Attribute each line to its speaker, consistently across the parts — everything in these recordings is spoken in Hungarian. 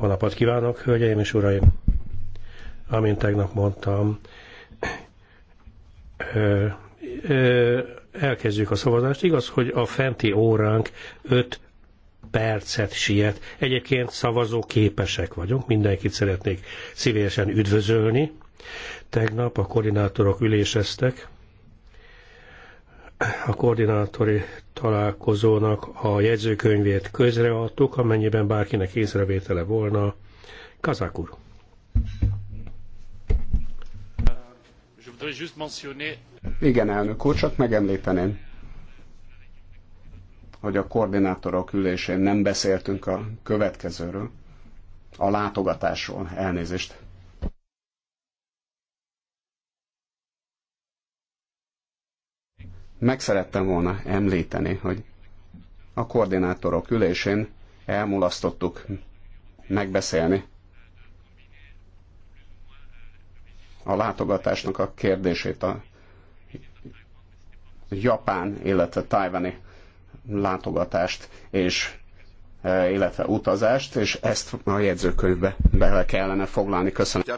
Speaker 1: Jó napot kívánok, hölgyeim és uraim! Amint tegnap mondtam, elkezdjük a szavazást. Igaz, hogy a fenti óránk 5 percet siet. Egyébként szavazó képesek vagyunk, mindenkit szeretnék szívesen üdvözölni. Tegnap a koordinátorok üléseztek, a koordinátori találkozónak a jegyzőkönyvét közreadtuk, amennyiben bárkinek észrevétele volna.
Speaker 2: Kazák úr. Igen, elnök úr, csak megemlíteném, hogy a koordinátorok ülésén nem beszéltünk a következőről, a látogatásról, elnézést. meg szerettem volna említeni, hogy a koordinátorok ülésén elmulasztottuk megbeszélni a látogatásnak a kérdését a japán, illetve tajvani látogatást, és Eh, illetve utazást, és ezt a jegyzőkönyvbe bele kellene foglalni. Köszönöm.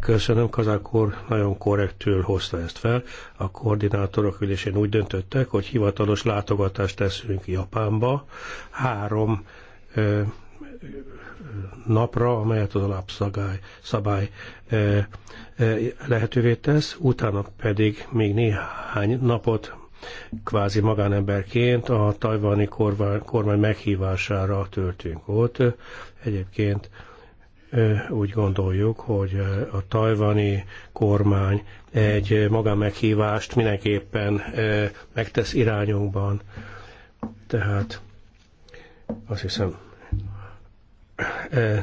Speaker 1: Köszönöm, Kazák úr, nagyon korrektül hozta ezt fel. A koordinátorok ülésén úgy döntöttek, hogy hivatalos látogatást teszünk Japánba. Három ö, eh, napra, amelyet az alapszabály szabály, ö, eh, ö, lehetővé tesz, utána pedig még néhány napot kvázi magánemberként a tajvani kormány meghívására töltünk ott. Egyébként úgy gondoljuk, hogy a tajvani kormány egy magánmeghívást mindenképpen megtesz irányunkban. Tehát azt hiszem,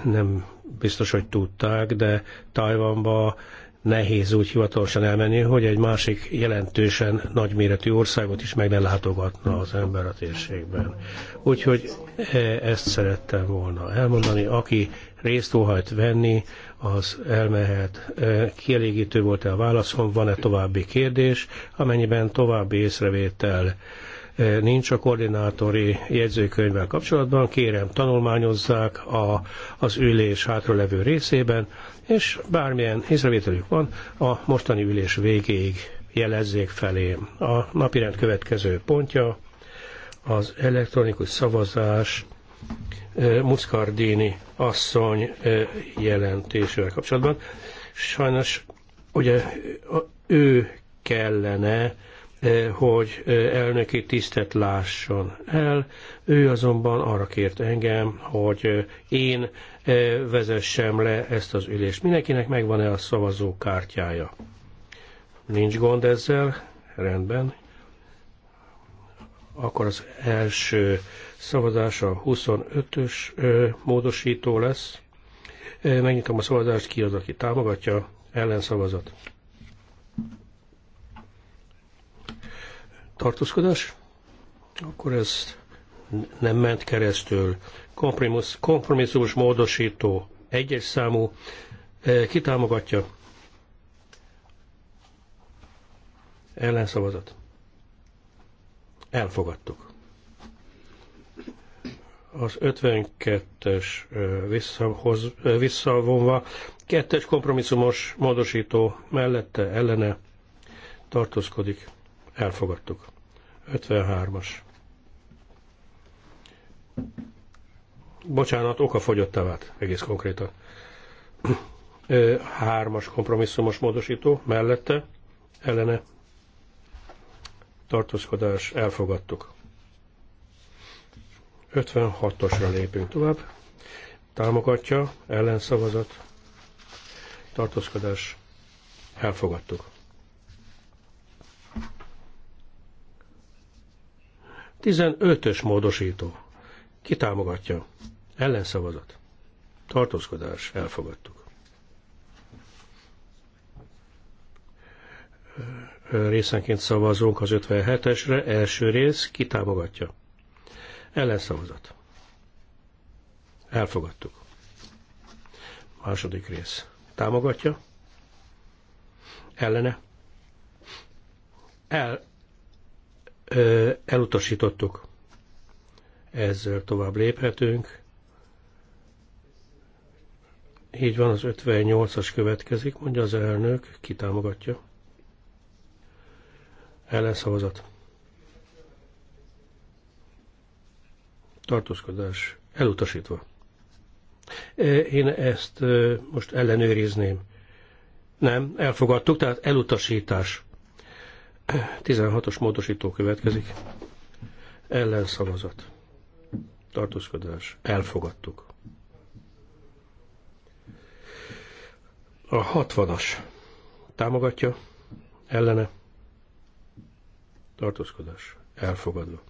Speaker 1: nem biztos, hogy tudták, de Tajvanban nehéz úgy hivatalosan elmenni, hogy egy másik jelentősen nagyméretű országot is meg ne látogatna az ember a térségben. Úgyhogy e, ezt szerettem volna elmondani. Aki részt óhajt venni, az elmehet. E, kielégítő volt-e a válaszom, van-e további kérdés, amennyiben további észrevétel e, nincs a koordinátori jegyzőkönyvvel kapcsolatban, kérem tanulmányozzák a, az ülés hátralevő részében, és bármilyen észrevételük van, a mostani ülés végéig jelezzék felém. A napirend következő pontja az elektronikus szavazás Muscardini asszony jelentésével kapcsolatban. Sajnos ugye ő kellene, hogy elnöki tisztet lásson el, ő azonban arra kért engem, hogy én E, vezessem le ezt az ülést. Mindenkinek megvan-e a szavazókártyája? Nincs gond ezzel? Rendben. Akkor az első szavazás a 25-ös e, módosító lesz. E, megnyitom a szavazást, ki az, aki támogatja, ellenszavazat. Tartózkodás? Akkor ez nem ment keresztül kompromisszumos módosító egyes számú e, kitámogatja ellenszavazat. Elfogadtuk. Az 52-es e, visszahoz, e, visszavonva, kettes kompromisszumos módosító mellette ellene tartózkodik. Elfogadtuk. 53-as bocsánat, okafogyottá vált, egész konkrétan. Hármas kompromisszumos módosító mellette, ellene tartózkodás elfogadtuk. 56-osra lépünk tovább. Támogatja, ellenszavazat, tartózkodás elfogadtuk. 15-ös módosító. Ki támogatja? Ellenszavazat. Tartózkodás. Elfogadtuk. Részenként szavazunk az 57-esre. Első rész. Ki támogatja? Ellenszavazat. Elfogadtuk. Második rész. Támogatja? Ellene? El, ö, elutasítottuk. Ezzel tovább léphetünk. Így van, az 58-as következik, mondja az elnök, ki támogatja. Ellenszavazat. Tartózkodás elutasítva. E, én ezt e, most ellenőrizném. Nem, elfogadtuk, tehát elutasítás. 16-os módosító következik. Ellenszavazat. Tartózkodás. Elfogadtuk. A hatvanas. támogatja, ellene, tartózkodás, elfogadva.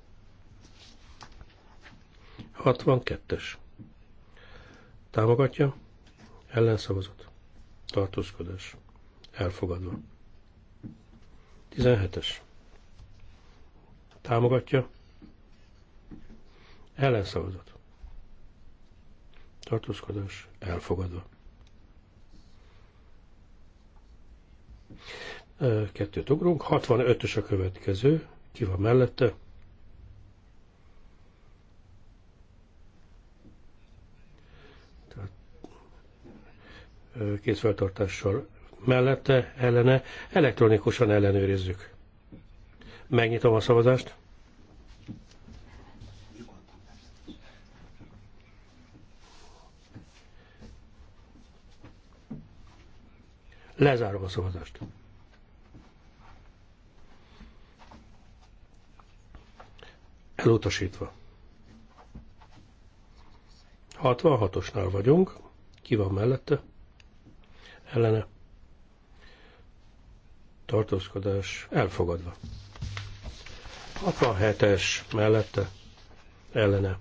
Speaker 1: 62-es támogatja, Ellenszavazott. tartózkodás, elfogadva. 17-es. Támogatja. Ellenszavazott. Tartózkodás elfogadva. Kettőt ugrunk. 65-ös a következő. Ki van mellette? Tehát, mellette, ellene. Elektronikusan ellenőrizzük. Megnyitom a szavazást. Lezárom a szavazást. Elutasítva. 66-osnál vagyunk. Ki van mellette? Ellene. Tartózkodás elfogadva. 67-es mellette. Ellene.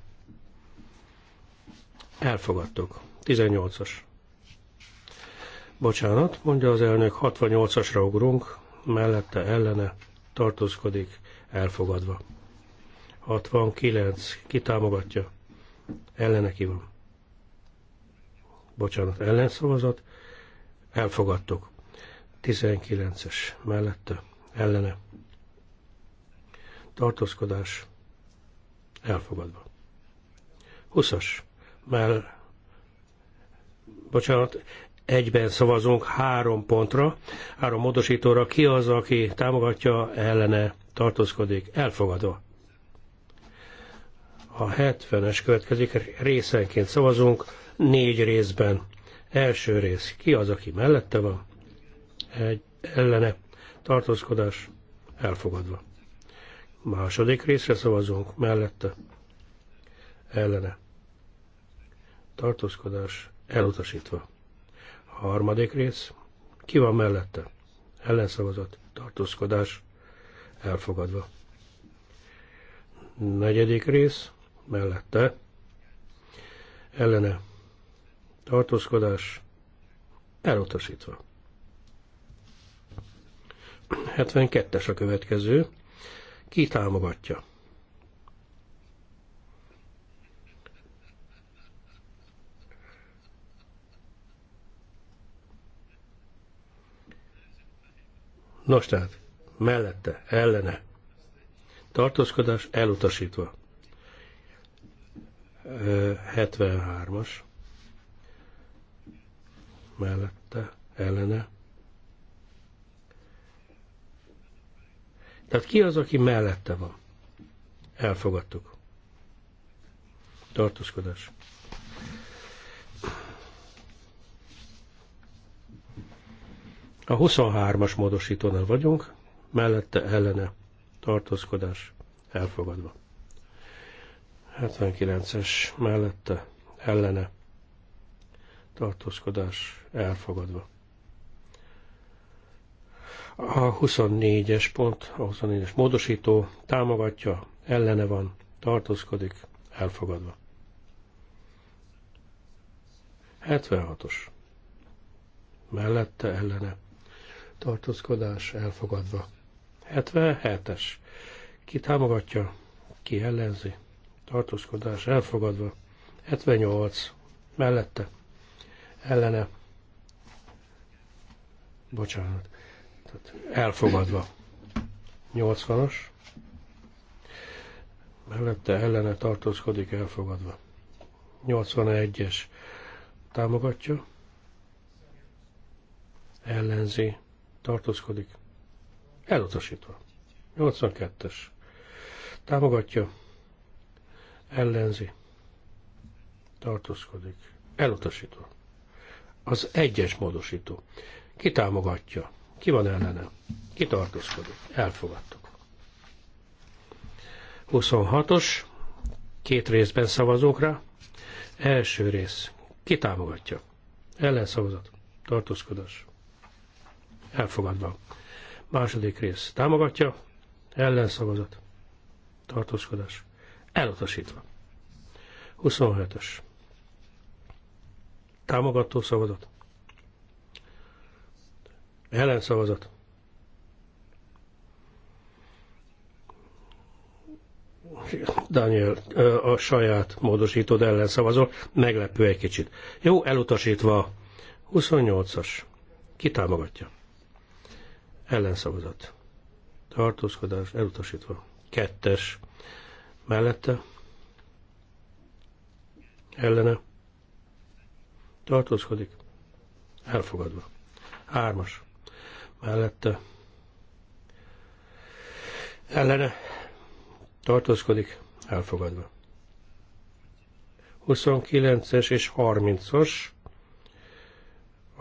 Speaker 1: Elfogadtok. 18-as Bocsánat, mondja az elnök, 68-asra ugrunk, mellette ellene tartózkodik, elfogadva. 69, ki támogatja? Ellene ki van. Bocsánat, ellenszavazat, elfogadtuk. 19-es mellette, ellene. Tartózkodás, elfogadva. 20-as, mell, bocsánat, egyben szavazunk három pontra, három módosítóra. Ki az, aki támogatja, ellene tartózkodik? Elfogadva. A 70-es következik, részenként szavazunk, négy részben. Első rész, ki az, aki mellette van? Egy, ellene tartózkodás elfogadva. Második részre szavazunk, mellette ellene tartózkodás elutasítva. A harmadik rész. Ki van mellette? Ellenszavazat. Tartózkodás. Elfogadva. Negyedik rész. Mellette. Ellene. Tartózkodás. Elutasítva. 72-es a következő. Ki támogatja? Nos tehát, mellette, ellene, tartózkodás elutasítva. 73-as mellette, ellene. Tehát ki az, aki mellette van? Elfogadtuk. Tartózkodás. A 23-as módosítónál vagyunk, mellette ellene tartózkodás elfogadva. 79-es mellette ellene tartózkodás elfogadva. A 24-es pont, a 24-es módosító támogatja, ellene van, tartózkodik, elfogadva. 76-os. Mellette ellene tartózkodás elfogadva. 77-es. Ki támogatja? Ki ellenzi? Tartózkodás elfogadva. 78. Mellette. Ellene. Bocsánat. Tehát elfogadva. 80-as. Mellette ellene tartózkodik elfogadva. 81-es támogatja, ellenzi, tartózkodik, elutasítva. 82-es támogatja, ellenzi, tartózkodik, elutasítva. Az egyes módosító. Ki támogatja? Ki van ellene? Ki tartózkodik? Elfogadtuk. 26-os. Két részben szavazunk rá. Első rész. Ki támogatja? Ellenszavazat. Tartózkodás elfogadva. Második rész támogatja, ellenszavazat, tartózkodás, elutasítva. 27 es támogató szavazat, ellenszavazat, Daniel a saját módosítód ellen szavazol, meglepő egy kicsit. Jó, elutasítva 28-as. Ki támogatja? ellenszavazat, tartózkodás elutasítva, kettes mellette, ellene, tartózkodik, elfogadva, hármas mellette, ellene, tartózkodik, elfogadva. 29-es és 30-as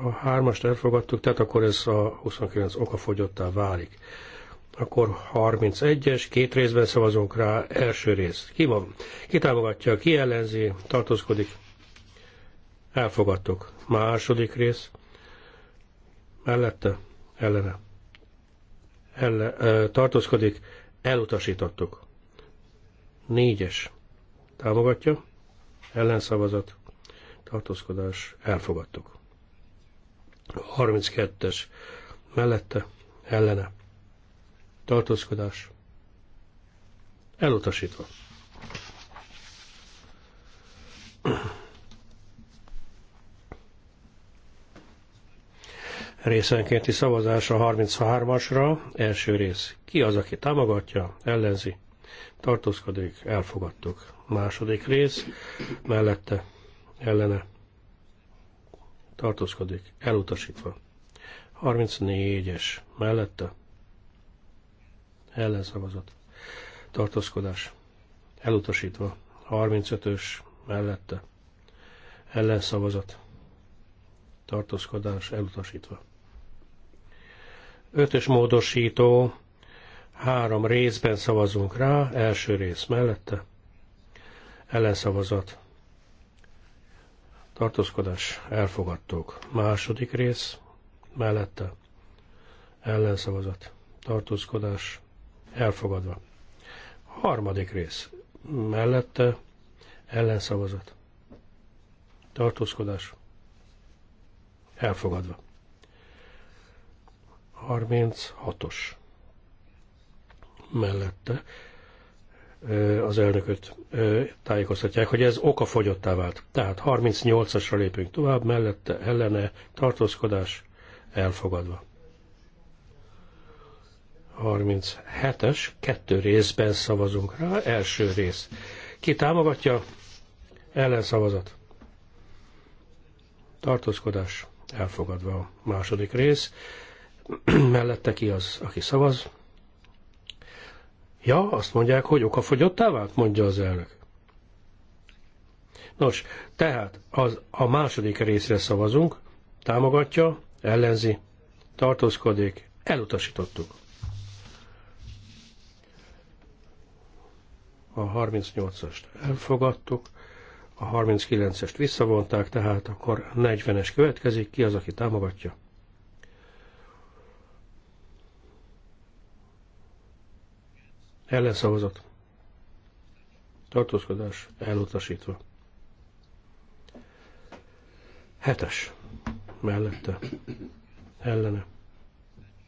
Speaker 1: a hármast elfogadtuk, tehát akkor ez a 29 okafogyottá válik. Akkor 31-es, két részben szavazunk rá, első rész. Ki van? Ki támogatja, ki ellenzi, tartózkodik? Elfogadtuk. Második rész. Mellette, ellene. Elle, ö, tartózkodik, elutasítottuk. Négyes. Támogatja, ellenszavazat, tartózkodás, elfogadtuk. 32-es mellette ellene tartózkodás elutasítva. Részenkénti szavazás a 33-asra, első rész. Ki az, aki támogatja, ellenzi, tartózkodik, elfogadtuk. Második rész, mellette, ellene, tartózkodik, elutasítva. 34-es mellette ellenszavazat, tartózkodás, elutasítva. 35-ös mellette ellenszavazat, tartózkodás, elutasítva. 5-ös módosító, három részben szavazunk rá, első rész mellette, ellenszavazat, tartózkodás, elfogadtuk. Második rész, mellette, ellenszavazat, tartózkodás, elfogadva. Harmadik rész, mellette, ellenszavazat, tartózkodás, elfogadva. 36-os mellette az elnököt tájékoztatják, hogy ez oka fogyottá vált. Tehát 38-asra lépünk tovább, mellette ellene tartózkodás elfogadva. 37-es, kettő részben szavazunk rá, első rész. Ki támogatja? Ellenszavazat. Tartózkodás elfogadva a második rész. Mellette ki az, aki szavaz? Ja, azt mondják, hogy okafogyottá vált, mondja az elnök. Nos, tehát az a második részre szavazunk, támogatja, ellenzi, tartózkodik, elutasítottuk. A 38-ast elfogadtuk, a 39-est visszavonták, tehát akkor 40-es következik, ki az, aki támogatja, Ellenszavazat. Tartózkodás elutasítva. Hetes. Mellette. Ellene.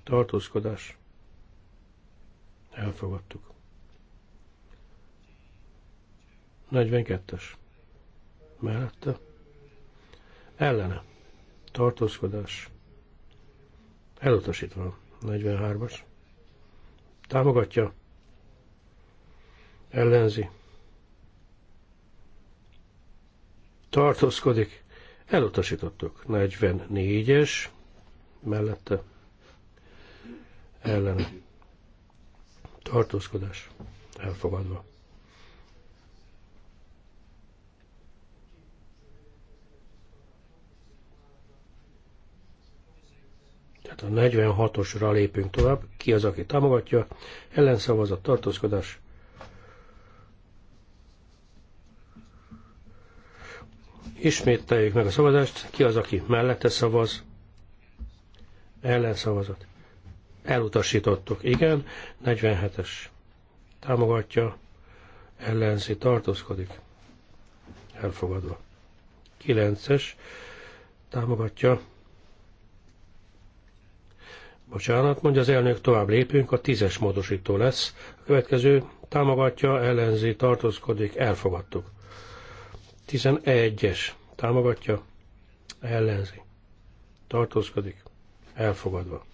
Speaker 1: Tartózkodás. Elfogadtuk. 42-es. Mellette. Ellene. Tartózkodás. Elutasítva. 43-as. Támogatja ellenzi, tartózkodik, elutasítottuk. 44-es mellette ellene tartózkodás elfogadva. Tehát a 46-osra lépünk tovább. Ki az, aki támogatja? Ellenszavazat, tartózkodás Ismételjük meg a szavazást. Ki az, aki mellette szavaz? Ellenszavazat. Elutasítottuk. Igen. 47-es. Támogatja. Ellenzi. Tartózkodik. Elfogadva. 9-es. Támogatja. Bocsánat, mondja az elnök, tovább lépünk, a 10-es módosító lesz. A következő támogatja, ellenzi, tartózkodik, elfogadtuk. 11-es támogatja, ellenzi, tartózkodik, elfogadva.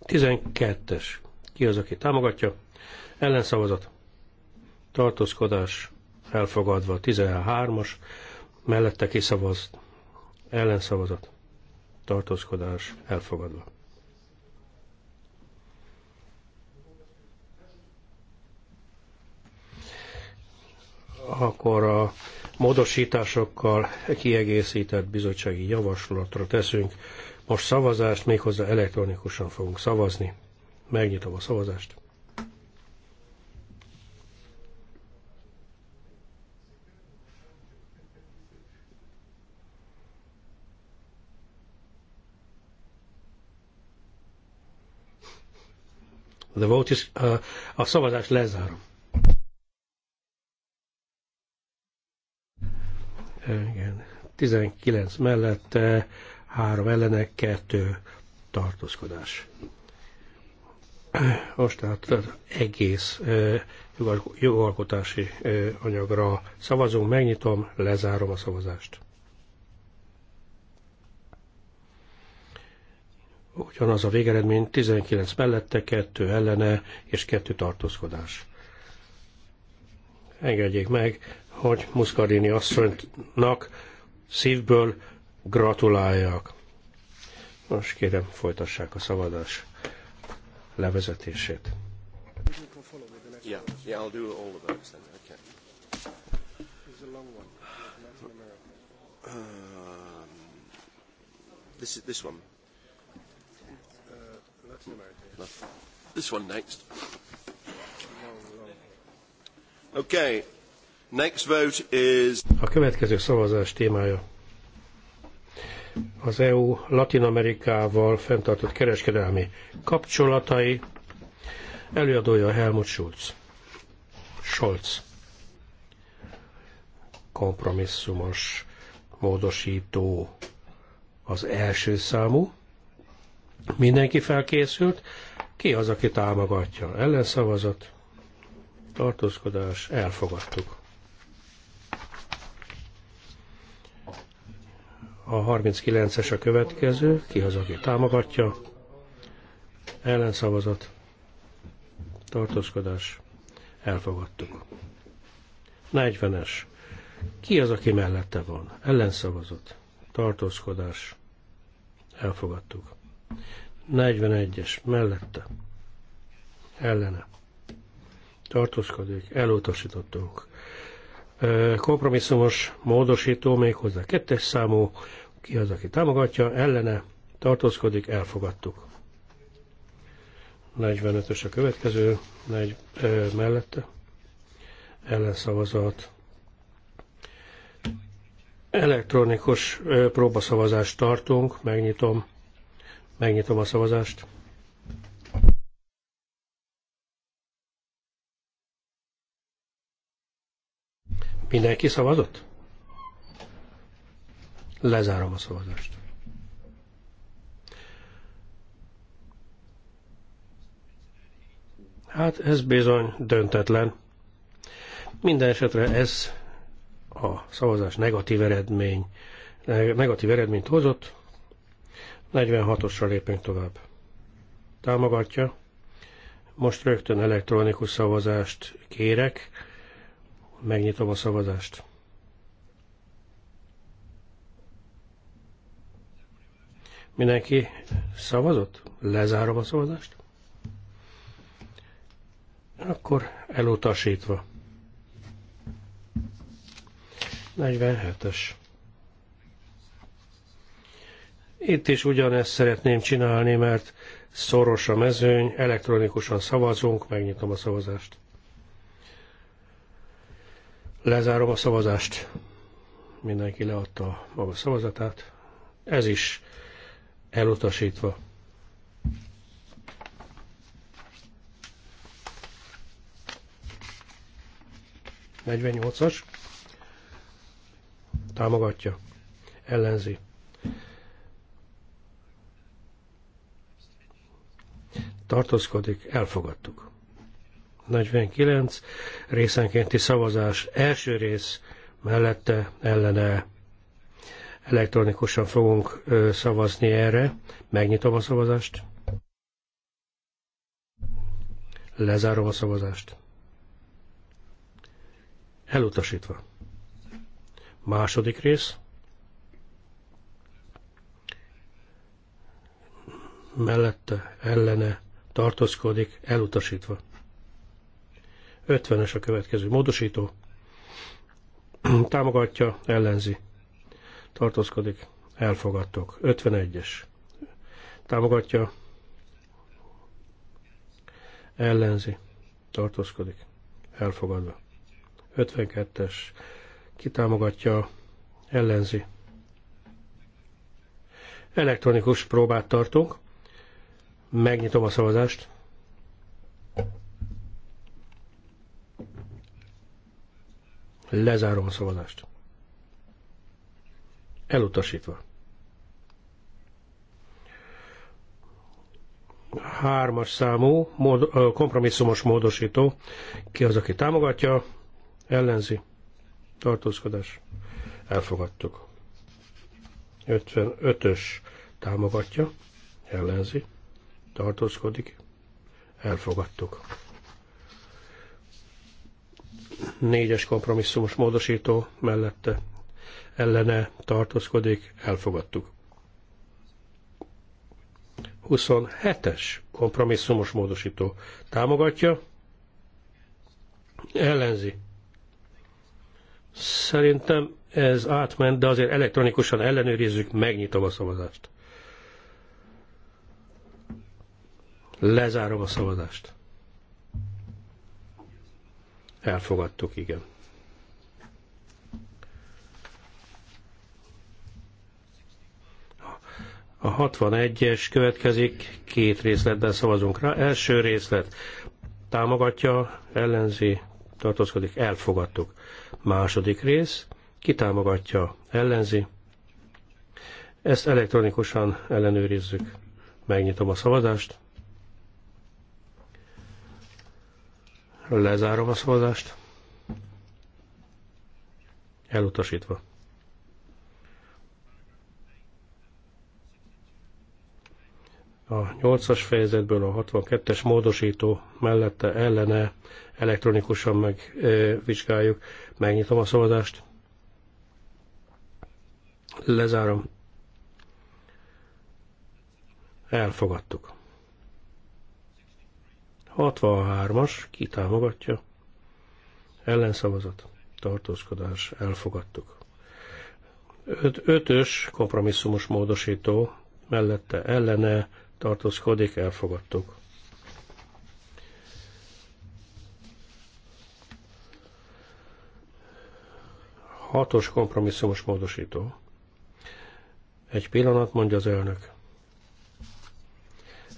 Speaker 1: Tizenkettes. Ki az, aki támogatja? Ellenszavazat. Tartózkodás elfogadva. 13-as. Mellette kiszavaz. Ellenszavazat tartózkodás elfogadva. Akkor a módosításokkal kiegészített bizottsági javaslatra teszünk. Most szavazást, méghozzá elektronikusan fogunk szavazni. Megnyitom a szavazást. The vote is, a, uh, a szavazást lezárom. Igen. 19 mellett, 3 ellene, 2 tartózkodás. Most tehát az egész jogalkotási anyagra szavazunk, megnyitom, lezárom a szavazást. ugyanaz a végeredmény 19 mellette, 2 ellene és 2 tartózkodás. Engedjék meg, hogy Muscardini asszonynak szívből gratuláljak. Most kérem, folytassák a szavadás levezetését. Yeah,
Speaker 3: yeah, I'll do all of those then. Okay. is a long one. Um, this is this one. No. This one next. Okay. Next vote is...
Speaker 1: A következő szavazás témája az EU Latin Amerikával fenntartott kereskedelmi kapcsolatai. Előadója Helmut Schulz. Scholz. Kompromisszumos módosító az első számú. Mindenki felkészült. Ki az, aki támogatja? Ellenszavazat, tartózkodás, elfogadtuk. A 39-es a következő. Ki az, aki támogatja? Ellenszavazat, tartózkodás, elfogadtuk. 40-es. Ki az, aki mellette van? Ellenszavazat, tartózkodás, elfogadtuk. 41-es mellette ellene tartózkodik, elutasítottunk. Kompromisszumos módosító méghozzá kettes számú, ki az, aki támogatja, ellene tartózkodik, elfogadtuk. 45-ös a következő, negy, ö, mellette ellenszavazat. Elektronikus próbaszavazást tartunk, megnyitom. Megnyitom a szavazást. Mindenki szavazott? Lezárom a szavazást. Hát ez bizony döntetlen. Minden esetre ez a szavazás negatív eredmény, negatív eredményt hozott, 46-osra lépünk tovább. Támogatja. Most rögtön elektronikus szavazást kérek. Megnyitom a szavazást. Mindenki szavazott? Lezárom a szavazást? Akkor elutasítva. 47-es. Itt is ugyanezt szeretném csinálni, mert szoros a mezőny, elektronikusan szavazunk, megnyitom a szavazást. Lezárom a szavazást. Mindenki leadta a maga szavazatát. Ez is elutasítva. Negyvennyolcas támogatja, ellenzi, tartózkodik, elfogadtuk. 49 részenkénti szavazás első rész mellette ellene elektronikusan fogunk szavazni erre. Megnyitom a szavazást. Lezárom a szavazást. Elutasítva. Második rész. Mellette, ellene tartózkodik, elutasítva. 50-es a következő módosító, támogatja, ellenzi, tartózkodik, elfogadtok. 51-es, támogatja, ellenzi, tartózkodik, elfogadva. 52-es, kitámogatja, ellenzi. Elektronikus próbát tartunk. Megnyitom a szavazást. Lezárom a szavazást. Elutasítva. Hármas számú mód, kompromisszumos módosító. Ki az, aki támogatja? Ellenzi. Tartózkodás. Elfogadtuk. 55-ös támogatja. Ellenzi tartózkodik, elfogadtuk. Négyes kompromisszumos módosító mellette ellene tartózkodik, elfogadtuk. 27-es kompromisszumos módosító támogatja, ellenzi. Szerintem ez átment, de azért elektronikusan ellenőrizzük, megnyitom a szavazást. Lezárom a szavazást. Elfogadtuk, igen. A 61-es következik, két részletben szavazunk rá. Első részlet támogatja, ellenzi, tartózkodik, elfogadtuk. Második rész, ki támogatja, ellenzi. Ezt elektronikusan ellenőrizzük. Megnyitom a szavazást. Lezárom a szavazást. Elutasítva. a 8-as fejezetből a 62-es módosító mellette ellene elektronikusan megvizsgáljuk. Megnyitom a szavazást. Lezárom. Elfogadtuk. 63-as, ki támogatja? Ellenszavazat, tartózkodás, elfogadtuk. 5-ös kompromisszumos módosító, mellette ellene tartózkodik, elfogadtuk. Hatos kompromisszumos módosító. Egy pillanat, mondja az elnök.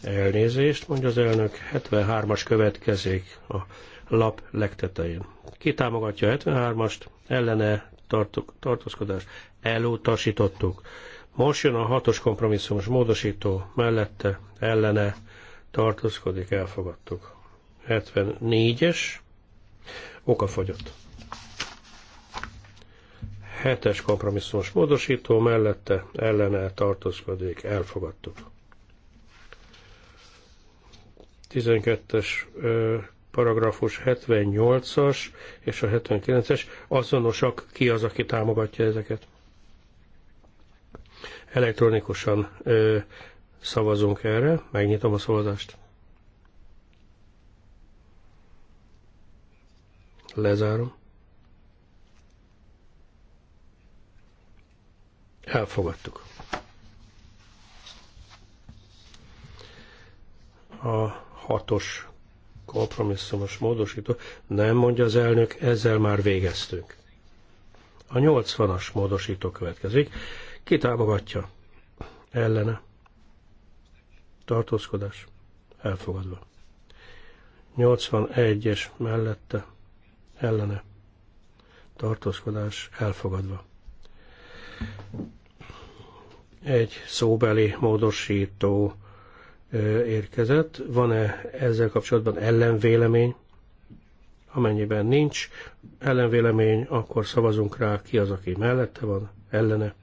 Speaker 1: Elnézést, mondja az elnök, 73-as következik a lap legtetején. Ki támogatja 73-ast, ellene tartok, tartózkodás elutasítottuk. Most jön a hatos kompromisszumos módosító, mellette ellene tartózkodik, elfogadtuk. 74-es, okafogyott. 7-es kompromisszumos módosító, mellette ellene tartózkodik, elfogadtuk. 12-es paragrafus 78-as és a 79-es azonosak, ki az, aki támogatja ezeket. Elektronikusan ö, szavazunk erre, megnyitom a szavazást. Lezárom. Elfogadtuk. A hatos kompromisszumos módosító. Nem mondja az elnök, ezzel már végeztünk. A 80-as módosító következik. Ki támogatja? Ellene. Tartózkodás. Elfogadva. 81-es mellette. Ellene. Tartózkodás. Elfogadva. Egy szóbeli módosító érkezett. Van-e ezzel kapcsolatban ellenvélemény? Amennyiben nincs ellenvélemény, akkor szavazunk rá, ki az, aki mellette van, ellene.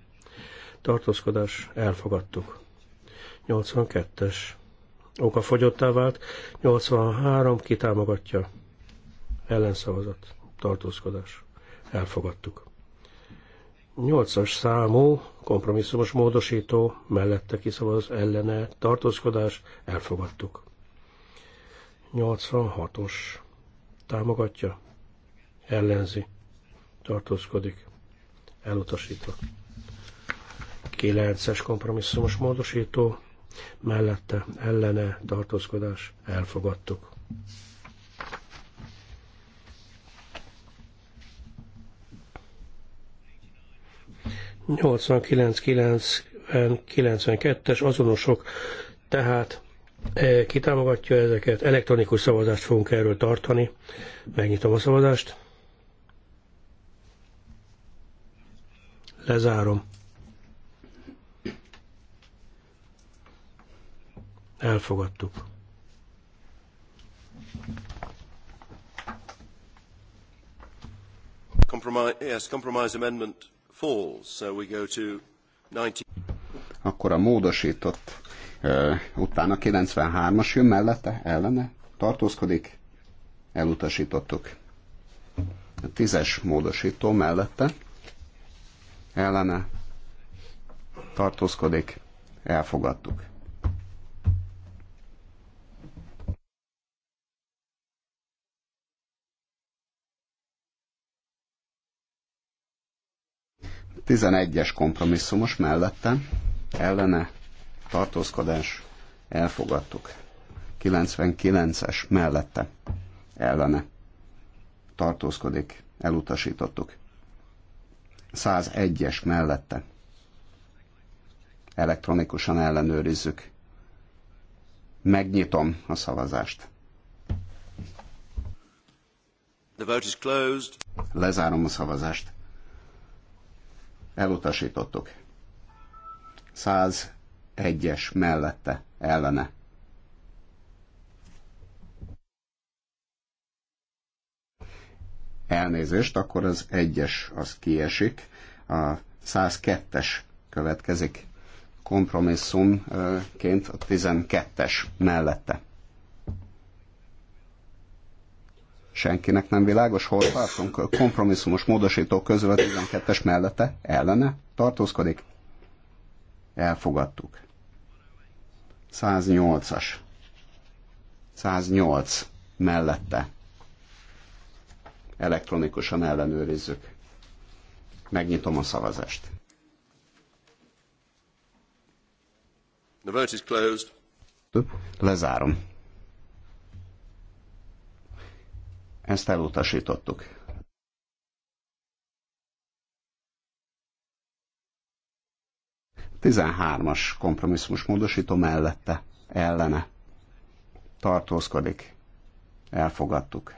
Speaker 1: Tartózkodás, elfogadtuk. 82-es. Oka fogyottá vált. 83, ki támogatja? Ellenszavazat, tartózkodás. Elfogadtuk nyolcas számú kompromisszumos módosító mellette kiszavaz ellene tartózkodás elfogadtuk. 86-os támogatja, ellenzi, tartózkodik, elutasítva. 9-es kompromisszumos módosító mellette ellene tartózkodás elfogadtuk. 89-92-es azonosok, tehát eh, ki támogatja ezeket, elektronikus szavazást fogunk erről tartani. Megnyitom a szavazást. Lezárom. Elfogadtuk.
Speaker 3: Compromise, yes, compromise amendment
Speaker 2: akkor a módosított uh, utána 93-as jön mellette, ellene, tartózkodik, elutasítottuk. A tízes módosító mellette, ellene, tartózkodik, elfogadtuk. 11-es kompromisszumos mellette ellene tartózkodás elfogadtuk. 99-es mellette ellene tartózkodik, elutasítottuk. 101-es mellette elektronikusan ellenőrizzük. Megnyitom a szavazást.
Speaker 3: The vote is closed.
Speaker 2: Lezárom a szavazást elutasítottuk. 101-es mellette ellene. Elnézést, akkor az 1-es az kiesik, a 102-es következik kompromisszumként a 12-es mellette senkinek nem világos, hol tartunk, kompromisszumos módosító közül a 12-es mellette, ellene tartózkodik. Elfogadtuk. 108-as. 108 mellette. Elektronikusan ellenőrizzük. Megnyitom a szavazást.
Speaker 3: The vote is closed.
Speaker 2: Lezárom Ezt elutasítottuk. Tizenhármas kompromisszumos módosító mellette, ellene tartózkodik. Elfogadtuk.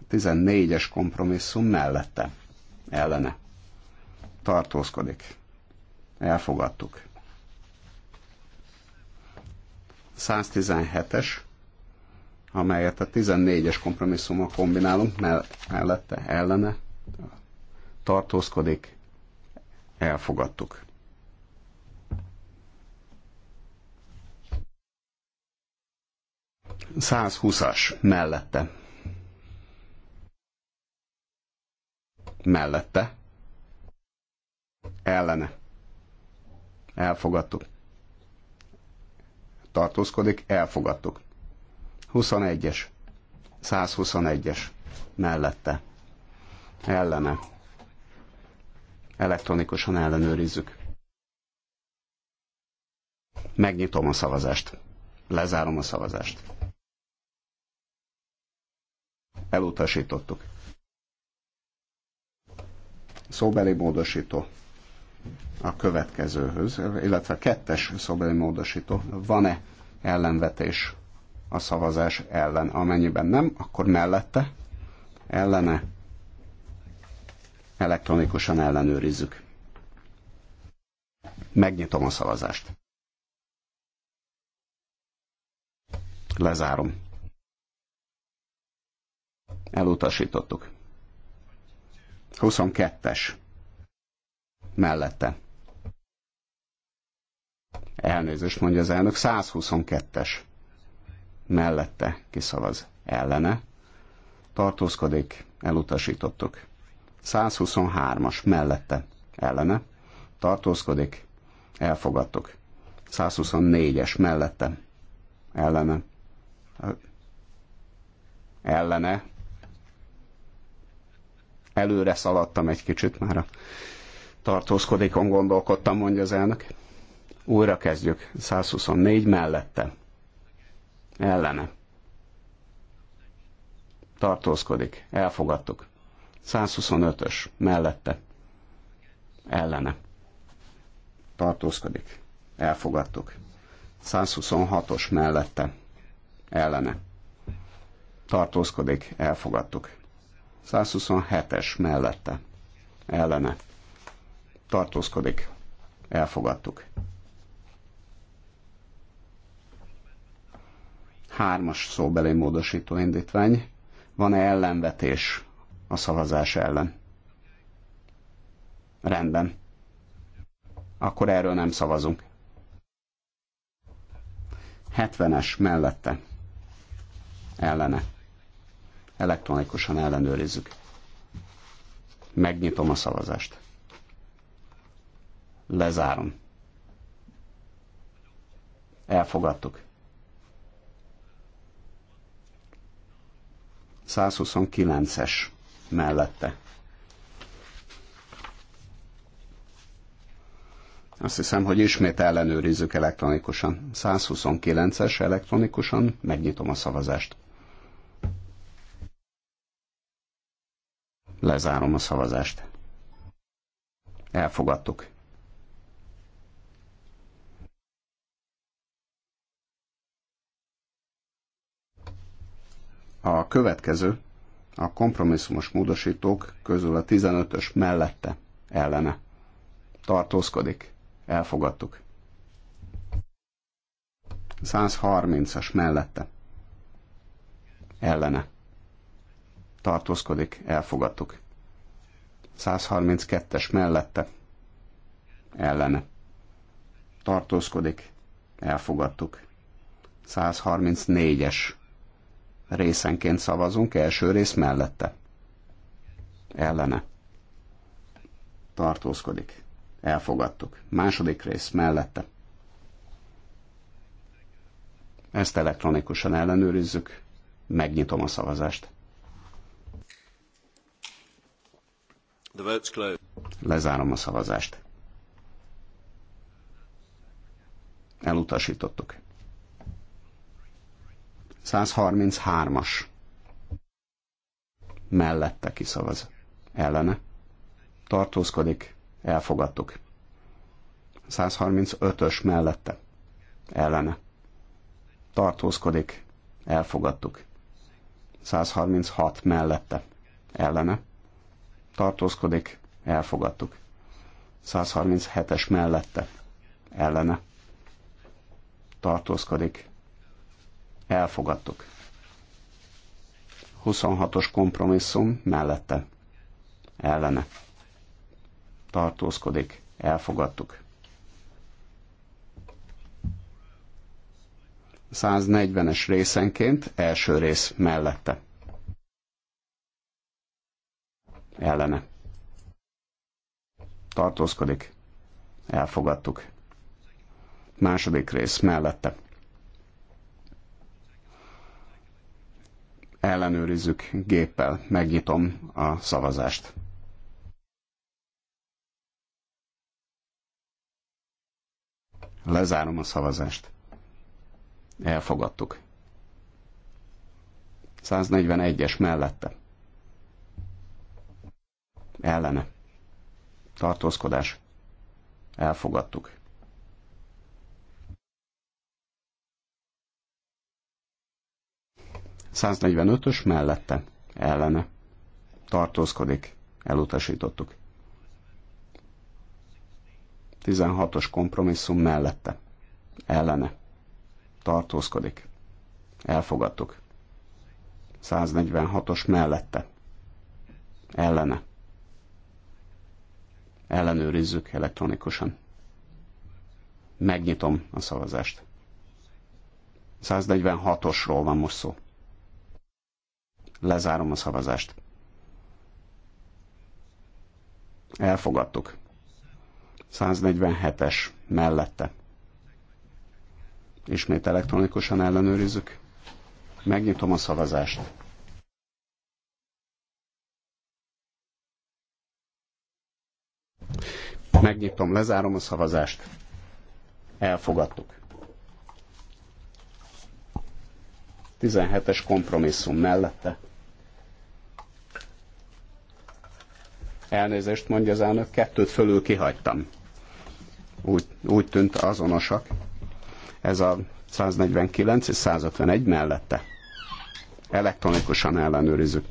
Speaker 2: A 14 kompromisszum mellette, ellene tartózkodik. Elfogadtuk. 117-es amelyet a 14-es kompromisszummal kombinálunk, mellette ellene tartózkodik, elfogadtuk. Százhúszas mellette. Mellette. Ellene. Elfogadtuk. Tartózkodik, elfogadtuk. 21-es. 121-es mellette. Ellene. Elektronikusan ellenőrizzük. Megnyitom a szavazást. Lezárom a szavazást. Elutasítottuk. Szóbeli módosító a következőhöz, illetve kettes szóbeli módosító. Van-e ellenvetés a szavazás ellen. Amennyiben nem, akkor mellette, ellene, elektronikusan ellenőrizzük. Megnyitom a szavazást. Lezárom. Elutasítottuk. 22-es. Mellette. Elnézést mondja az elnök, 122-es mellette kiszavaz ellene, tartózkodik, elutasítottuk. 123-as mellette ellene, tartózkodik, elfogadtuk. 124-es mellette ellene, ellene, előre szaladtam egy kicsit már a tartózkodikon gondolkodtam, mondja az elnök. Újra kezdjük, 124 mellette ellene tartózkodik, elfogadtuk. 125-ös mellette ellene tartózkodik, elfogadtuk. 126-os mellette ellene tartózkodik, elfogadtuk. 127-es mellette ellene tartózkodik, elfogadtuk. Hármas szóbeli módosító indítvány. Van-e ellenvetés a szavazás ellen? Rendben. Akkor erről nem szavazunk. 70-es mellette. Ellene. Elektronikusan ellenőrizzük. Megnyitom a szavazást. Lezárom. Elfogadtuk. 129-es mellette. Azt hiszem, hogy ismét ellenőrizzük elektronikusan. 129-es elektronikusan, megnyitom a szavazást. Lezárom a szavazást. Elfogadtuk. A következő a kompromisszumos módosítók közül a 15-ös mellette ellene tartózkodik. Elfogadtuk. 130-as mellette ellene tartózkodik. Elfogadtuk. 132-es mellette ellene tartózkodik. Elfogadtuk. 134-es részenként szavazunk, első rész mellette. Ellene. Tartózkodik. Elfogadtuk. Második rész mellette. Ezt elektronikusan ellenőrizzük. Megnyitom a szavazást.
Speaker 3: The vote's closed.
Speaker 2: Lezárom a szavazást. Elutasítottuk. 133-as mellette kiszavaz. Ellene. Tartózkodik. Elfogadtuk. 135-ös mellette. Ellene. Tartózkodik. Elfogadtuk. 136 mellette. Ellene. Tartózkodik. Elfogadtuk. 137-es mellette. Ellene. Tartózkodik. Elfogadtuk. 26-os kompromisszum mellette. Ellene. Tartózkodik. Elfogadtuk. 140-es részenként első rész mellette. Ellene. Tartózkodik. Elfogadtuk. Második rész mellette. ellenőrizzük géppel, megnyitom a szavazást. Lezárom a szavazást. Elfogadtuk. 141-es mellette. Ellene. Tartózkodás. Elfogadtuk. 145-ös mellette ellene tartózkodik, elutasítottuk. 16-os kompromisszum mellette ellene tartózkodik, elfogadtuk. 146-os mellette ellene ellenőrizzük elektronikusan. Megnyitom a szavazást. 146-osról van most szó. Lezárom a szavazást. Elfogadtuk. 147-es mellette. Ismét elektronikusan ellenőrizzük. Megnyitom a szavazást. Megnyitom, lezárom a szavazást. Elfogadtuk. 17-es kompromisszum mellette. Elnézést mondja az elnök, kettőt fölül kihagytam. Úgy, úgy tűnt azonosak. Ez a 149 és 151 mellette. Elektronikusan ellenőrizzük.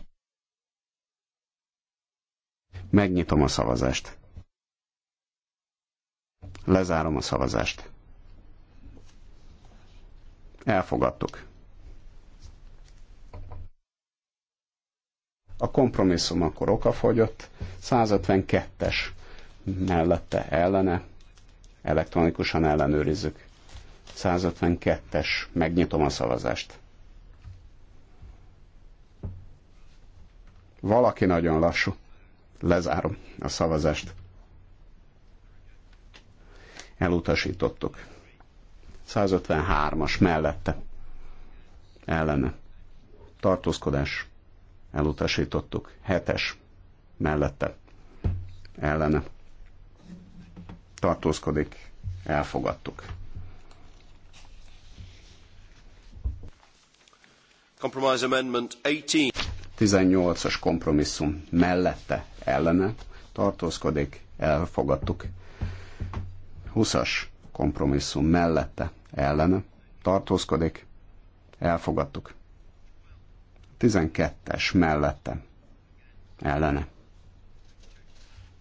Speaker 2: Megnyitom a szavazást. Lezárom a szavazást. Elfogadtuk. a kompromisszum akkor okafogyott, 152-es mellette ellene, elektronikusan ellenőrizzük. 152-es, megnyitom a szavazást. Valaki nagyon lassú. Lezárom a szavazást. Elutasítottuk. 153-as mellette. Ellene. Tartózkodás elutasítottuk. Hetes mellette ellene tartózkodik, elfogadtuk.
Speaker 3: Compromise Amendment 18.
Speaker 2: 18-as kompromisszum mellette ellene tartózkodik, elfogadtuk. 20-as kompromisszum mellette ellene tartózkodik, elfogadtuk. 12-es mellette. Ellene.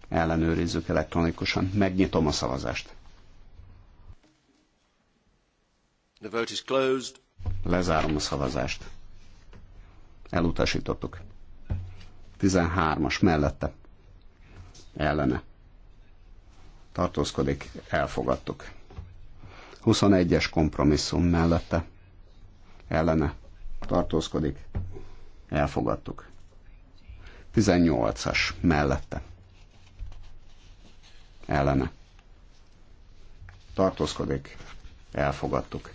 Speaker 2: Ellenőrizzük elektronikusan. Megnyitom a szavazást.
Speaker 3: The vote is closed.
Speaker 2: Lezárom a szavazást. Elutasítottuk. 13-as mellette. Ellene. Tartózkodik. Elfogadtuk. 21-es kompromisszum mellette. Ellene. Tartózkodik. Elfogadtuk. 18-as mellette. Ellene. Tartózkodik. Elfogadtuk.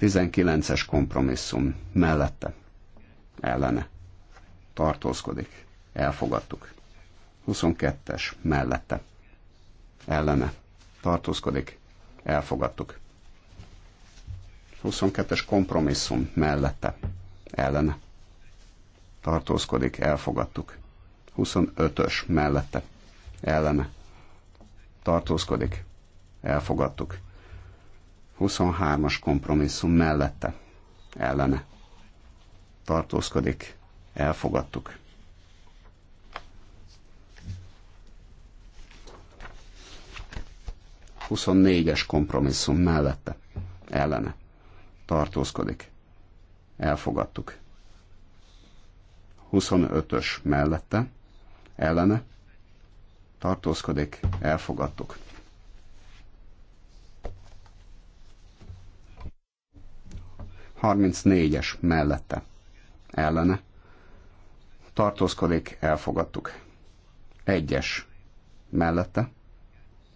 Speaker 2: 19-es kompromisszum mellette. Ellene. Tartózkodik. Elfogadtuk. 22-es mellette. Ellene. Tartózkodik. Elfogadtuk. 22-es kompromisszum mellette ellene tartózkodik, elfogadtuk. 25-ös mellette ellene tartózkodik, elfogadtuk. 23-as kompromisszum mellette ellene tartózkodik, elfogadtuk. Huszonnégyes kompromisszum mellette, ellene tartózkodik. Elfogadtuk. 25-ös mellette, ellene, tartózkodik, elfogadtuk. Harmincnégyes mellette, ellene, tartózkodik, elfogadtuk. Egyes mellette,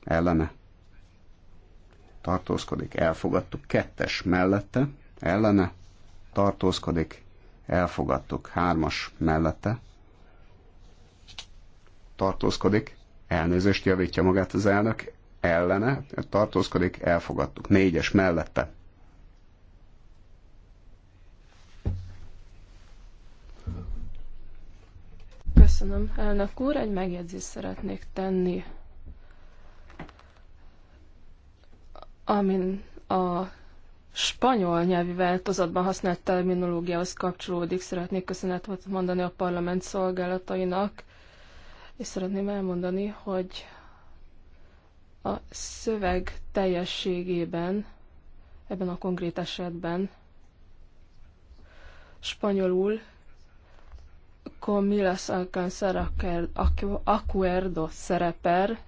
Speaker 2: ellene, tartózkodik, elfogadtuk. Kettes mellette, ellene, tartózkodik, elfogadtuk. Hármas mellette, tartózkodik, elnézést javítja magát az elnök, ellene, tartózkodik, elfogadtuk. Négyes mellette.
Speaker 4: Köszönöm, elnök úr, egy megjegyzést szeretnék tenni. amin a spanyol nyelvi változatban használt terminológiához kapcsolódik. Szeretnék köszönetet mondani a parlament szolgálatainak, és szeretném elmondani, hogy a szöveg teljességében, ebben a konkrét esetben spanyolul con milas alcanzar acuerdo szereper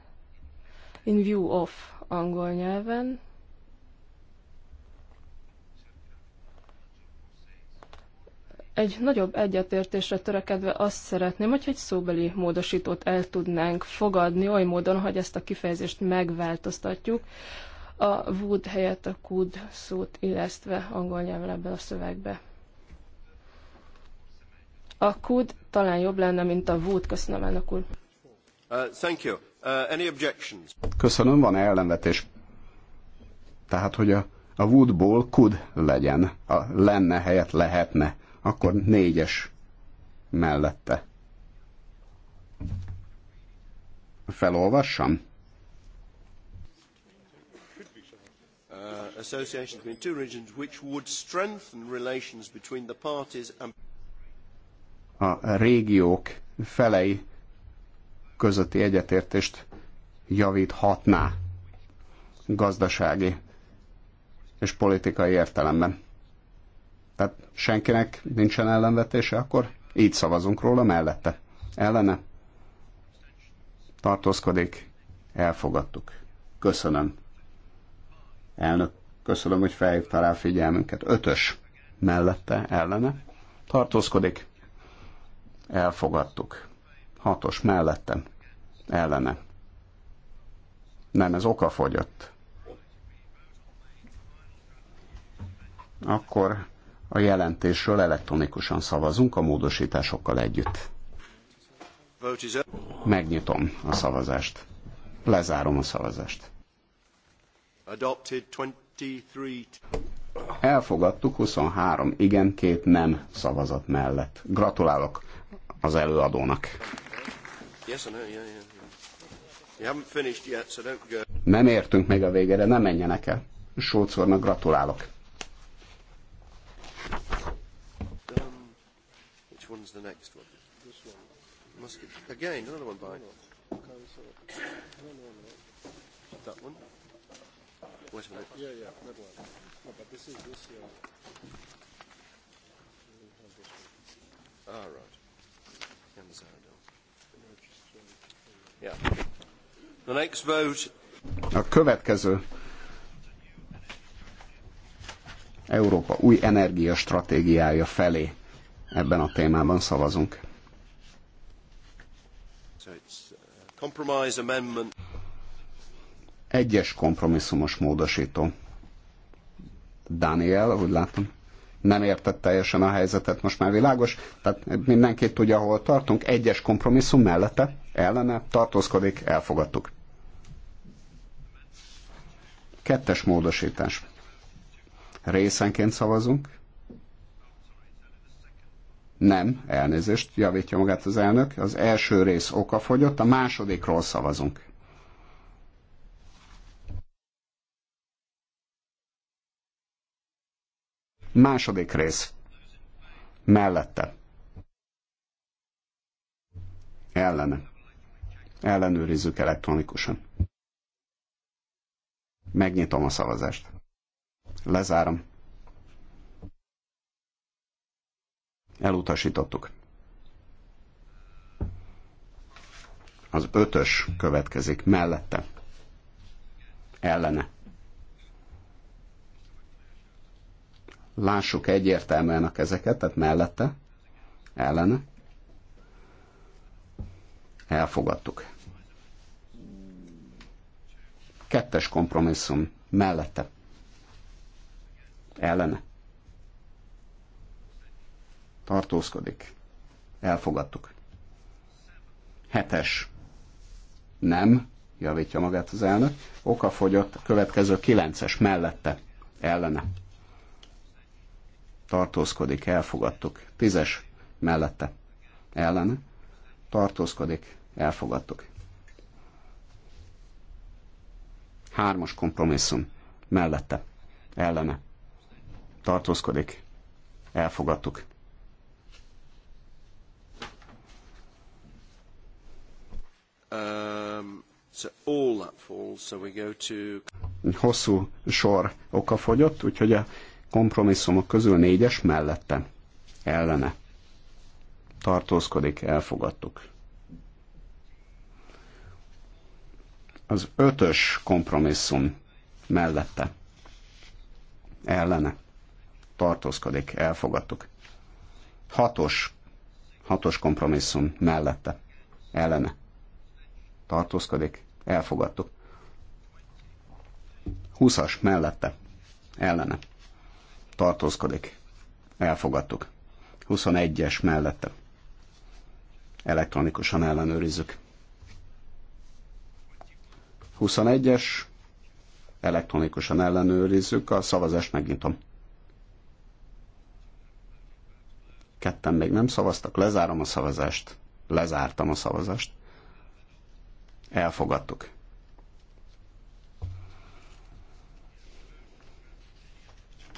Speaker 4: in view of angol nyelven, egy nagyobb egyetértésre törekedve azt szeretném, hogy egy szóbeli módosítót el tudnánk fogadni oly módon, hogy ezt a kifejezést megváltoztatjuk, a would helyett a could szót illesztve angol nyelven ebben a szövegbe. A could talán jobb lenne, mint a would. Köszönöm, elnök úr.
Speaker 3: Uh, thank you. Uh, any objections?
Speaker 2: Köszönöm, van-e ellenvetés? Tehát, hogy a, a woodból could legyen, a lenne helyett lehetne akkor négyes mellette. Felolvassam?
Speaker 3: Uh,
Speaker 2: a régiók felei közötti egyetértést javíthatná gazdasági és politikai értelemben. Tehát senkinek nincsen ellenvetése, akkor így szavazunk róla mellette. Ellene? Tartózkodik? Elfogadtuk. Köszönöm. Elnök, köszönöm, hogy felhívta rá figyelmünket. Ötös mellette, ellene. Tartózkodik? Elfogadtuk. Hatos mellette, ellene. Nem, ez fogyott. Akkor a jelentésről elektronikusan szavazunk a módosításokkal együtt. Megnyitom a szavazást. Lezárom a szavazást. Elfogadtuk 23 igen, két nem szavazat mellett. Gratulálok az előadónak. Nem értünk még a végére, nem menjenek el. Sócornak gratulálok.
Speaker 3: one's the next one? This one. Must get, again, another one by.
Speaker 1: That one? Wait a minute. Yeah, yeah, that one. No, but this is this year.
Speaker 3: Ah, right. Yeah. The next vote.
Speaker 2: A következő Európa új energiastratégiája felé ebben a témában szavazunk.
Speaker 3: Uh,
Speaker 2: Egyes kompromisszumos módosító. Daniel, úgy látom, nem értett teljesen a helyzetet, most már világos. Tehát mindenki tudja, hol tartunk. Egyes kompromisszum mellette, ellene tartózkodik, elfogadtuk. Kettes módosítás. Részenként szavazunk. Nem, elnézést, javítja magát az elnök. Az első rész fogyott, a másodikról szavazunk. Második rész. Mellette. Ellene. Ellenőrizzük elektronikusan. Megnyitom a szavazást. Lezárom. Elutasítottuk. Az ötös következik mellette. Ellene. Lássuk egyértelműen a kezeket, tehát mellette, ellene. Elfogadtuk. Kettes kompromisszum mellette. Ellene tartózkodik, elfogadtuk. Hetes, nem, javítja magát az elnök, oka fogyott a következő kilences mellette, ellene. Tartózkodik, elfogadtuk. Tízes, mellette, ellene. Tartózkodik, elfogadtuk. Hármas kompromisszum, mellette, ellene. Tartózkodik, elfogadtuk.
Speaker 3: Um, so all that falls, so we go to...
Speaker 2: Hosszú sor oka fogyott, úgyhogy a kompromisszumok közül négyes mellette, ellene tartózkodik, elfogadtuk. Az ötös kompromisszum mellette, ellene tartózkodik, elfogadtuk. Hatos, hatos kompromisszum mellette, ellene tartózkodik, elfogadtuk. 20-as mellette, ellene, tartózkodik, elfogadtuk. 21-es mellette, elektronikusan ellenőrizzük. 21-es, elektronikusan ellenőrizzük, a szavazást megnyitom. Ketten még nem szavaztak, lezárom a szavazást. Lezártam a szavazást. Elfogadtuk.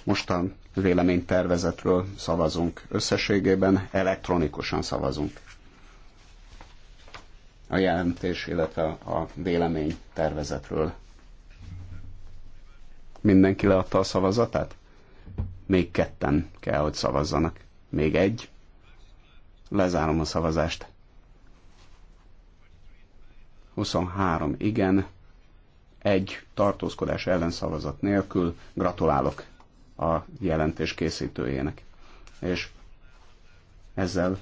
Speaker 2: Mostan véleménytervezetről szavazunk összességében, elektronikusan szavazunk. A jelentés, illetve a véleménytervezetről. Mindenki leadta a szavazatát? Még ketten kell, hogy szavazzanak. Még egy. Lezárom a szavazást. 23 igen, egy tartózkodás ellenszavazat nélkül gratulálok a jelentés készítőjének. És ezzel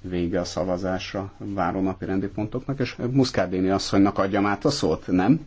Speaker 2: vége a szavazásra váró napi rendi pontoknak, és Muszkádéni asszonynak adjam át a szót, nem?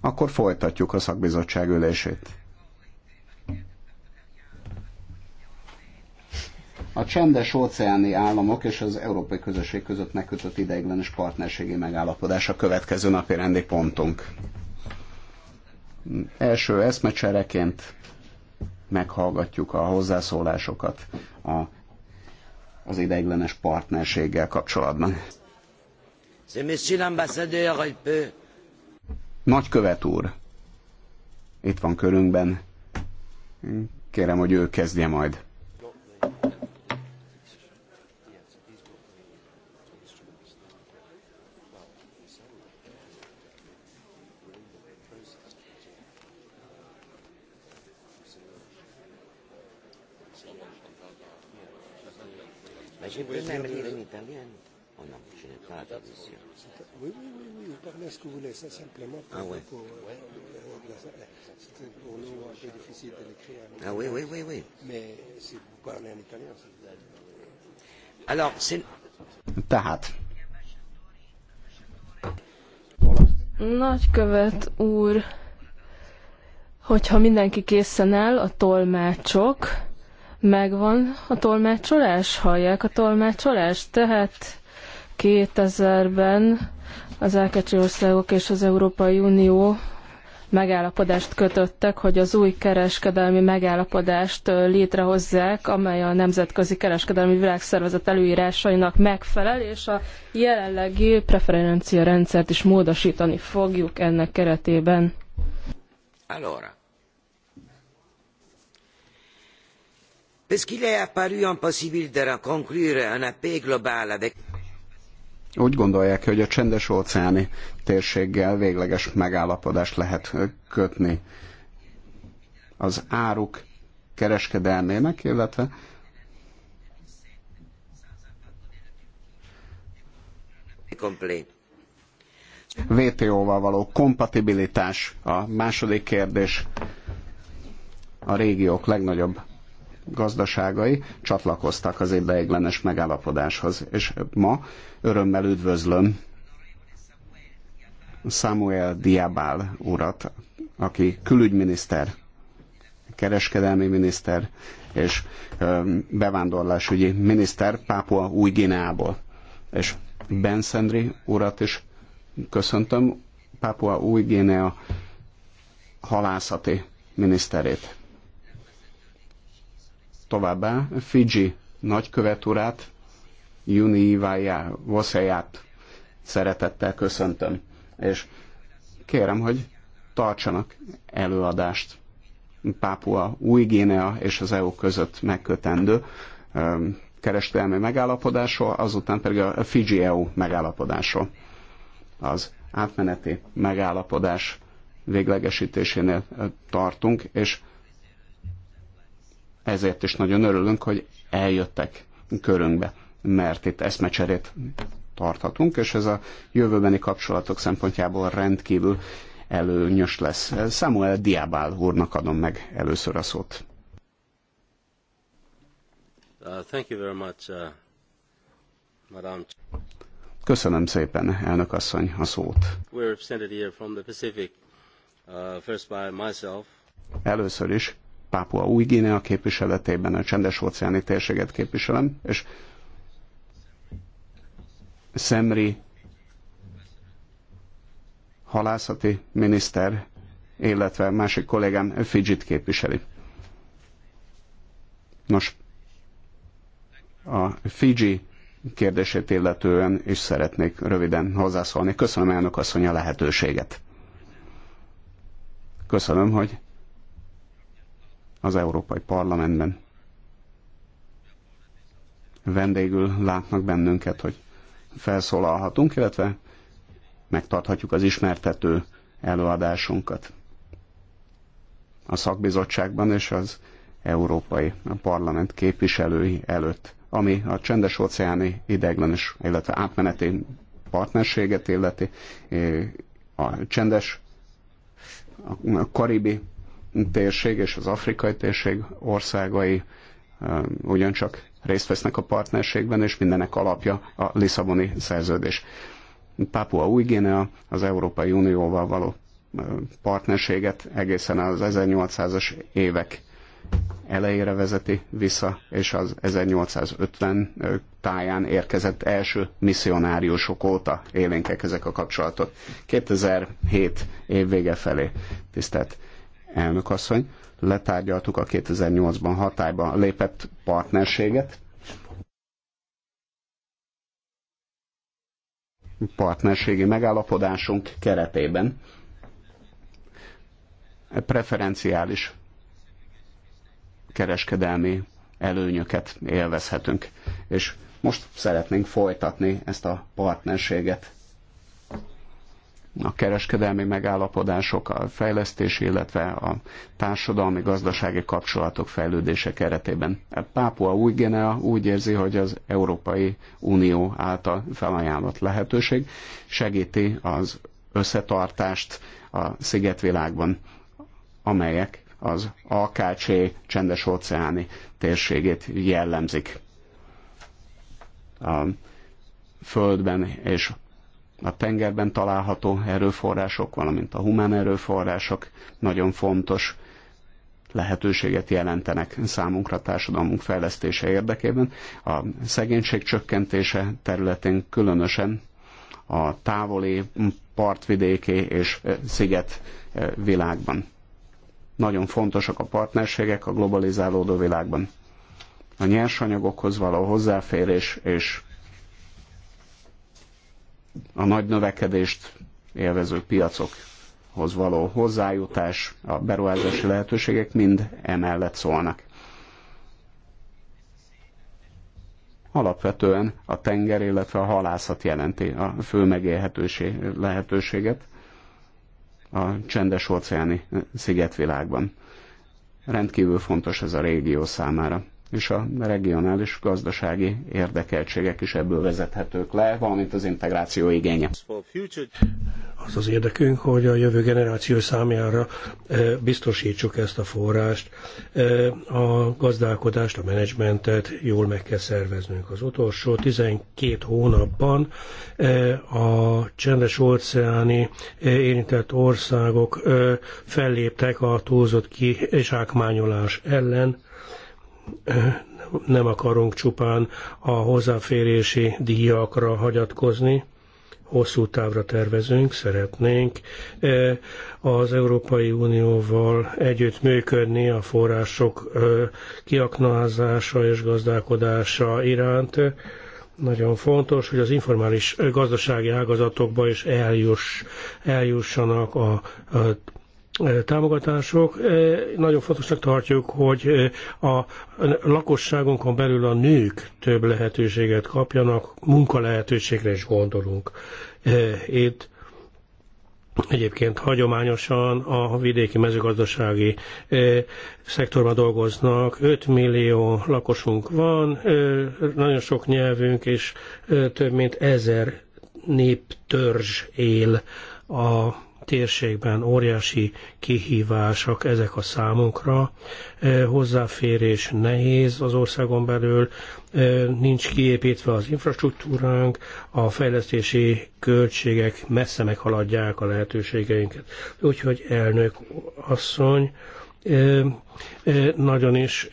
Speaker 2: Akkor folytatjuk a szakbizottság ülését. A csendes óceáni államok és az Európai Közösség között megkötött ideiglenes partnerségi megállapodás a következő napi rendi pontunk. Első eszmecsereként meghallgatjuk a hozzászólásokat a, az ideiglenes partnerséggel kapcsolatban. Nagykövet úr, itt van körünkben. Kérem, hogy ő kezdje majd.
Speaker 1: ce que vous voulez, ça simplement pour, ah ouais. pour, pour, pour nous un peu difficile de l'écrire. Ah oui, oui, oui, oui. Mais si vous parlez en italien, ça vous
Speaker 4: aide. Alors, c'est... Tehát. Nagykövet úr, hogyha mindenki készen áll, a tolmácsok, megvan a tolmácsolás, hallják a tolmácsolást, tehát 2000-ben az elkecsi országok és az Európai Unió megállapodást kötöttek, hogy az új kereskedelmi megállapodást létrehozzák, amely a Nemzetközi Kereskedelmi Világszervezet előírásainak megfelel, és a jelenlegi preferencia rendszert is módosítani fogjuk ennek keretében. Allora. Parce qu'il est apparu de conclure un paix globale avec
Speaker 2: úgy gondolják, hogy a csendes óceáni térséggel végleges megállapodást lehet kötni az áruk kereskedelmének, illetve VTO-val való kompatibilitás a második kérdés a régiók legnagyobb gazdaságai csatlakoztak az ideiglenes megállapodáshoz. És ma örömmel üdvözlöm Samuel Diabál urat, aki külügyminiszter, kereskedelmi miniszter és bevándorlásügyi miniszter Pápua új Gineából. És Ben Szendri urat is köszöntöm, Pápua új Guinea halászati miniszterét. Továbbá Fiji nagykövetúrát, Juni Ivája Voszeját szeretettel köszöntöm, és kérem, hogy tartsanak előadást Pápua, Új-Guinea és az EU között megkötendő um, kereskedelmi megállapodásról, azután pedig a Fiji-EU megállapodásról. Az átmeneti megállapodás véglegesítésénél uh, tartunk, és ezért is nagyon örülünk, hogy eljöttek körünkbe, mert itt eszmecserét tarthatunk, és ez a jövőbeni kapcsolatok szempontjából rendkívül előnyös lesz. Samuel Diabál úrnak adom meg először a szót.
Speaker 1: Uh, uh,
Speaker 2: Köszönöm szépen, elnök asszony, a szót.
Speaker 1: Uh,
Speaker 2: először is Pápua új Guinea képviseletében a csendes óceáni térséget képviselem, és Szemri halászati miniszter, illetve másik kollégám Fidzsit képviseli. Nos, a Fidzsi kérdését illetően is szeretnék röviden hozzászólni. Köszönöm elnök asszony a lehetőséget. Köszönöm, hogy az Európai Parlamentben. Vendégül látnak bennünket, hogy felszólalhatunk, illetve megtarthatjuk az ismertető előadásunkat a szakbizottságban és az Európai Parlament képviselői előtt, ami a csendes óceáni ideiglenes, illetve átmeneti partnerséget illeti, a csendes, a karibi térség és az afrikai térség országai ugyancsak részt vesznek a partnerségben, és mindenek alapja a Lisszaboni szerződés. Pápua új az Európai Unióval való partnerséget egészen az 1800-as évek elejére vezeti vissza, és az 1850 táján érkezett első misszionáriusok óta élénkek ezek a kapcsolatot. 2007 év vége felé, tisztelt elnökasszony, letárgyaltuk a 2008-ban hatályba lépett partnerséget. Partnerségi megállapodásunk keretében preferenciális kereskedelmi előnyöket élvezhetünk. És most szeretnénk folytatni ezt a partnerséget a kereskedelmi megállapodások, a fejlesztés, illetve a társadalmi-gazdasági kapcsolatok fejlődése keretében. Pápua új Genea úgy érzi, hogy az Európai Unió által felajánlott lehetőség segíti az összetartást a szigetvilágban, amelyek az AKC csendes óceáni térségét jellemzik. A földben és a tengerben található erőforrások, valamint a humán erőforrások nagyon fontos lehetőséget jelentenek számunkra társadalmunk fejlesztése érdekében. A szegénység csökkentése területén különösen a távoli partvidéki és sziget világban. Nagyon fontosak a partnerségek a globalizálódó világban. A nyersanyagokhoz való hozzáférés és a nagy növekedést élvező piacokhoz való hozzájutás, a beruházási lehetőségek mind emellett szólnak. Alapvetően a tenger, illetve a halászat jelenti a fő megélhetőség lehetőséget a csendes óceáni szigetvilágban. Rendkívül fontos ez a régió számára és a regionális gazdasági érdekeltségek is ebből vezethetők le, valamint az integráció igénye.
Speaker 1: Az az érdekünk, hogy a jövő generáció számára eh, biztosítsuk ezt a forrást. Eh, a gazdálkodást, a menedzsmentet jól meg kell szerveznünk. Az utolsó 12 hónapban eh, a csendes óceáni érintett országok felléptek a túlzott kizsákmányolás ellen, nem akarunk csupán a hozzáférési díjakra hagyatkozni, hosszú távra tervezünk, szeretnénk e, az Európai Unióval együttműködni a források e, kiaknázása és gazdálkodása iránt. Nagyon fontos, hogy az informális gazdasági ágazatokba is eljuss, eljussanak a, támogatások. Nagyon fontosnak tartjuk, hogy a lakosságunkon belül a nők több lehetőséget kapjanak, munkalehetőségre is gondolunk. Itt Egyébként hagyományosan a vidéki mezőgazdasági szektorban dolgoznak, 5 millió lakosunk van, nagyon sok nyelvünk és több mint ezer néptörzs él a térségben óriási kihívások ezek a számunkra. Hozzáférés nehéz az országon belül, nincs kiépítve az infrastruktúránk, a fejlesztési költségek messze meghaladják a lehetőségeinket. Úgyhogy elnök asszony, nagyon is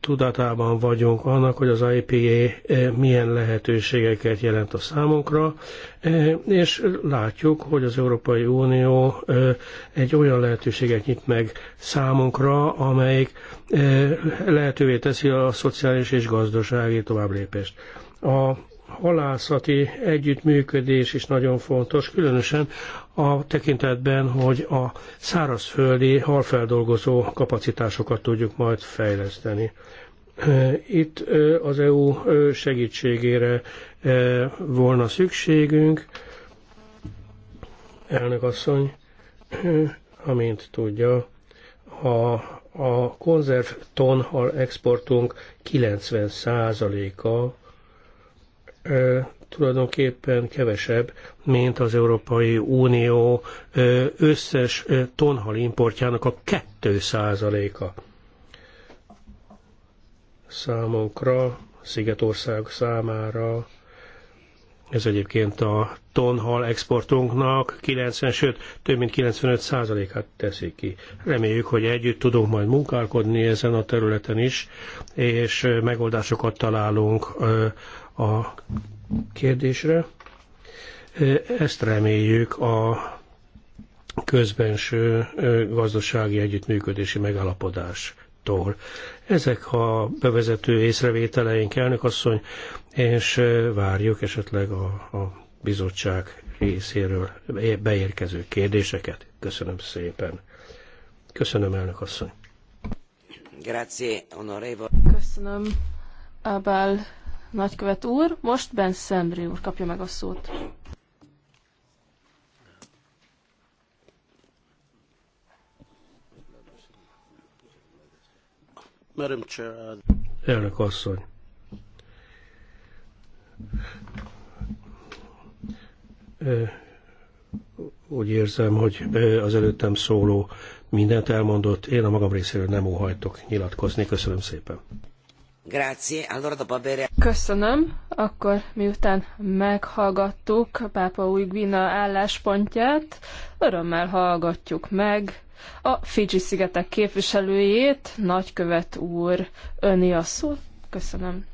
Speaker 1: tudatában vagyunk annak, hogy az IPA milyen lehetőségeket jelent a számunkra, és látjuk, hogy az Európai Unió egy olyan lehetőséget nyit meg számunkra, amelyik lehetővé teszi a szociális és gazdasági továbblépést. A halászati együttműködés is nagyon fontos, különösen a tekintetben, hogy a szárazföldi halfeldolgozó kapacitásokat tudjuk majd fejleszteni. Itt az EU segítségére volna szükségünk. Elnök asszony, amint tudja, a, a konzerv tonhal exportunk 90%-a tulajdonképpen kevesebb, mint az Európai Unió összes tonhal importjának a 2%-a. Számunkra, Szigetország számára ez egyébként a tonhal exportunknak 90, sőt több mint 95%-át teszi ki. Reméljük, hogy együtt tudunk majd munkálkodni ezen a területen is, és megoldásokat találunk a kérdésre. Ezt reméljük a közbenső gazdasági együttműködési megállapodástól. Ezek a bevezető észrevételeink, elnök asszony, és várjuk esetleg a, a bizottság részéről beérkező kérdéseket. Köszönöm szépen. Köszönöm, elnök asszony.
Speaker 4: Grazie, onorevo. Köszönöm, Abel nagykövet úr. Most Ben Szembri úr kapja meg a szót.
Speaker 1: Elnök asszony. Úgy érzem, hogy az előttem szóló mindent elmondott, én a magam részéről nem óhajtok nyilatkozni. Köszönöm szépen.
Speaker 4: Köszönöm. Akkor miután meghallgattuk Pápa új Gvina álláspontját, örömmel hallgatjuk meg a Fidzsi-szigetek képviselőjét, nagykövet úr, öni a szó. Köszönöm.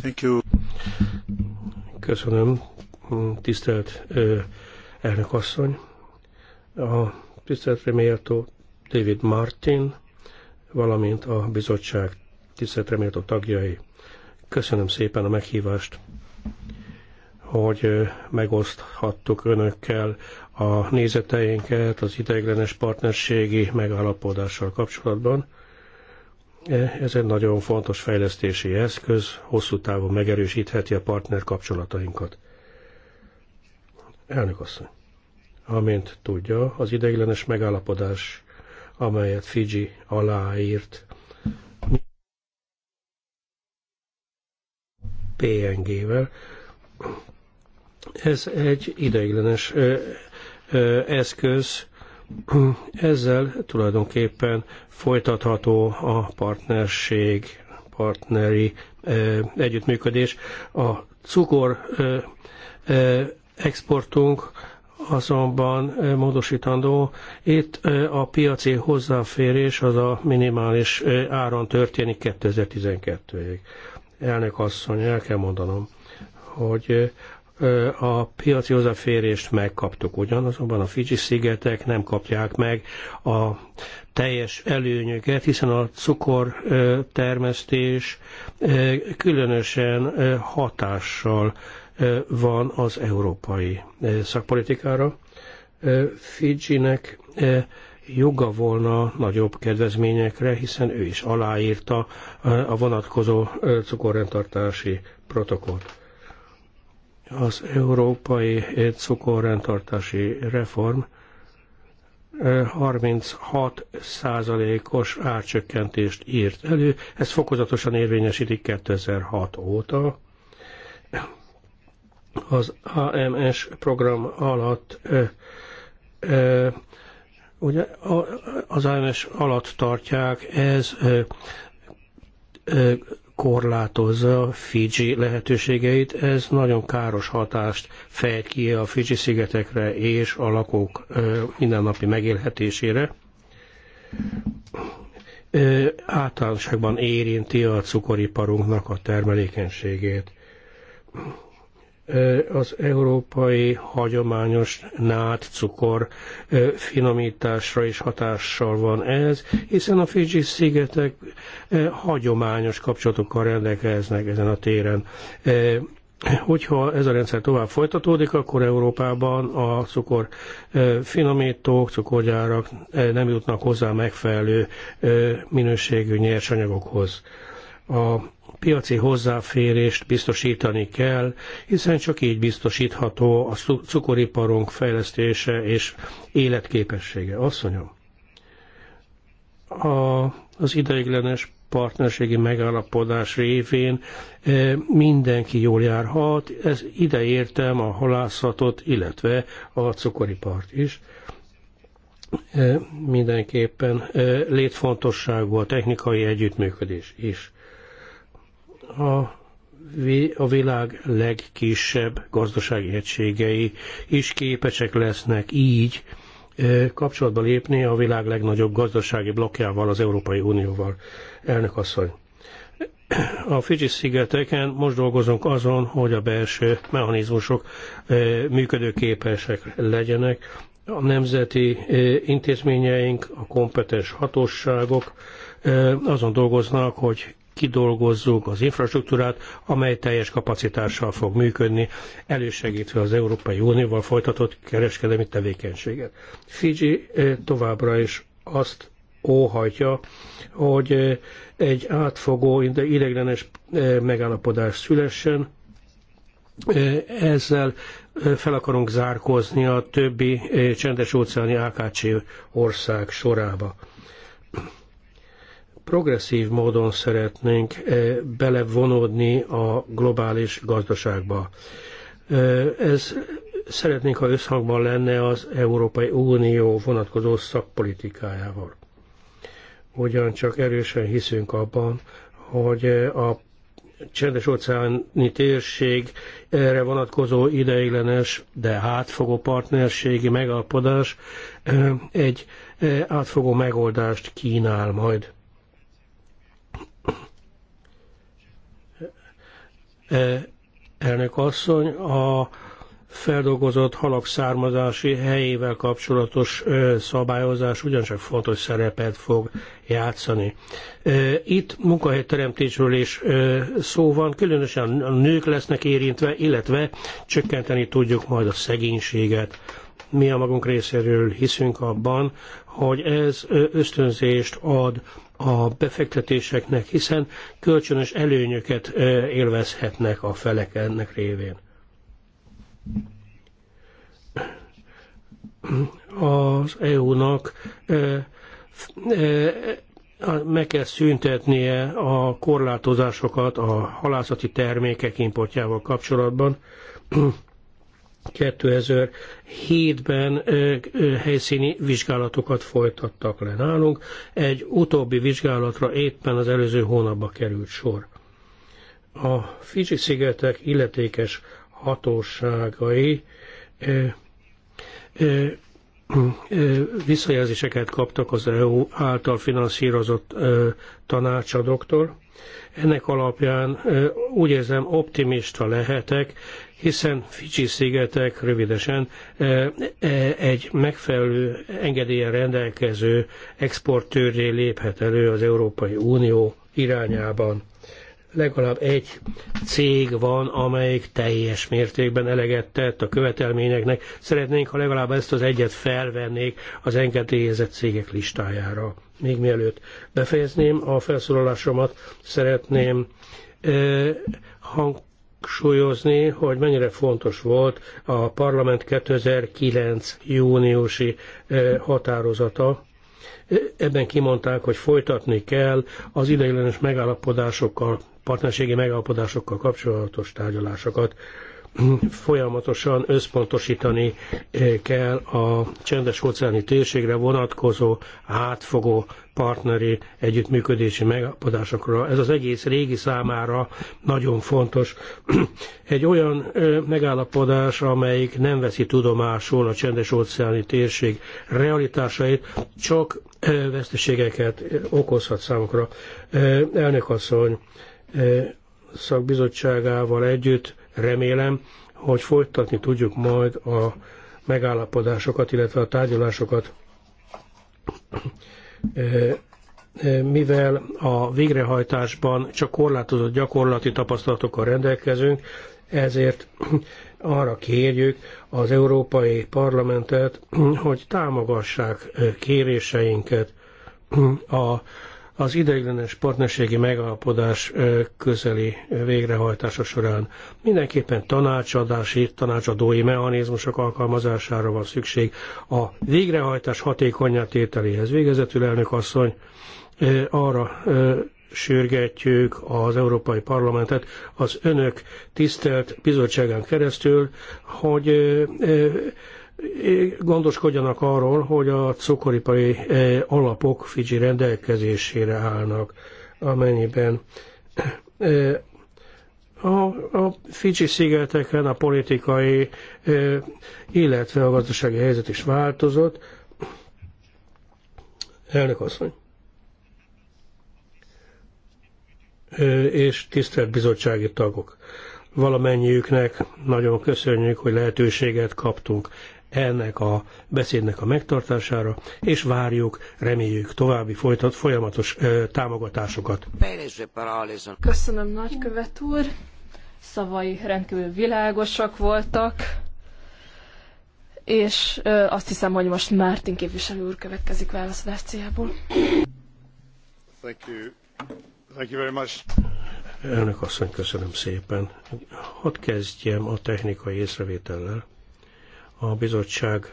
Speaker 1: Thank you. Köszönöm, tisztelt elnök asszony a tiszteletre méltó David Martin, valamint a bizottság tiszteletre méltó tagjai. Köszönöm szépen a meghívást, hogy megoszthattuk önökkel a nézeteinket az ideiglenes partnerségi megállapodással kapcsolatban. E, ez egy nagyon fontos fejlesztési eszköz, hosszú távon megerősítheti a partner kapcsolatainkat. Elnök asszony! Amint tudja, az ideiglenes megállapodás, amelyet Fiji aláírt PNG-vel, ez egy ideiglenes ö, ö, eszköz, ezzel tulajdonképpen folytatható a partnerség, partneri ö, együttműködés. A cukor exportunk azonban módosítandó. Itt a piaci hozzáférés az a minimális áron történik 2012-ig. Elnök asszony, el kell mondanom, hogy a piaci hozzáférést megkaptuk ugyan, azonban a Fiji szigetek nem kapják meg a teljes előnyöket, hiszen a cukortermesztés különösen hatással van az európai szakpolitikára. Fidzsinek joga volna nagyobb kedvezményekre, hiszen ő is aláírta a vonatkozó cukorrendtartási protokollt. Az európai cukorrendtartási reform 36 százalékos árcsökkentést írt elő, ezt fokozatosan érvényesítik 2006 óta az AMS program alatt ugye az AMS alatt tartják, ez korlátozza Fiji lehetőségeit, ez nagyon káros hatást fejt ki a Fiji szigetekre és a lakók mindennapi megélhetésére. Általánosságban érinti a cukoriparunknak a termelékenységét az európai hagyományos nád cukor finomításra is hatással van ez, hiszen a Fiji szigetek hagyományos kapcsolatokkal rendelkeznek ezen a téren. Hogyha ez a rendszer tovább folytatódik, akkor Európában a cukor finomítók, cukorgyárak nem jutnak hozzá megfelelő minőségű nyersanyagokhoz. A piaci hozzáférést biztosítani kell, hiszen csak így biztosítható a cukoriparunk fejlesztése és életképessége. Asszonyom, a, az ideiglenes partnerségi megállapodás révén e, mindenki jól járhat, ez ide értem a halászatot, illetve a cukoripart is e, mindenképpen e, létfontosságú a technikai együttműködés is a a világ legkisebb gazdasági egységei is képesek lesznek így kapcsolatba lépni a világ legnagyobb gazdasági blokkjával, az Európai Unióval. Elnök asszony. A Fidzsi-szigeteken most dolgozunk azon, hogy a belső mechanizmusok működőképesek legyenek. A nemzeti intézményeink, a kompetens hatóságok azon dolgoznak, hogy kidolgozzuk az infrastruktúrát, amely teljes kapacitással fog működni, elősegítve az Európai Unióval folytatott kereskedelmi tevékenységet. Fiji eh, továbbra is azt óhajtja, hogy eh, egy átfogó, ideiglenes eh, megállapodás szülessen. Ezzel fel akarunk zárkózni a többi csendes óceáni AKC ország sorába progresszív módon szeretnénk eh, belevonódni a globális gazdaságba. Eh, ez szeretnénk, ha összhangban lenne az Európai Unió vonatkozó szakpolitikájával. Ugyancsak erősen hiszünk abban, hogy a csendes óceáni térség erre vonatkozó ideiglenes, de átfogó partnerségi megalapodás eh, egy átfogó megoldást kínál majd. E, elnök asszony. A feldolgozott halak származási helyével kapcsolatos e, szabályozás ugyancsak fontos szerepet fog játszani. E, itt munkahelyteremtésről is szó van, különösen a nők lesznek érintve, illetve csökkenteni tudjuk majd a szegénységet. Mi a magunk részéről hiszünk abban, hogy ez ösztönzést ad a befektetéseknek, hiszen kölcsönös előnyöket élvezhetnek a felek ennek révén. Az EU-nak meg kell szüntetnie a korlátozásokat a halászati termékek importjával kapcsolatban. 2007-ben helyszíni vizsgálatokat folytattak le nálunk. Egy utóbbi vizsgálatra éppen az előző hónapban került sor. A Fidzsi-szigetek illetékes hatóságai visszajelzéseket kaptak az EU által finanszírozott tanácsadóktól, ennek alapján úgy érzem optimista lehetek, hiszen Fidzsi-szigetek rövidesen egy megfelelő engedélyen rendelkező exportőrré léphet elő az Európai Unió irányában legalább egy cég van, amelyik teljes mértékben eleget tett a követelményeknek. Szeretnénk, ha legalább ezt az egyet felvennék az engedélyezett cégek listájára. Még mielőtt befejezném a felszólalásomat, szeretném eh, hang hangsúlyozni, hogy mennyire fontos volt a parlament 2009. júniusi határozata, ebben kimondták, hogy folytatni kell az ideiglenes megállapodásokkal, partnerségi megállapodásokkal kapcsolatos tárgyalásokat folyamatosan összpontosítani eh, kell a csendes óceáni térségre vonatkozó átfogó partneri együttműködési megállapodásokra. Ez az egész régi számára nagyon fontos. Egy olyan eh, megállapodás, amelyik nem veszi tudomásul a csendes óceáni térség realitásait, csak eh, veszteségeket okozhat számukra. Elnök asszony, szakbizottságával együtt Remélem, hogy folytatni tudjuk majd a megállapodásokat, illetve a tárgyalásokat. Mivel a végrehajtásban csak korlátozott gyakorlati tapasztalatokkal rendelkezünk, ezért arra kérjük az Európai Parlamentet, hogy támogassák kéréseinket a az ideiglenes partnerségi megállapodás közeli végrehajtása során mindenképpen tanácsadási, tanácsadói mechanizmusok alkalmazására van szükség a végrehajtás hatékonyá tételéhez. Végezetül elnök asszony arra sürgetjük az Európai Parlamentet az önök tisztelt bizottságán keresztül, hogy gondoskodjanak arról, hogy a cukoripari eh, alapok Fidzsi rendelkezésére állnak, amennyiben eh, a, a Fidzsi szigeteken a politikai, eh, illetve a gazdasági helyzet is változott. Elnök asszony. És tisztelt bizottsági tagok valamennyiüknek nagyon köszönjük, hogy lehetőséget kaptunk ennek a beszédnek a megtartására, és várjuk, reméljük további folytat, folyamatos ö, támogatásokat.
Speaker 4: Köszönöm, nagykövet úr! Szavai rendkívül világosak voltak, és ö, azt hiszem, hogy most Mártin képviselő úr következik válaszadás céljából. Thank you. Thank you very much.
Speaker 1: Elnök asszony, köszönöm szépen. Hadd kezdjem a technikai észrevétellel a bizottság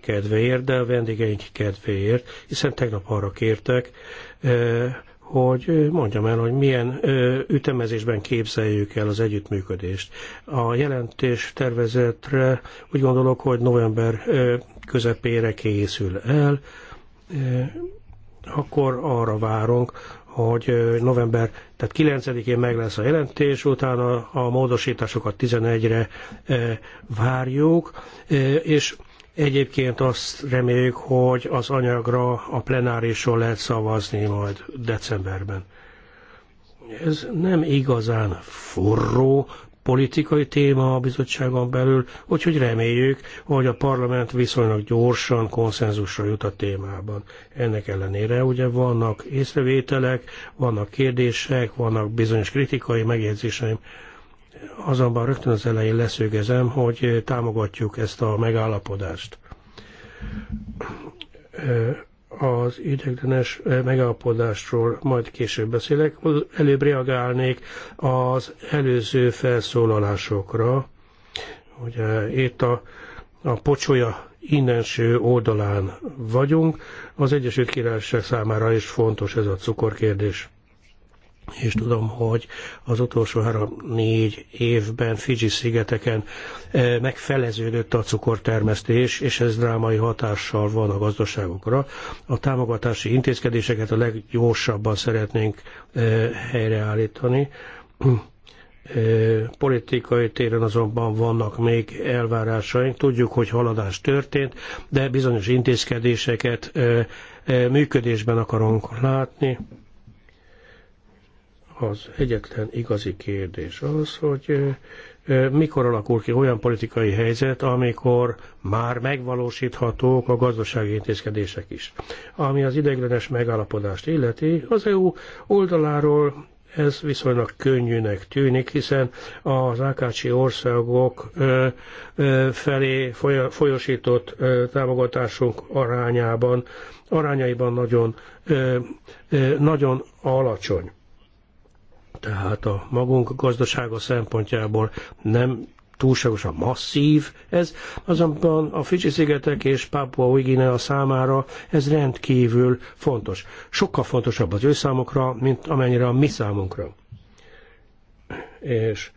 Speaker 1: kedvéért, de a vendégeink kedvéért, hiszen tegnap arra kértek, hogy mondjam el, hogy milyen ütemezésben képzeljük el az együttműködést. A jelentés tervezetre úgy gondolok, hogy november közepére készül el, akkor arra várunk, hogy november, tehát 9-én meg lesz a jelentés, utána a módosításokat 11-re várjuk, és egyébként azt reméljük, hogy az anyagra a plenárisról lehet szavazni majd decemberben. Ez nem igazán forró politikai téma a bizottságon belül, úgyhogy reméljük, hogy a parlament viszonylag gyorsan konszenzusra jut a témában. Ennek ellenére ugye vannak észrevételek, vannak kérdések, vannak bizonyos kritikai megjegyzéseim, azonban rögtön az elején leszögezem, hogy támogatjuk ezt a megállapodást az ideiglenes eh, megállapodásról majd később beszélek. Előbb reagálnék az előző felszólalásokra. Ugye itt a, a pocsolya innenső oldalán vagyunk. Az Egyesült Királyság számára is fontos ez a cukorkérdés és tudom, hogy az utolsó három-négy évben Fidzsi-szigeteken e, megfeleződött a cukortermesztés, és ez drámai hatással van a gazdaságokra. A támogatási intézkedéseket a leggyorsabban szeretnénk e, helyreállítani. E, politikai téren azonban vannak még elvárásaink. Tudjuk, hogy haladás történt, de bizonyos intézkedéseket működésben akarunk látni az egyetlen igazi kérdés az, hogy mikor alakul ki olyan politikai helyzet, amikor már megvalósíthatók a gazdasági intézkedések is. Ami az ideiglenes megállapodást illeti, az EU oldaláról ez viszonylag könnyűnek tűnik, hiszen az Ákácsi országok felé folyosított támogatásunk arányában, arányaiban nagyon, nagyon alacsony tehát a magunk gazdasága szempontjából nem túlságosan masszív ez, azonban a Fidzsi-szigetek és Papua új a számára ez rendkívül fontos. Sokkal fontosabb az ő számokra, mint amennyire a mi számunkra. És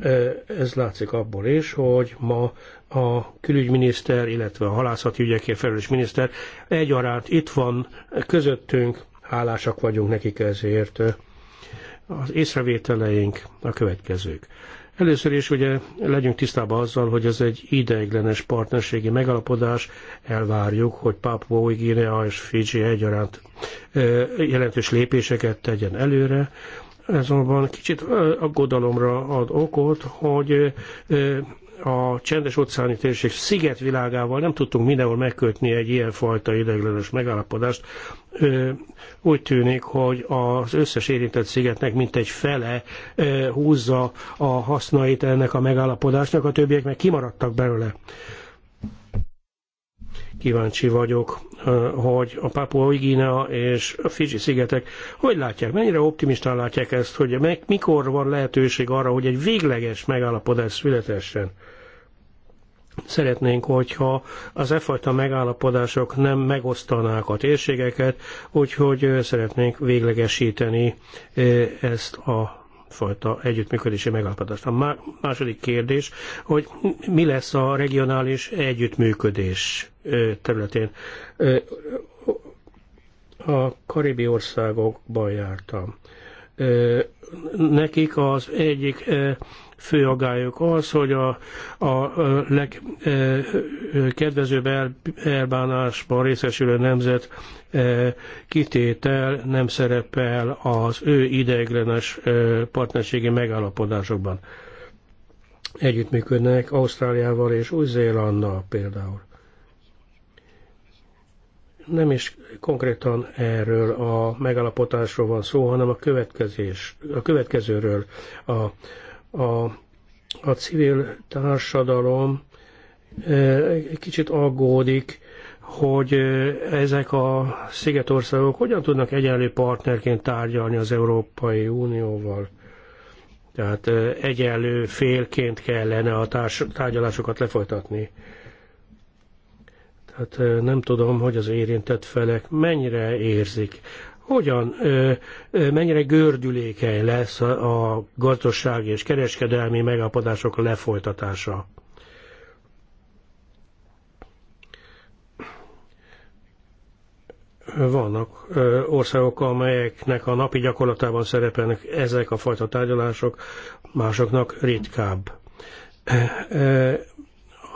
Speaker 1: e, ez látszik abból is, hogy ma a külügyminiszter, illetve a halászati ügyekért felelős miniszter egyaránt itt van közöttünk, hálásak vagyunk nekik ezért. Az észrevételeink a következők. Először is ugye legyünk tisztában azzal, hogy ez egy ideiglenes partnerségi megalapodás, elvárjuk, hogy Papua új Guinea és Fiji egyaránt jelentős lépéseket tegyen előre, ez azonban kicsit aggodalomra ad okot, hogy a csendes óceáni térség szigetvilágával nem tudtunk mindenhol megkötni egy ilyenfajta ideiglenes megállapodást. Úgy tűnik, hogy az összes érintett szigetnek mint egy fele húzza a hasznait ennek a megállapodásnak, a többiek meg kimaradtak belőle. Kíváncsi vagyok, hogy a Papua Guinea és a fiji szigetek hogy látják, mennyire optimistán látják ezt, hogy meg, mikor van lehetőség arra, hogy egy végleges megállapodás születessen. Szeretnénk, hogyha az e fajta megállapodások nem megosztanák a térségeket, úgyhogy szeretnénk véglegesíteni ezt a fajta együttműködési megállapodást. A második kérdés, hogy mi lesz a regionális együttműködés területén. A karibi országokban jártam. Nekik az egyik fő agályok az, hogy a, a legkedvezőbb el, elbánásban részesülő nemzet e, kitétel nem szerepel az ő ideiglenes e, partnerségi megállapodásokban. Együttműködnek Ausztráliával és Új-Zélandnal például nem is konkrétan erről a megalapotásról van szó, hanem a, következés, a következőről a a, a civil társadalom e, egy kicsit aggódik, hogy e, ezek a szigetországok hogyan tudnak egyenlő partnerként tárgyalni az Európai Unióval. Tehát e, egyenlő félként kellene a tárgyalásokat lefolytatni. Tehát nem tudom, hogy az érintett felek mennyire érzik hogyan, mennyire gördülékeny lesz a gazdasági és kereskedelmi megállapodások lefolytatása. Vannak országok, amelyeknek a napi gyakorlatában szerepelnek ezek a fajta tárgyalások, másoknak ritkább.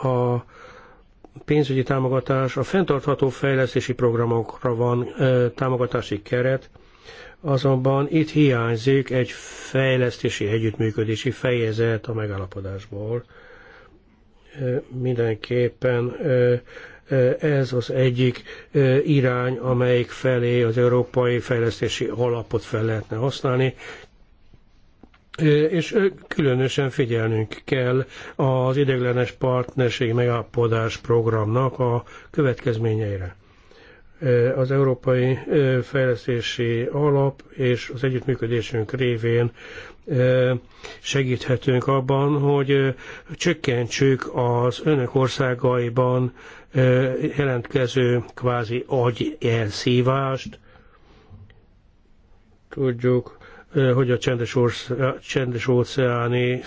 Speaker 1: A pénzügyi támogatás a fenntartható fejlesztési programokra van támogatási keret, azonban itt hiányzik egy fejlesztési együttműködési fejezet a megállapodásból. Mindenképpen ez az egyik irány, amelyik felé az európai fejlesztési alapot fel lehetne használni és különösen figyelnünk kell az ideglenes partnerség megállapodás programnak a következményeire. Az Európai Fejlesztési Alap és az együttműködésünk révén segíthetünk abban, hogy csökkentsük az önök országaiban jelentkező kvázi agyelszívást. Tudjuk, hogy a csendes, orsz, csendes óceáni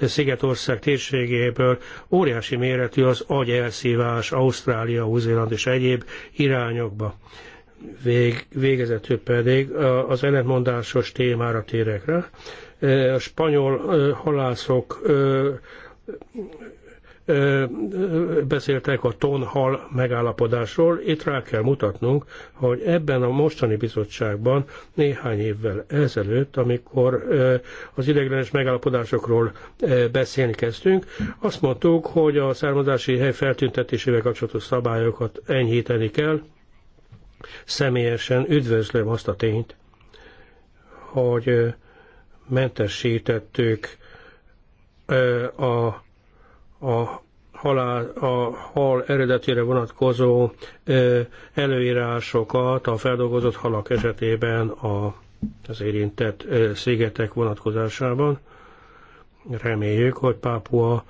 Speaker 1: Szigetország térségéből óriási méretű az agyelszívás Ausztrália, Új-Zéland és egyéb irányokba. Vég, végezető pedig az ellentmondásos témára térek rá. A spanyol halászok beszéltek a tonhal megállapodásról. Itt rá kell mutatnunk, hogy ebben a mostani bizottságban néhány évvel ezelőtt, amikor az ideiglenes megállapodásokról beszélni kezdtünk, azt mondtuk, hogy a származási hely feltüntetésével kapcsolatos szabályokat enyhíteni kell. Személyesen üdvözlöm azt a tényt, hogy mentesítettük a a halál, a hal eredetére vonatkozó előírásokat a feldolgozott halak esetében a, az érintett szigetek vonatkozásában. Reméljük, hogy Pápua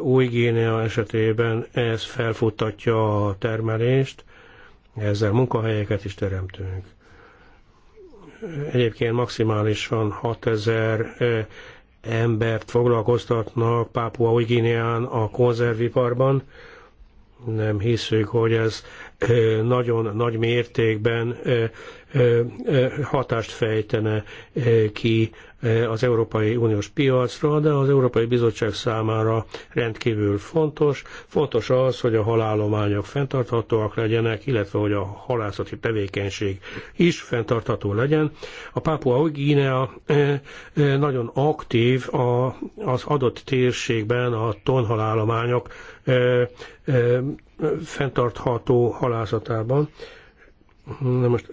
Speaker 1: új Guinea esetében ez felfuttatja a termelést, ezzel munkahelyeket is teremtünk. Egyébként maximálisan 6000 embert foglalkoztatnak Pápua Uiginián a konzerviparban. Nem hiszük, hogy ez nagyon nagy mértékben hatást fejtene ki az Európai Uniós piacra, de az Európai Bizottság számára rendkívül fontos. Fontos az, hogy a halálományok fenntarthatóak legyenek, illetve hogy a halászati tevékenység is fenntartható legyen. A Pápua Guinea nagyon aktív az adott térségben a tonhalálományok fenntartható halászatában. Na most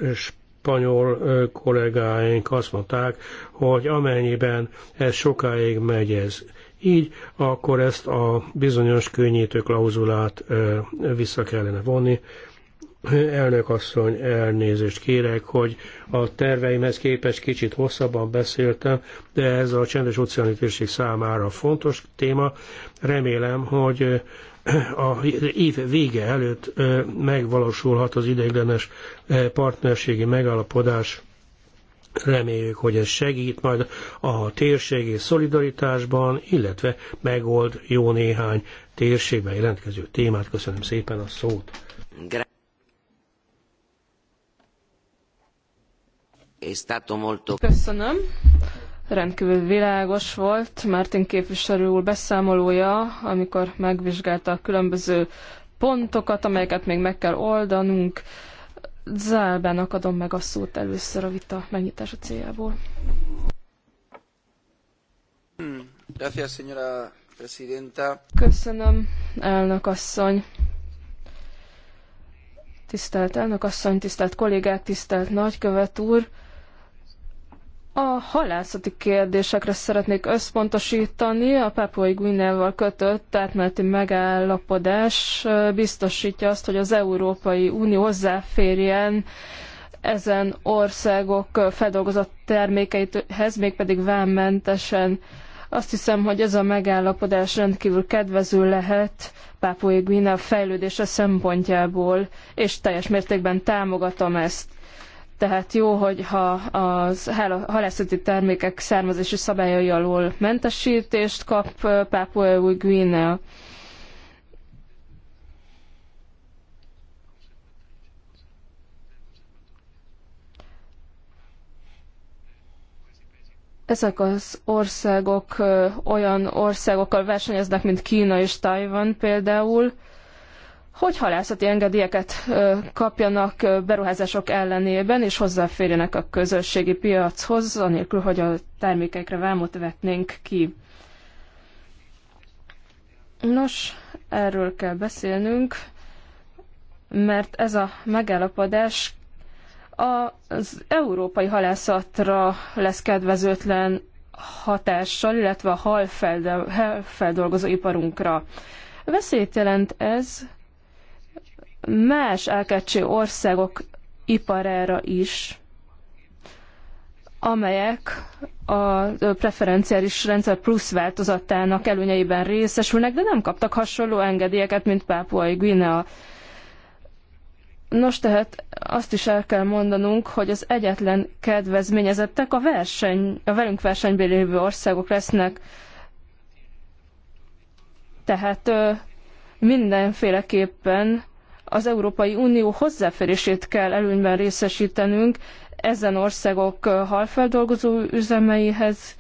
Speaker 1: spanyol kollégáink azt mondták, hogy amennyiben ez sokáig megy ez így, akkor ezt a bizonyos könnyítő klauzulát vissza kellene vonni. Elnök asszony, elnézést kérek, hogy a terveimhez képest kicsit hosszabban beszéltem, de ez a csendes óceáni térség számára fontos téma. Remélem, hogy a év vége előtt megvalósulhat az ideiglenes partnerségi megállapodás. Reméljük, hogy ez segít majd a térségi szolidaritásban, illetve megold jó néhány térségben jelentkező témát. Köszönöm szépen a szót.
Speaker 4: Köszönöm rendkívül világos volt Martin képviselő úr beszámolója, amikor megvizsgálta a különböző pontokat, amelyeket még meg kell oldanunk. Zálbának adom meg a szót először a vita megnyitása céljából. Köszönöm, elnök asszony. Tisztelt elnök asszony, tisztelt kollégák, tisztelt nagykövet úr. A halászati kérdésekre szeretnék összpontosítani. A Pápuai Guineával kötött átmeneti megállapodás biztosítja azt, hogy az Európai Unió hozzáférjen ezen országok feldolgozott termékeihez, mégpedig vámmentesen. Azt hiszem, hogy ez a megállapodás rendkívül kedvező lehet Pápuai Guinea fejlődése szempontjából, és teljes mértékben támogatom ezt. Tehát jó, hogy ha az halászati termékek származási szabályai alól mentesítést kap Papua új Guinea. ezek az országok olyan országokkal versenyeznek, mint Kína és Tajvan például, hogy halászati engedélyeket kapjanak beruházások ellenében, és hozzáférjenek a közösségi piachoz, anélkül, hogy a termékekre vámot vetnénk ki. Nos, erről kell beszélnünk, mert ez a megállapodás az európai halászatra lesz kedvezőtlen hatással, illetve a halfeldolgozó iparunkra. Veszélyt jelent ez, más elkecső országok iparára is, amelyek a preferenciális rendszer plusz változatának előnyeiben részesülnek, de nem kaptak hasonló engedélyeket, mint Pápuai Guinea. Nos, tehát azt is el kell mondanunk, hogy az egyetlen kedvezményezettek a, verseny, a velünk versenyben lévő országok lesznek. Tehát mindenféleképpen az Európai Unió hozzáférését kell előnyben részesítenünk ezen országok halfeldolgozó üzemeihez,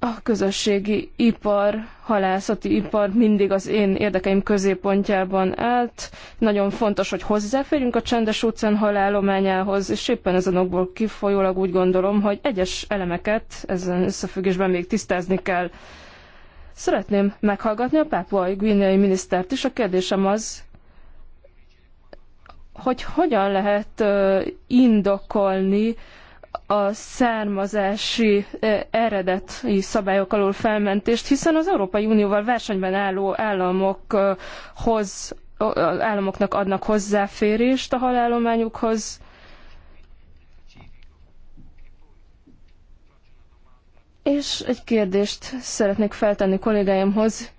Speaker 4: a közösségi ipar, halászati ipar mindig az én érdekeim középpontjában állt. Nagyon fontos, hogy hozzáférjünk a csendes óceán halálományához, és éppen ezen okból kifolyólag úgy gondolom, hogy egyes elemeket ezen összefüggésben még tisztázni kell. Szeretném meghallgatni a pápuai guineai minisztert is. A kérdésem az, hogy hogyan lehet indokolni a származási eredeti szabályok alól felmentést, hiszen az Európai Unióval versenyben álló államokhoz, államoknak adnak hozzáférést a halállományukhoz, És egy kérdést szeretnék feltenni kollégáimhoz,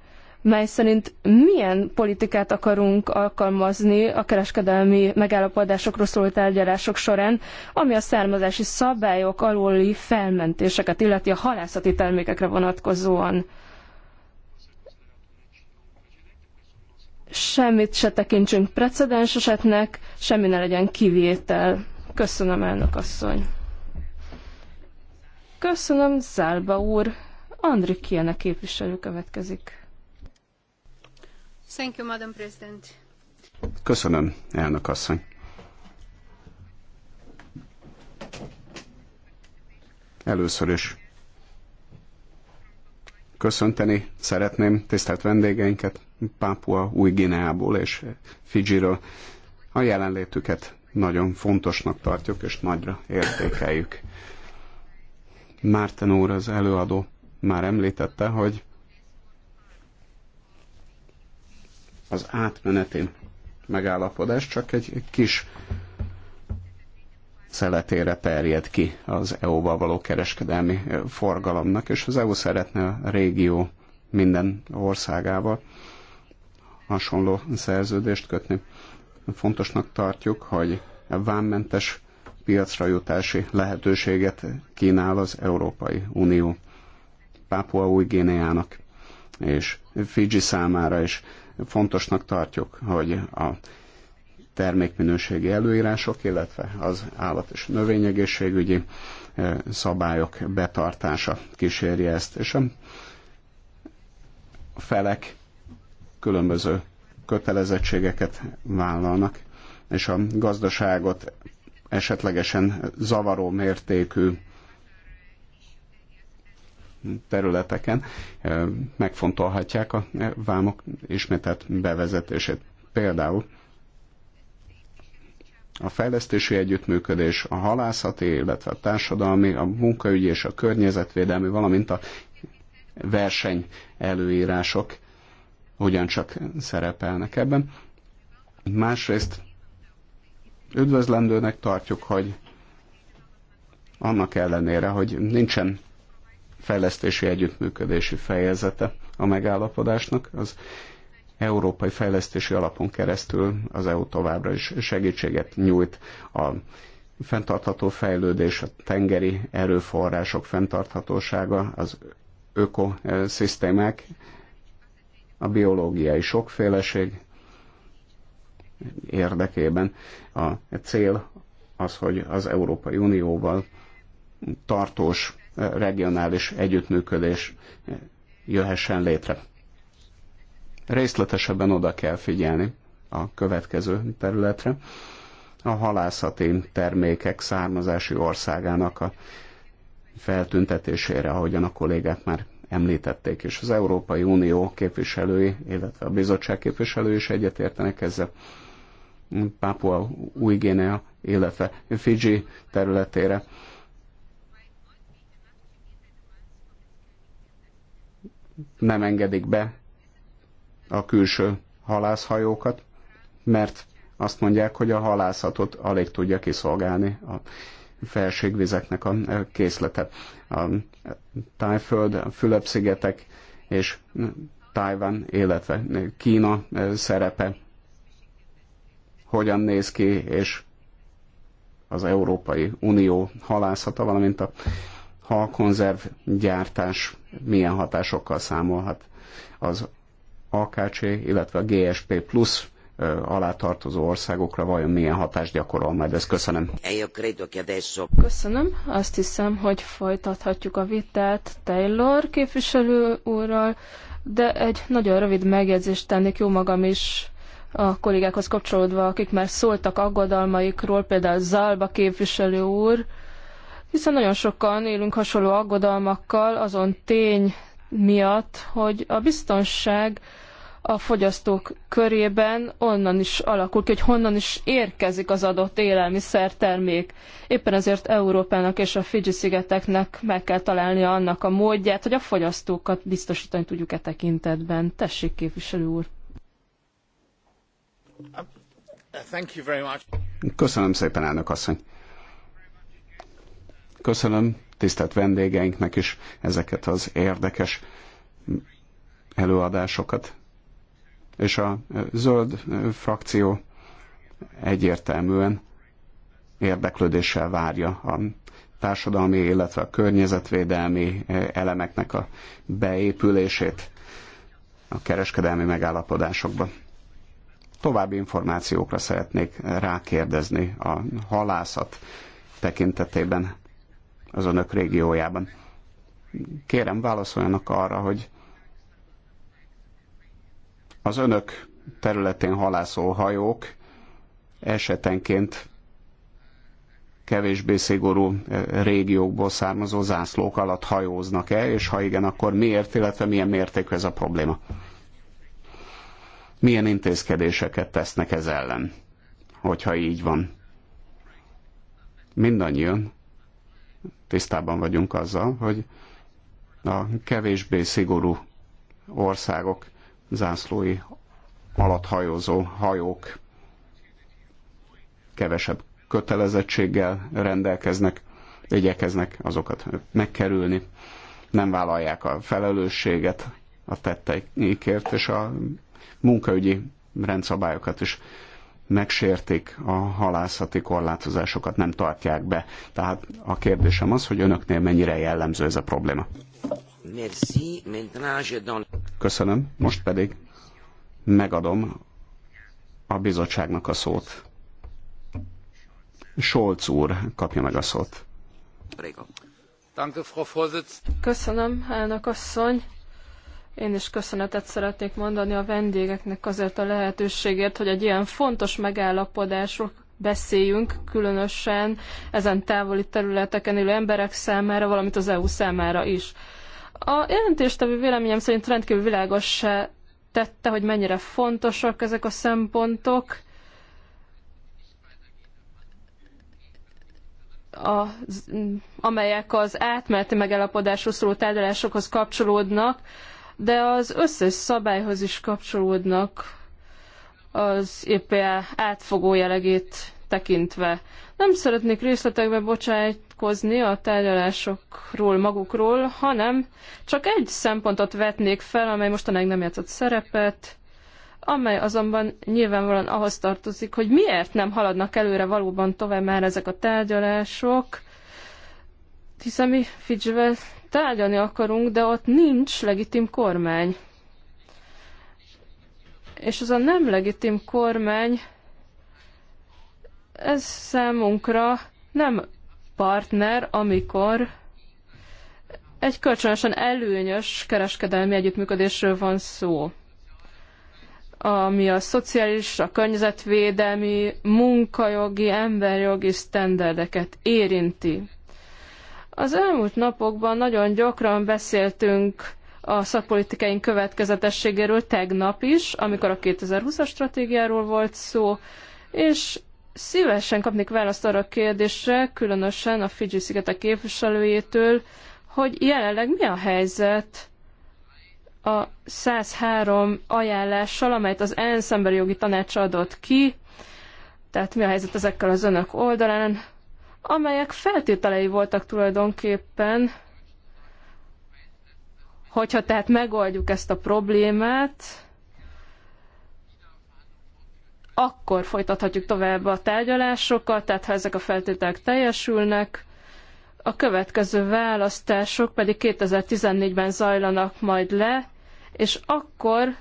Speaker 4: mely szerint milyen politikát akarunk alkalmazni a kereskedelmi megállapodásokról szóló tárgyalások során, ami a származási szabályok aluli felmentéseket illeti a halászati termékekre vonatkozóan. Semmit se tekintsünk precedens esetnek, semmi ne legyen kivétel. Köszönöm, elnök asszony. Köszönöm, Zálba úr. Andri Kiene képviselő következik. Thank you, Madam President.
Speaker 2: Köszönöm, elnök asszony. Először is köszönteni szeretném tisztelt vendégeinket Pápua új Gineából és Fidzsiről. A jelenlétüket nagyon fontosnak tartjuk és nagyra értékeljük. Márten úr, az előadó már említette, hogy az átmeneti megállapodás csak egy kis szeletére terjed ki az EU-val való kereskedelmi forgalomnak, és az EU szeretne a régió minden országával hasonló szerződést kötni. Fontosnak tartjuk, hogy vámmentes piacra jutási lehetőséget kínál az Európai Unió Pápua új guineának és Fiji számára is fontosnak tartjuk, hogy a termékminőségi előírások, illetve az állat- és növényegészségügyi eh, szabályok betartása kísérje ezt, és a felek különböző kötelezettségeket vállalnak, és a gazdaságot esetlegesen zavaró mértékű területeken eh, megfontolhatják a eh, vámok ismételt bevezetését. Például a fejlesztési együttműködés, a halászati, illetve a társadalmi, a munkaügyi és a környezetvédelmi, valamint a verseny előírások ugyancsak szerepelnek ebben. Másrészt Üdvözlendőnek tartjuk, hogy annak ellenére, hogy nincsen fejlesztési együttműködési fejezete a megállapodásnak, az Európai Fejlesztési Alapon keresztül az EU továbbra is segítséget nyújt a fenntartható fejlődés, a tengeri erőforrások fenntarthatósága, az ökoszisztémák, a biológiai sokféleség, érdekében. A cél az, hogy az Európai Unióval tartós regionális együttműködés jöhessen létre. Részletesebben oda kell figyelni a következő területre. A halászati termékek származási országának a feltüntetésére, ahogyan a kollégák már említették, és az Európai Unió képviselői, illetve a bizottság képviselői is egyetértenek ezzel. Pápua új Guinea, illetve Fiji területére. Nem engedik be a külső halászhajókat, mert azt mondják, hogy a halászatot alig tudja kiszolgálni a felségvizeknek a készlete. A Tájföld, a Fülöp-szigetek és Tájván, illetve Kína eh, szerepe hogyan néz ki, és az Európai Unió halászata, valamint a halkonzerv gyártás milyen hatásokkal számolhat az AKC, illetve a GSP plusz alá tartozó országokra vajon milyen hatást gyakorol majd ez. Köszönöm.
Speaker 4: Köszönöm. Azt hiszem, hogy folytathatjuk a vitát Taylor képviselő úrral, de egy nagyon rövid megjegyzést tennék jó magam is a kollégákhoz kapcsolódva, akik már szóltak aggodalmaikról, például Zalba képviselő úr, hiszen nagyon sokan élünk hasonló aggodalmakkal azon tény miatt, hogy a biztonság a fogyasztók körében onnan is alakul ki, hogy honnan is érkezik az adott élelmiszer termék? Éppen ezért Európának és a Fidzsi-szigeteknek meg kell találnia annak a módját, hogy a fogyasztókat biztosítani tudjuk e tekintetben. Tessék, képviselő úr!
Speaker 2: Köszönöm szépen, elnök asszony. Köszönöm tisztelt vendégeinknek is ezeket az érdekes előadásokat. És a zöld frakció egyértelműen érdeklődéssel várja a társadalmi, illetve a környezetvédelmi elemeknek a beépülését a kereskedelmi megállapodásokba. További információkra szeretnék rákérdezni a halászat tekintetében az önök régiójában. Kérem, válaszoljanak arra, hogy az önök területén halászó hajók esetenként kevésbé szigorú eh, régiókból származó zászlók alatt hajóznak-e, és ha igen, akkor miért, illetve milyen mértékű ez a probléma? milyen intézkedéseket tesznek ez ellen, hogyha így van. Mindannyian tisztában vagyunk azzal, hogy a kevésbé szigorú országok zászlói alatt hajózó hajók kevesebb kötelezettséggel rendelkeznek, igyekeznek azokat megkerülni, nem vállalják a felelősséget a tetteikért, és a munkaügyi rendszabályokat is megsértik a halászati korlátozásokat, nem tartják be. Tehát a kérdésem az, hogy önöknél mennyire jellemző ez a probléma. Köszönöm. Most pedig megadom a bizottságnak a szót. Scholz úr kapja meg a szót.
Speaker 4: Köszönöm, elnök asszony. Én is köszönetet szeretnék mondani a vendégeknek azért a lehetőségért, hogy egy ilyen fontos megállapodásról beszéljünk, különösen ezen távoli területeken élő emberek számára, valamint az EU számára is. A jelentéstevő véleményem szerint rendkívül világos tette, hogy mennyire fontosak ezek a szempontok. A, amelyek az átmeneti megállapodásról szóló tárgyalásokhoz kapcsolódnak de az összes szabályhoz is kapcsolódnak az EPA átfogó jelegét tekintve. Nem szeretnék részletekbe bocsájtkozni a tárgyalásokról magukról, hanem csak egy szempontot vetnék fel, amely mostanáig nem játszott szerepet, amely azonban nyilvánvalóan ahhoz tartozik, hogy miért nem haladnak előre valóban tovább már ezek a tárgyalások, hiszen mi Fitzgerald Tárgyalni akarunk, de ott nincs legitim kormány. És az a nem legitim kormány, ez számunkra nem partner, amikor egy kölcsönösen előnyös kereskedelmi együttműködésről van szó ami a szociális, a környezetvédelmi, munkajogi, emberjogi sztenderdeket érinti. Az elmúlt napokban nagyon gyakran beszéltünk a szakpolitikáink következetességéről tegnap is, amikor a 2020-as stratégiáról volt szó, és szívesen kapnék választ arra a kérdésre, különösen a Fidzsi-szigetek képviselőjétől, hogy jelenleg mi a helyzet a 103 ajánlással, amelyet az ENSZ emberi jogi tanács adott ki, tehát mi a helyzet ezekkel az önök oldalán, amelyek feltételei voltak tulajdonképpen, hogyha tehát megoldjuk ezt a problémát, akkor folytathatjuk tovább a tárgyalásokat, tehát ha ezek a feltételek teljesülnek, a következő választások pedig 2014-ben zajlanak majd le, és akkor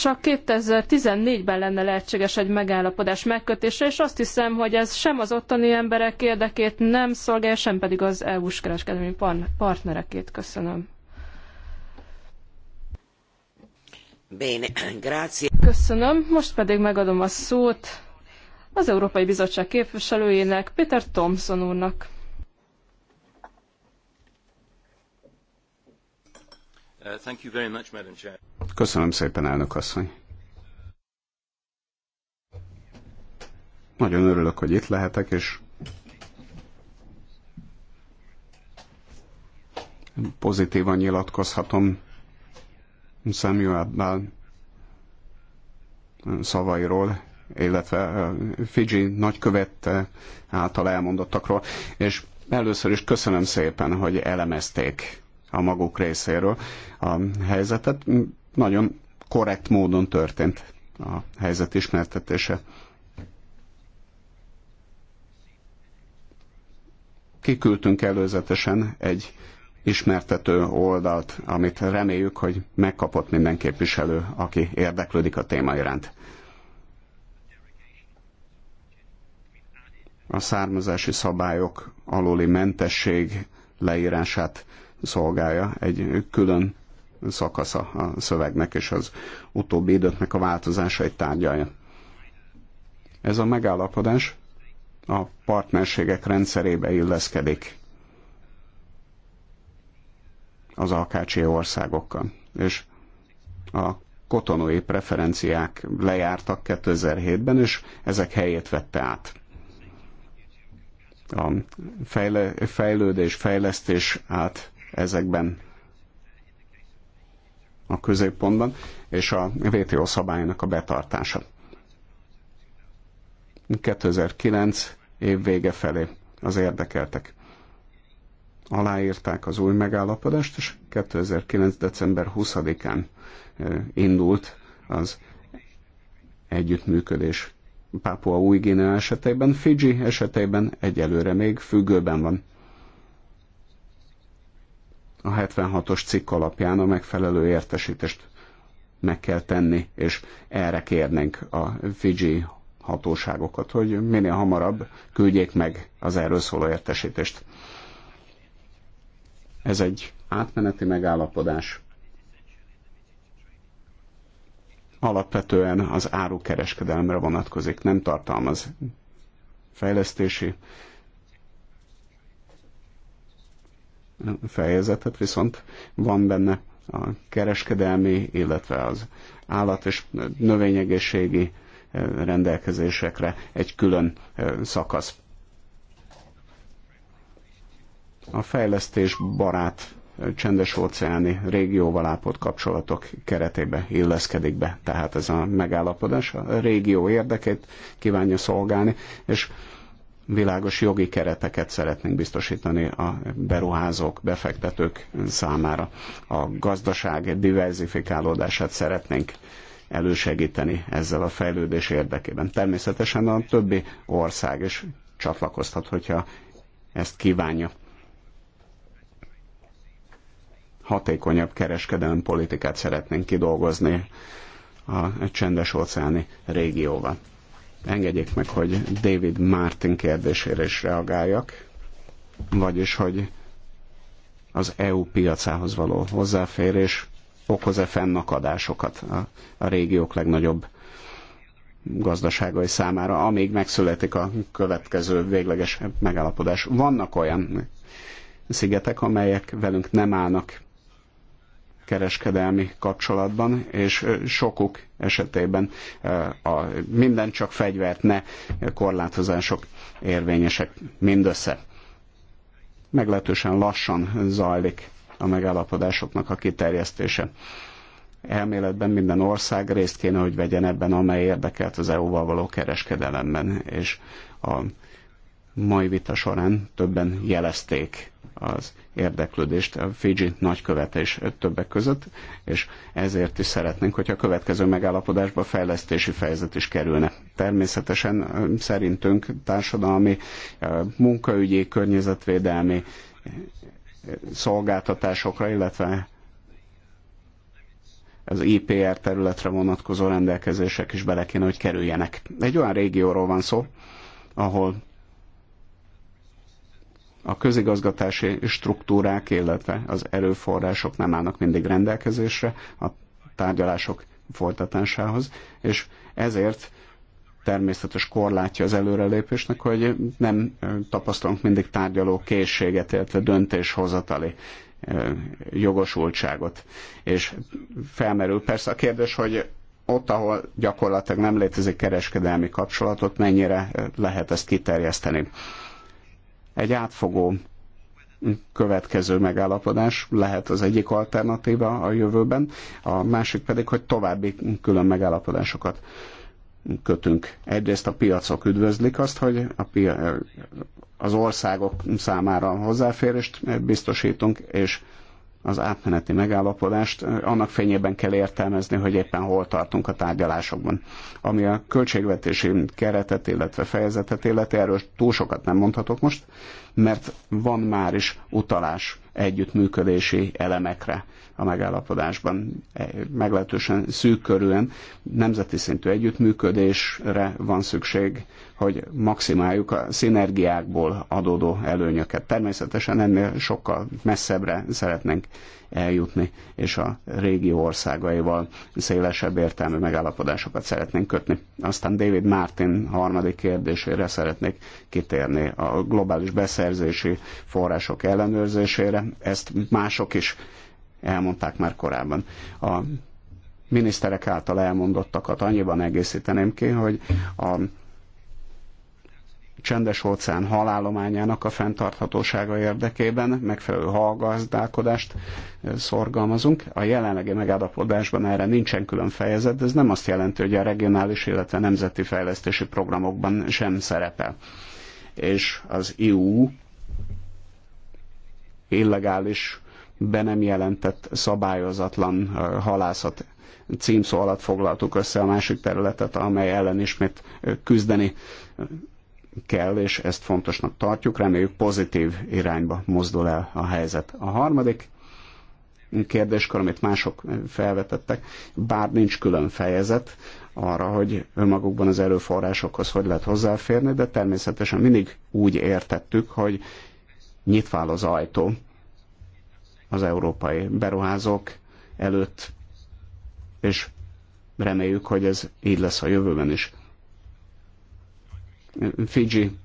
Speaker 4: csak 2014-ben lenne lehetséges egy megállapodás megkötése, és azt hiszem, hogy ez sem az ottani emberek érdekét nem szolgálja, sem pedig az EU-s kereskedelmi partnerekét. Köszönöm. Bene, grazie. Köszönöm. Most pedig megadom a szót az Európai Bizottság képviselőjének, Peter Thomson úrnak.
Speaker 3: Uh,
Speaker 2: köszönöm szépen, elnök asszony. Nagyon örülök, hogy itt lehetek, és pozitívan nyilatkozhatom Samuel szavairól, illetve uh, Fiji nagykövet által elmondottakról, és először is köszönöm szépen, hogy elemezték a maguk részéről a helyzetet. Nagyon korrekt módon történt a helyzet ismertetése. Kiküldtünk előzetesen egy ismertető oldalt, amit reméljük, hogy megkapott minden képviselő, aki érdeklődik a téma iránt. A származási szabályok alóli mentesség leírását szolgálja egy külön szakasza a szövegnek, és az utóbbi időknek a változásait tárgyalja. Ez a megállapodás a partnerségek rendszerébe illeszkedik az alkácsi országokkal. És a kotonói preferenciák lejártak 2007-ben, és ezek helyét vette át. A fejlődés, fejlesztés át ezekben a középpontban, és a VTO szabályának a betartása. 2009 év vége felé az érdekeltek aláírták az új megállapodást, és 2009. december 20-án indult az együttműködés Pápua új Guinea esetében, Fiji esetében egyelőre még függőben van a 76-os cikk alapján a megfelelő értesítést meg kell tenni, és erre kérnénk a Fiji hatóságokat, hogy minél hamarabb küldjék meg az erről szóló értesítést. Ez egy átmeneti megállapodás. Alapvetően az árukereskedelemre vonatkozik, nem tartalmaz fejlesztési fejezetet, viszont van benne a kereskedelmi, illetve az állat- és növényegészségi eh, rendelkezésekre egy külön eh, szakasz. A fejlesztés barát eh, csendes óceáni régióval ápolt kapcsolatok keretébe illeszkedik be. Tehát ez a megállapodás a régió érdekét kívánja szolgálni, és világos jogi kereteket szeretnénk biztosítani a beruházók, befektetők számára. A gazdaság diversifikálódását szeretnénk elősegíteni ezzel a fejlődés érdekében. Természetesen a többi ország is csatlakozhat, hogyha ezt kívánja. Hatékonyabb kereskedelmi politikát szeretnénk kidolgozni a csendes óceáni régióban. Engedjék meg, hogy David Martin kérdésére is reagáljak, vagyis, hogy az EU piacához való hozzáférés okoz-e fennakadásokat a, a régiók legnagyobb gazdaságai számára, amíg megszületik a következő végleges megállapodás. Vannak olyan szigetek, amelyek velünk nem állnak kereskedelmi kapcsolatban, és sokuk esetében a minden csak fegyvert ne korlátozások érvényesek mindössze. Meglehetősen lassan zajlik a megállapodásoknak a kiterjesztése. Elméletben minden ország részt kéne, hogy vegyen ebben, amely érdekelt az EU-val való kereskedelemben, és a mai vita során többen jelezték az érdeklődést a Fiji nagykövete és többek között, és ezért is szeretnénk, hogyha a következő megállapodásba fejlesztési fejezet is kerülne. Természetesen szerintünk társadalmi, munkaügyi, környezetvédelmi szolgáltatásokra, illetve az IPR területre vonatkozó rendelkezések is bele kéne, hogy kerüljenek. Egy olyan régióról van szó, ahol a közigazgatási struktúrák, illetve az erőforrások nem állnak mindig rendelkezésre a tárgyalások folytatásához, és ezért természetes korlátja az előrelépésnek, hogy nem tapasztalunk mindig tárgyaló készséget, illetve döntéshozatali jogosultságot. És felmerül persze a kérdés, hogy ott, ahol gyakorlatilag nem létezik kereskedelmi kapcsolatot, mennyire lehet ezt kiterjeszteni. Egy átfogó következő megállapodás lehet az egyik alternatíva a jövőben, a másik pedig, hogy további külön megállapodásokat kötünk. Egyrészt a piacok üdvözlik azt, hogy a pia- az országok számára hozzáférést biztosítunk, és az átmeneti megállapodást annak fényében kell értelmezni, hogy éppen hol tartunk a tárgyalásokban. Ami a költségvetési keretet, illetve fejezetet illeti, erről túl sokat nem mondhatok most, mert van már is utalás együttműködési elemekre a megállapodásban e, meglehetősen szűkkörűen nemzeti szintű együttműködésre van szükség, hogy maximáljuk a szinergiákból adódó előnyöket. Természetesen ennél sokkal messzebbre szeretnénk eljutni, és a régi országaival szélesebb értelmű megállapodásokat szeretnénk kötni. Aztán David Martin harmadik kérdésére szeretnék kitérni a globális beszerzési források ellenőrzésére. Ezt mások is elmondták már korábban. A miniszterek által elmondottakat annyiban egészíteném ki, hogy a csendes óceán halállományának a fenntarthatósága érdekében megfelelő hallgazdálkodást eh, szorgalmazunk. A jelenlegi megállapodásban erre nincsen külön fejezet, de ez nem azt jelenti, hogy a regionális, illetve nemzeti fejlesztési programokban sem szerepel. És az EU illegális be nem jelentett szabályozatlan halászat címszó alatt foglaltuk össze a másik területet, amely ellen ismét küzdeni kell, és ezt fontosnak tartjuk. Reméljük pozitív irányba mozdul el a helyzet. A harmadik kérdéskör, amit mások felvetettek, bár nincs külön fejezet arra, hogy önmagukban az erőforrásokhoz hogy lehet hozzáférni, de természetesen mindig úgy értettük, hogy nyitva az ajtó az európai beruházók előtt, és reméljük, hogy ez így lesz a jövőben is. Fiji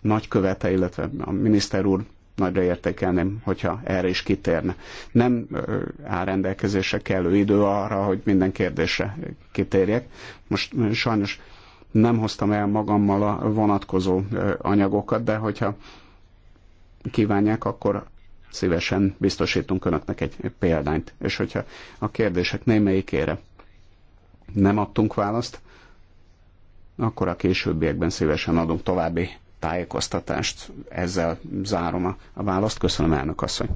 Speaker 2: nagykövete, illetve a miniszter úr nagyra értékelném, hogyha erre is kitérne. Nem áll rendelkezésre kellő idő arra, hogy minden kérdésre kitérjek. Most sajnos nem hoztam el magammal a vonatkozó anyagokat, de hogyha kívánják, akkor szívesen biztosítunk önöknek egy példányt. És hogyha a kérdések némelyikére nem adtunk választ, akkor a későbbiekben szívesen adunk további tájékoztatást. Ezzel zárom a, a választ. Köszönöm, elnök asszony.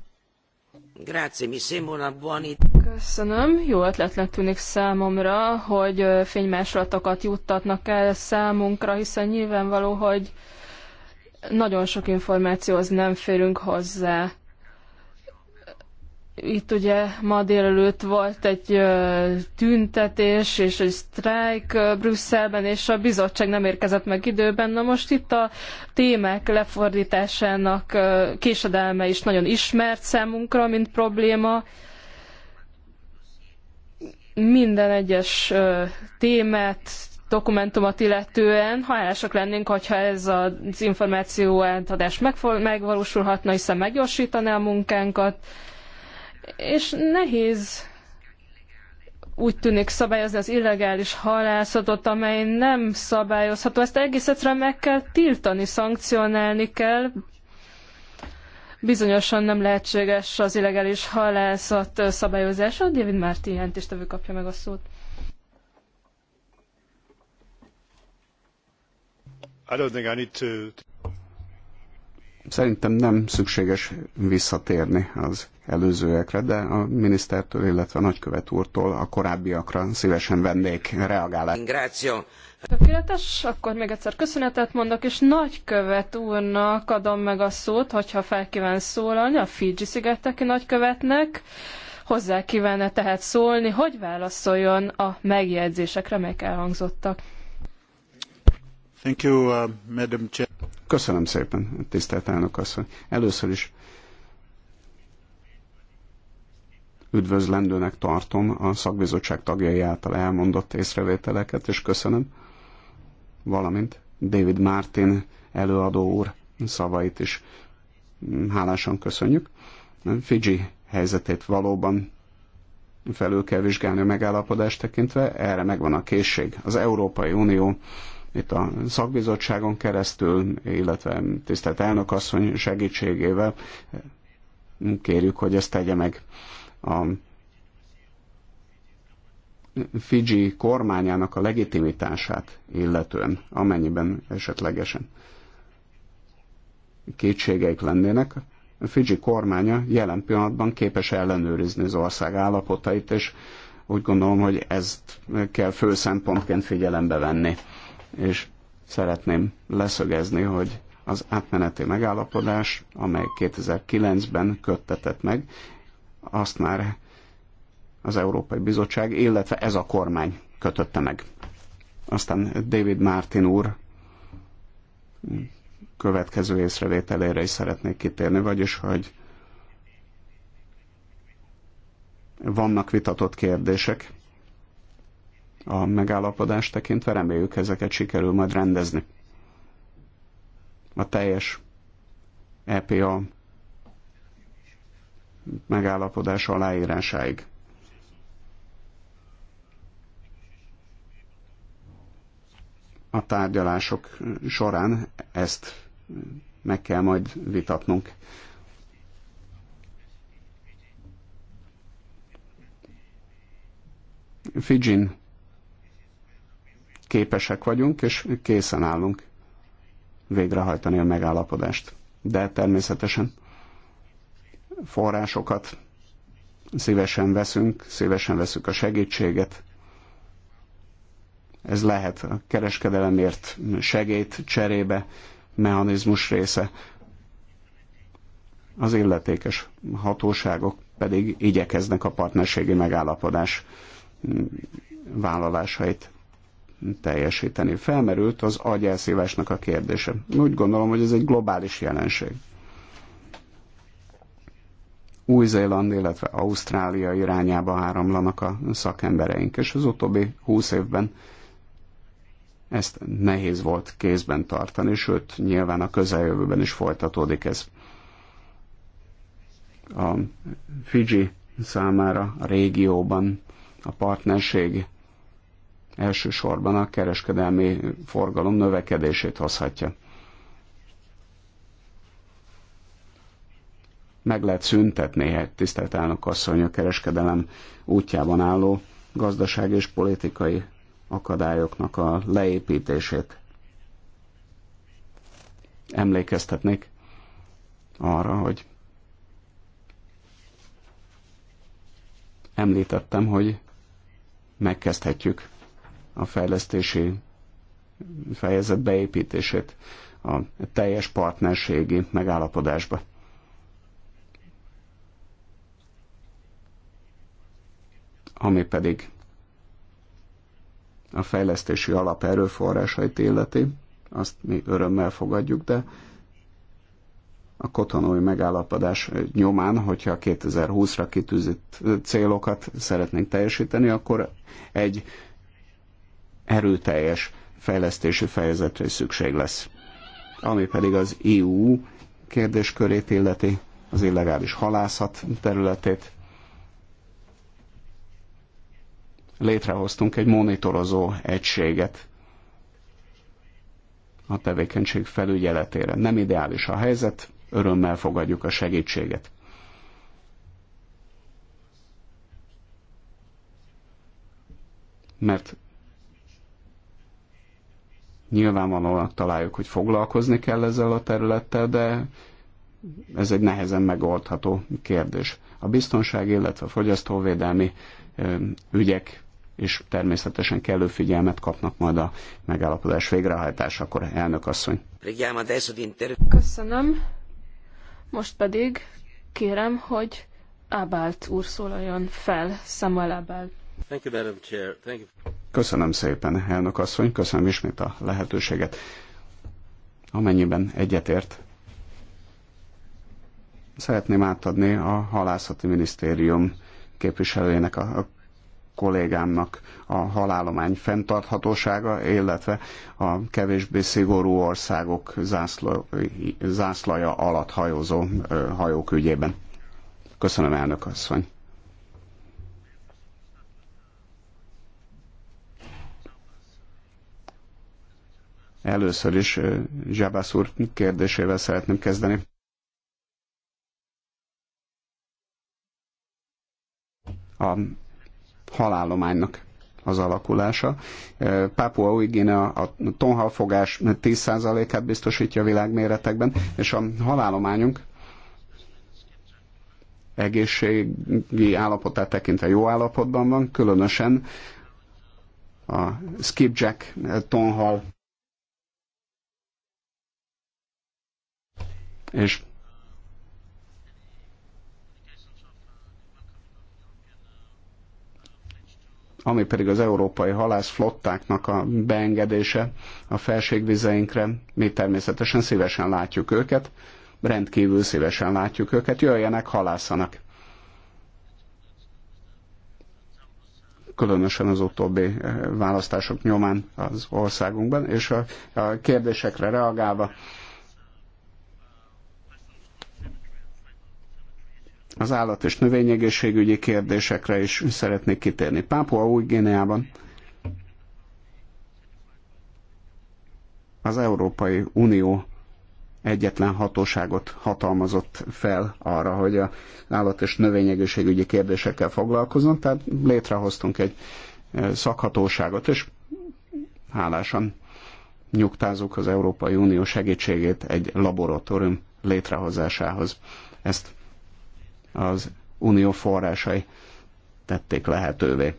Speaker 4: Köszönöm. Jó ötletnek tűnik számomra, hogy fénymásolatokat juttatnak el számunkra, hiszen nyilvánvaló, hogy nagyon sok információhoz nem férünk hozzá. Itt ugye ma délelőtt volt egy tüntetés és egy sztrájk Brüsszelben, és a bizottság nem érkezett meg időben. Na most itt a témák lefordításának késedelme is nagyon ismert számunkra, mint probléma minden egyes témát, dokumentumot illetően hajlások lennénk, hogyha ez az információ átadás megvalósulhatna, hiszen meggyorsítaná a munkánkat, és nehéz úgy tűnik szabályozni az illegális halászatot, amely nem szabályozható. Ezt egész egyszerűen meg kell tiltani, szankcionálni kell. Bizonyosan nem lehetséges az illegális halászat szabályozása. David Márti jelentéstevő kapja meg a szót.
Speaker 2: Szerintem nem szükséges visszatérni az előzőekre, de a minisztertől, illetve a nagykövet úrtól a korábbiakra szívesen vendék reagálást.
Speaker 4: Ingráció. Tökéletes, akkor még egyszer köszönetet mondok, és nagykövet úrnak adom meg a szót, hogyha fel kíván szólalni a Fiji szigeteki nagykövetnek. Hozzá kívánne tehát szólni, hogy válaszoljon a megjegyzésekre, melyek elhangzottak.
Speaker 2: Thank you, uh, Madam Chair. Köszönöm szépen, tisztelt elnök asszony. Először is üdvözlendőnek tartom a szakbizottság tagjai által elmondott észrevételeket, és köszönöm, valamint David Martin előadó úr szavait is hálásan köszönjük. Fiji helyzetét valóban felül kell vizsgálni a megállapodást tekintve, erre megvan a készség. Az Európai Unió itt a szakbizottságon keresztül, illetve tisztelt elnök asszony segítségével kérjük, hogy ezt tegye meg a Fiji kormányának a legitimitását illetően, amennyiben esetlegesen kétségeik lennének, a Fiji kormánya jelen pillanatban képes ellenőrizni az ország állapotait, és úgy gondolom, hogy ezt kell fő szempontként figyelembe venni. És szeretném leszögezni, hogy az átmeneti megállapodás, amely 2009-ben köttetett meg, azt már az Európai Bizottság, illetve ez a kormány kötötte meg. Aztán David Martin úr következő észrevételére is szeretnék kitérni, vagyis, hogy vannak vitatott kérdések a megállapodást tekintve, reméljük ezeket sikerül majd rendezni. A teljes EPA megállapodás aláírásáig. A tárgyalások során ezt meg kell majd vitatnunk. Fidzsin képesek vagyunk, és készen állunk végrehajtani a megállapodást. De természetesen forrásokat szívesen veszünk, szívesen veszük a segítséget. Ez lehet a kereskedelemért segét cserébe mechanizmus része. Az illetékes hatóságok pedig igyekeznek a partnerségi megállapodás vállalásait teljesíteni. Felmerült az agyelszívásnak a kérdése. Úgy gondolom, hogy ez egy globális jelenség. Új-Zéland, illetve Ausztrália irányába áramlanak a szakembereink, és az utóbbi húsz évben ezt nehéz volt kézben tartani, sőt, nyilván a közeljövőben is folytatódik ez. A Fiji számára a régióban a partnerség elsősorban a kereskedelmi forgalom növekedését hozhatja. meg lehet szüntetni egy eh, tisztelt elnök asszony a kereskedelem útjában álló gazdasági és politikai akadályoknak a leépítését. Emlékeztetnék arra, hogy említettem, hogy megkezdhetjük a fejlesztési fejezet beépítését a teljes partnerségi megállapodásba. ami pedig a fejlesztési alap erőforrásait illeti, azt mi örömmel fogadjuk, de a kotonói megállapodás nyomán, hogyha 2020-ra kitűzött célokat szeretnénk teljesíteni, akkor egy erőteljes fejlesztési fejezetre szükség lesz. Ami pedig az EU kérdéskörét illeti, az illegális halászat területét, létrehoztunk egy monitorozó egységet a tevékenység felügyeletére. Nem ideális a helyzet, örömmel fogadjuk a segítséget. Mert nyilvánvalóan találjuk, hogy foglalkozni kell ezzel a területtel, de ez egy nehezen megoldható kérdés. A biztonság, illetve a fogyasztóvédelmi ügyek és természetesen kellő figyelmet kapnak majd a megállapodás végrehajtásakor, elnök asszony.
Speaker 4: Köszönöm. Most pedig kérem, hogy Ábált úr szólaljon fel, Samuel Ábált.
Speaker 2: Köszönöm szépen, elnök asszony, köszönöm ismét a lehetőséget. Amennyiben egyetért, szeretném átadni a halászati minisztérium képviselőjének a kollégámnak a halálomány fenntarthatósága, illetve a kevésbé szigorú országok zászlaja alatt hajózó hajók ügyében. Köszönöm, elnök asszony. Először is Zsabász úr kérdésével szeretném kezdeni. A halállománynak az alakulása. Pápua új Guinea a tonhalfogás 10%-át biztosítja a világméretekben, és a halálományunk egészségi állapotát tekintve jó állapotban van, különösen a skipjack tonhal és ami pedig az európai halászflottáknak a beengedése a felségvizeinkre. Mi természetesen szívesen látjuk őket, rendkívül szívesen látjuk őket, jöjjenek, halászanak. különösen az utóbbi eh, választások nyomán az országunkban, és a, a kérdésekre reagálva az állat- és növényegészségügyi kérdésekre is szeretnék kitérni. Pápua új Géniában az Európai Unió egyetlen hatóságot hatalmazott fel arra, hogy az állat- és növényegészségügyi kérdésekkel foglalkozzon, tehát létrehoztunk egy szakhatóságot, és hálásan nyugtázunk az Európai Unió segítségét egy laboratórium létrehozásához. Ezt az unió forrásai tették lehetővé.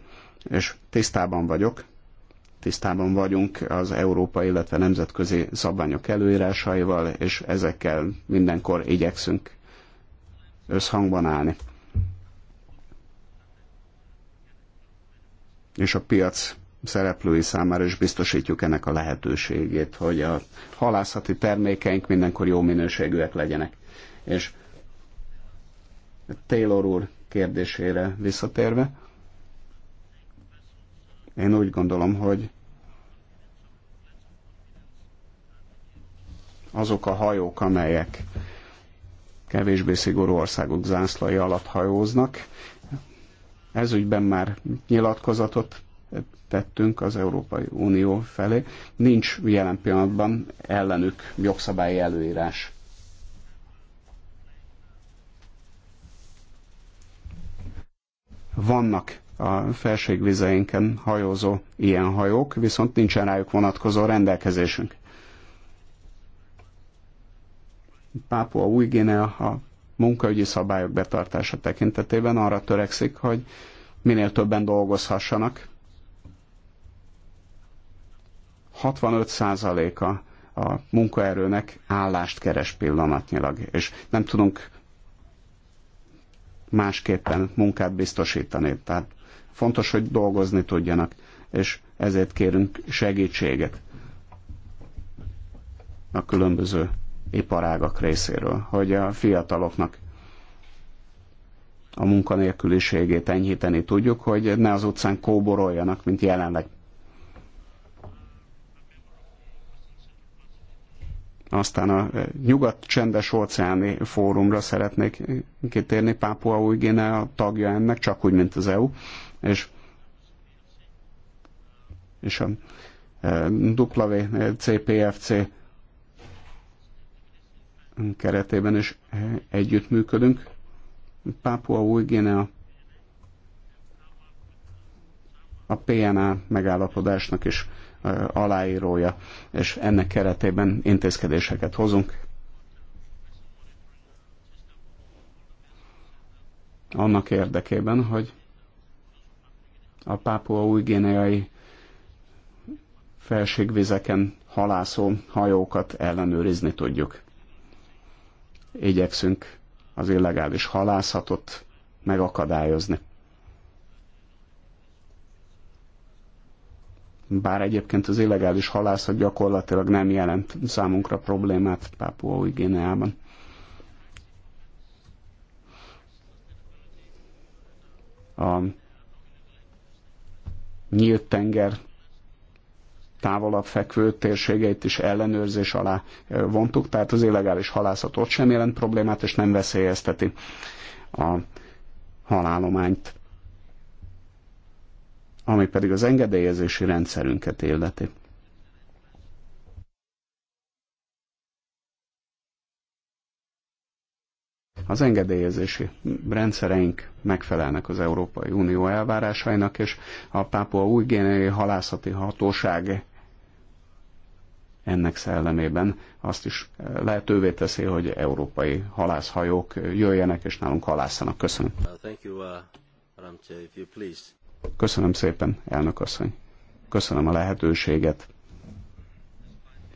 Speaker 2: És tisztában vagyok, tisztában vagyunk az európai, illetve nemzetközi szabványok előírásaival, és ezekkel mindenkor igyekszünk összhangban állni. És a piac szereplői számára is biztosítjuk ennek a lehetőségét, hogy a halászati termékeink mindenkor jó minőségűek legyenek. És Taylor úr kérdésére visszatérve, én úgy gondolom, hogy azok a hajók, amelyek kevésbé szigorú országok zászlai alatt hajóznak. Ez ügyben már nyilatkozatot tettünk az Európai Unió felé. Nincs jelen pillanatban ellenük jogszabályi előírás. Vannak a felségvizeinken hajózó ilyen hajók, viszont nincsen rájuk vonatkozó rendelkezésünk. Pápua új Guinea a munkaügyi szabályok betartása tekintetében arra törekszik, hogy minél többen dolgozhassanak. 65%-a a munkaerőnek állást keres pillanatnyilag, és nem tudunk másképpen munkát biztosítani. Tehát fontos, hogy dolgozni tudjanak, és ezért kérünk segítséget a különböző iparágak részéről, hogy a fiataloknak a munkanélküliségét enyhíteni tudjuk, hogy ne az utcán kóboroljanak, mint jelenleg. Aztán a e, Nyugat-Csendes Óceáni Fórumra szeretnék e, kitérni, Pápua új a tagja ennek, csak úgy, mint az EU, és, és a e, WCPFC keretében is együttműködünk. Pápua új a a PNA megállapodásnak is aláírója, és ennek keretében intézkedéseket hozunk. Annak érdekében, hogy a pápua új géneai felségvizeken halászó hajókat ellenőrizni tudjuk. Igyekszünk az illegális halászatot megakadályozni. bár egyébként az illegális halászat gyakorlatilag nem jelent számunkra problémát Pápua új Géneában. A nyílt tenger távolabb fekvő térségeit is ellenőrzés alá vontuk, tehát az illegális halászat ott sem jelent problémát, és nem veszélyezteti a halálományt ami pedig az engedélyezési rendszerünket illeti. Az engedélyezési rendszereink megfelelnek az Európai Unió elvárásainak, és a Pápua új génei halászati hatóság ennek szellemében azt is eh, lehetővé teszi, hogy európai halászhajók jöjjenek és nálunk halászanak. Köszönöm. Uh, Köszönöm szépen, elnök asszony. Köszönöm a lehetőséget,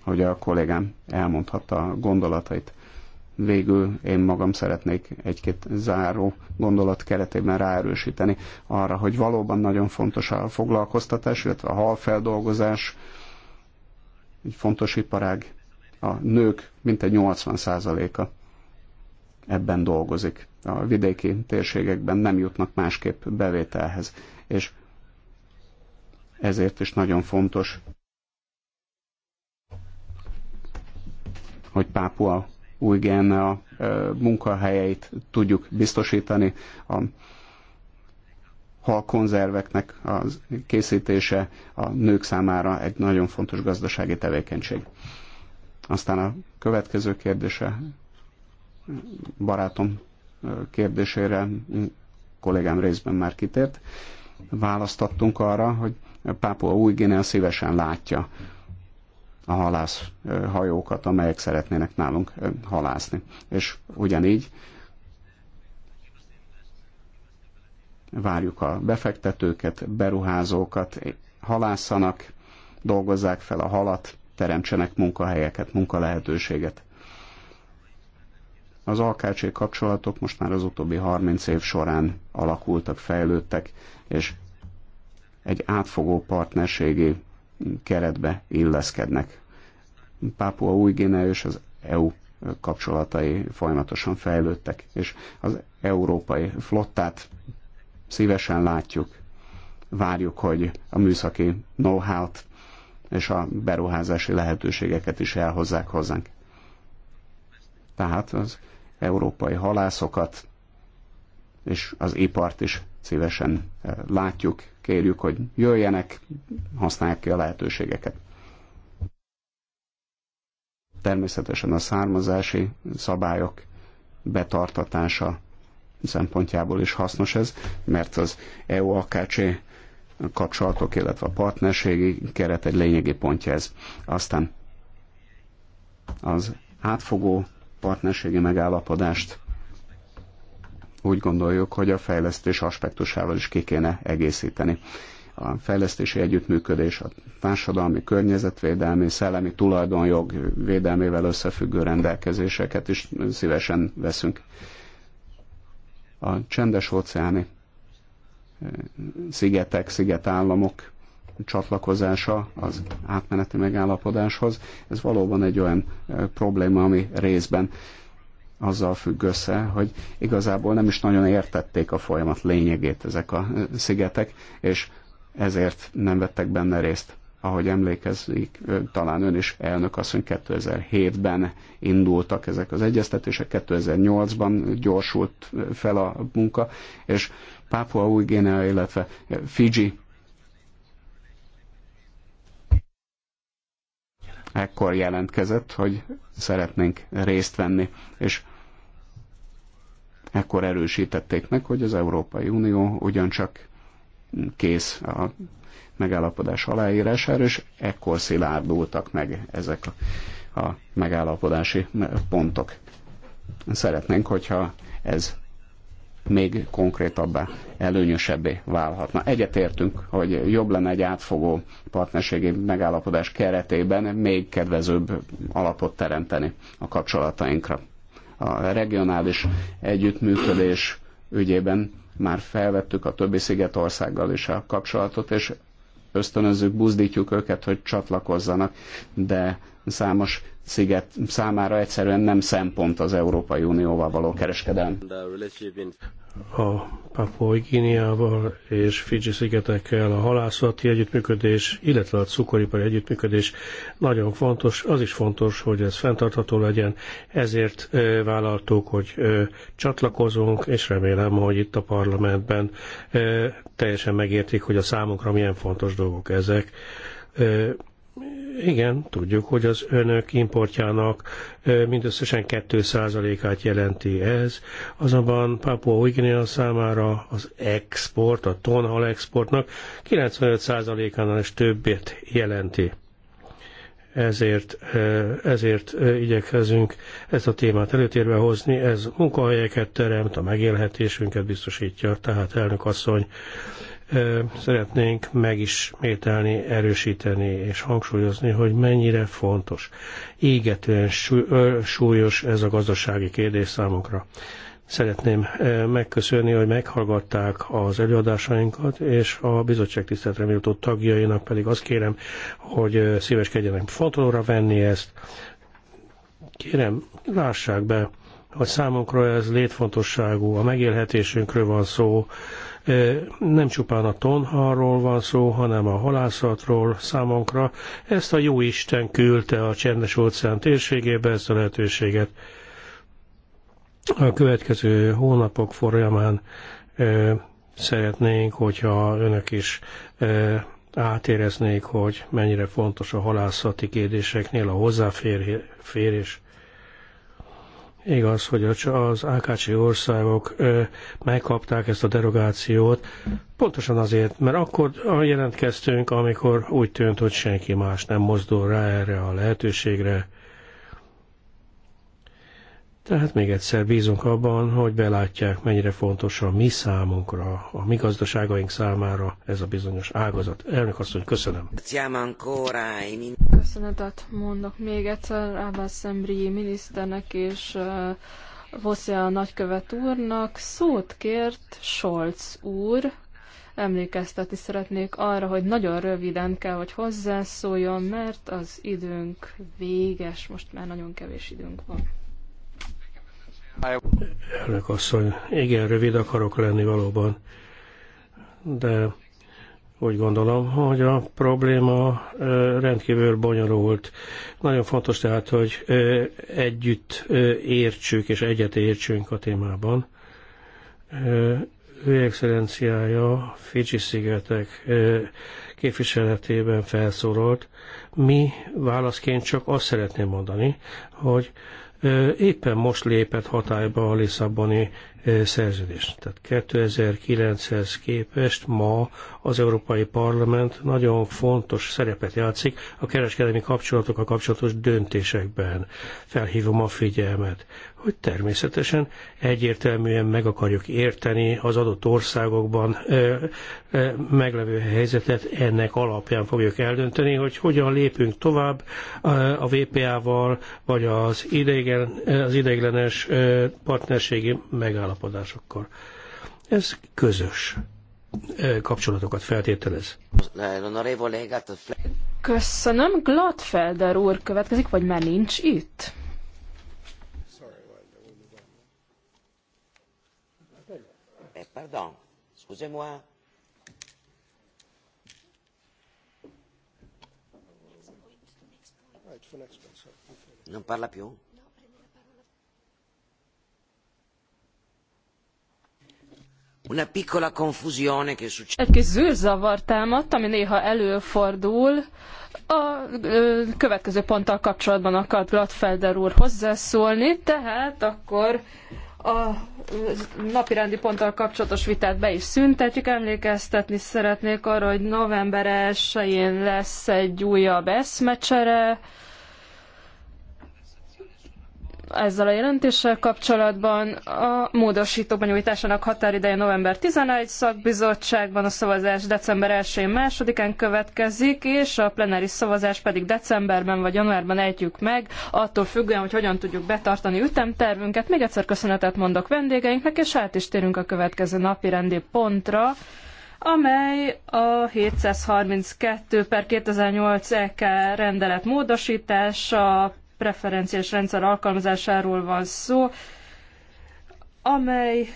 Speaker 2: hogy a kollégám elmondhatta a gondolatait. Végül én magam szeretnék egy-két záró gondolat keretében ráerősíteni arra, hogy valóban nagyon fontos a foglalkoztatás, illetve a halfeldolgozás, egy fontos iparág. A nők mintegy 80%-a ebben dolgozik. A vidéki térségekben nem jutnak másképp bevételhez és ezért is nagyon fontos, hogy Pápua új genne a munkahelyeit tudjuk biztosítani, a halkonzerveknek a készítése a nők számára egy nagyon fontos gazdasági tevékenység. Aztán a következő kérdése barátom kérdésére kollégám részben már kitért választattunk arra, hogy Pápua új Guinea szívesen látja a halászhajókat, amelyek szeretnének nálunk halászni. És ugyanígy várjuk a befektetőket, beruházókat, halászanak, dolgozzák fel a halat, teremtsenek munkahelyeket, munkalehetőséget. Az alkácsi kapcsolatok most már az utóbbi 30 év során alakultak, fejlődtek, és egy átfogó partnerségi keretbe illeszkednek. Pápua új és az EU kapcsolatai folyamatosan fejlődtek, és az európai flottát szívesen látjuk, várjuk, hogy a műszaki know-how-t és a beruházási lehetőségeket is elhozzák hozzánk. Tehát az európai halászokat, és az ipart is szívesen eh, látjuk, kérjük, hogy jöjjenek, használják ki a lehetőségeket. Természetesen a származási szabályok betartatása szempontjából is hasznos ez, mert az EU-AKC kapcsolatok, illetve a partnerségi keret egy lényegi pontja ez. Aztán az átfogó partnerségi megállapodást úgy gondoljuk, hogy a fejlesztés aspektusával is ki kéne egészíteni. A fejlesztési együttműködés a társadalmi, környezetvédelmi, szellemi tulajdonjog védelmével összefüggő rendelkezéseket is szívesen veszünk. A csendes óceáni eh, szigetek, szigetállamok csatlakozása az átmeneti megállapodáshoz. Ez valóban egy olyan probléma, ami részben azzal függ össze, hogy igazából nem is nagyon értették a folyamat lényegét ezek a szigetek, és ezért nem vettek benne részt. Ahogy emlékezik, talán ön is elnök asszony 2007-ben indultak ezek az egyeztetések, 2008-ban gyorsult fel a munka, és Pápua új Guinea, illetve Fiji ekkor jelentkezett, hogy szeretnénk részt venni, és ekkor erősítették meg, hogy az Európai Unió ugyancsak kész a megállapodás aláírására, és ekkor szilárdultak meg ezek a, a megállapodási pontok. Szeretnénk, hogyha ez még konkrétabbá, előnyösebbé válhatna. Egyetértünk, hogy jobb lenne egy átfogó partnerségi megállapodás keretében még kedvezőbb alapot teremteni a kapcsolatainkra. A regionális együttműködés ügyében már felvettük a többi szigetországgal is a kapcsolatot, és ösztönözzük, buzdítjuk őket, hogy csatlakozzanak, de számos sziget számára egyszerűen nem szempont az Európai Unióval való kereskedelm. A
Speaker 1: Papua Guineával és Fidzsi szigetekkel a halászati együttműködés, illetve a cukoripari együttműködés nagyon fontos. Az is fontos, hogy ez fenntartható legyen, ezért vállaltuk, hogy csatlakozunk, és remélem, hogy itt a parlamentben teljesen megértik, hogy a számunkra milyen fontos dolgok ezek igen, tudjuk, hogy az önök importjának mindösszesen 2%-át jelenti ez, azonban Papua új számára az export, a tonhal exportnak 95%-ánál is többet jelenti. Ezért, ezért igyekezünk ezt a témát előtérbe hozni, ez munkahelyeket teremt, a megélhetésünket biztosítja, tehát elnök asszony, szeretnénk megismételni, erősíteni és hangsúlyozni, hogy mennyire fontos, égetően súlyos ez a gazdasági kérdés számunkra. Szeretném megköszönni, hogy meghallgatták az előadásainkat, és a bizottság tiszteletre méltó tagjainak pedig azt kérem, hogy szíveskedjenek fontolóra venni ezt. Kérem, lássák be, hogy számunkra ez létfontosságú, a megélhetésünkről van szó, nem csupán a tonharról van szó, hanem a halászatról számunkra. Ezt a jó Isten küldte a csendes óceán térségébe ezt a lehetőséget. A következő hónapok folyamán szeretnénk, hogyha önök is átéreznék, hogy mennyire fontos a halászati kérdéseknél a hozzáférés. Igaz, hogy az AKC országok megkapták ezt a derogációt, pontosan azért, mert akkor jelentkeztünk, amikor úgy tűnt, hogy senki más nem mozdul rá erre a lehetőségre. Tehát még egyszer bízunk abban, hogy belátják, mennyire fontos a mi számunkra, a mi gazdaságaink számára ez a bizonyos ágazat. Elnök asszony, köszönöm.
Speaker 4: Köszönetet mondok még egyszer Abbas Szembri miniszternek és Vosszia nagykövet úrnak. Szót kért Scholz úr. Emlékeztetni szeretnék arra, hogy nagyon röviden kell, hogy hozzászóljon, mert az időnk véges, most már nagyon kevés időnk van.
Speaker 1: Elnök asszony, igen, rövid akarok lenni valóban, de úgy gondolom, hogy a probléma rendkívül bonyolult. Nagyon fontos tehát, hogy együtt értsük és egyet értsünk a témában. Ő excellenciája Fidzsi-szigetek képviseletében felszólalt. Mi válaszként csak azt szeretném mondani, hogy éppen most lépett hatályba a Lisszaboni szerződés. Tehát 2009-hez képest ma az Európai Parlament nagyon fontos szerepet játszik a kereskedelmi kapcsolatok a kapcsolatos döntésekben. Felhívom a figyelmet hogy természetesen egyértelműen meg akarjuk érteni az adott országokban meglevő helyzetet, ennek alapján fogjuk eldönteni, hogy hogyan lépünk tovább a VPA-val, vagy az, idegen, az ideiglenes partnerségi megállapodásokkal. Ez közös kapcsolatokat feltételez.
Speaker 4: Köszönöm, Gladfelder úr következik, vagy már nincs itt? pardon, excusez-moi. Non parla più? Una piccola confusione che succede. Egy kis zűrzavar támadt, ami néha előfordul. A ö, következő ponttal kapcsolatban akart Gladfelder úr hozzászólni, tehát akkor a napirendi ponttal kapcsolatos vitát be is szüntetjük. Emlékeztetni szeretnék arra, hogy november 1-én lesz egy újabb eszmecsere, ezzel a jelentéssel kapcsolatban a módosítók benyújtásának határideje november 11 szakbizottságban, a szavazás december 1-én másodikán következik, és a plenáris szavazás pedig decemberben vagy januárban ejtjük meg, attól függően, hogy hogyan tudjuk betartani ütemtervünket. Még egyszer köszönetet mondok vendégeinknek, és át is térünk a következő napi rendi pontra amely a 732 per 2008 EK rendelet módosítása, preferenciás rendszer alkalmazásáról van szó, amely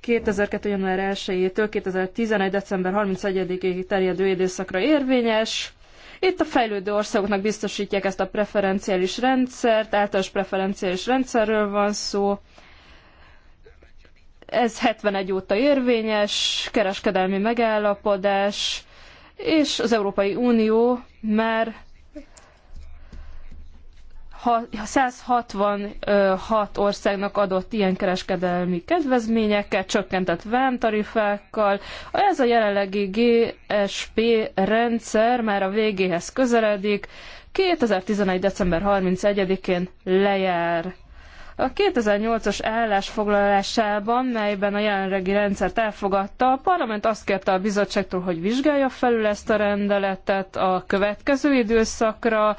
Speaker 4: 2002. január 1-től 2011. december 31-ig terjedő időszakra érvényes. Itt a fejlődő országoknak biztosítják ezt a preferenciális rendszert, általános preferenciális rendszerről van szó. Ez 71 óta érvényes, kereskedelmi megállapodás, és az Európai Unió már 166 országnak adott ilyen kereskedelmi kedvezményeket, csökkentett vámtarifákkal. Ez a jelenlegi GSP rendszer már a végéhez közeledik. 2011. december 31-én lejár. A 2008-as állásfoglalásában, melyben a jelenlegi rendszert elfogadta, a parlament azt kérte a bizottságtól, hogy vizsgálja felül ezt a rendeletet a következő időszakra,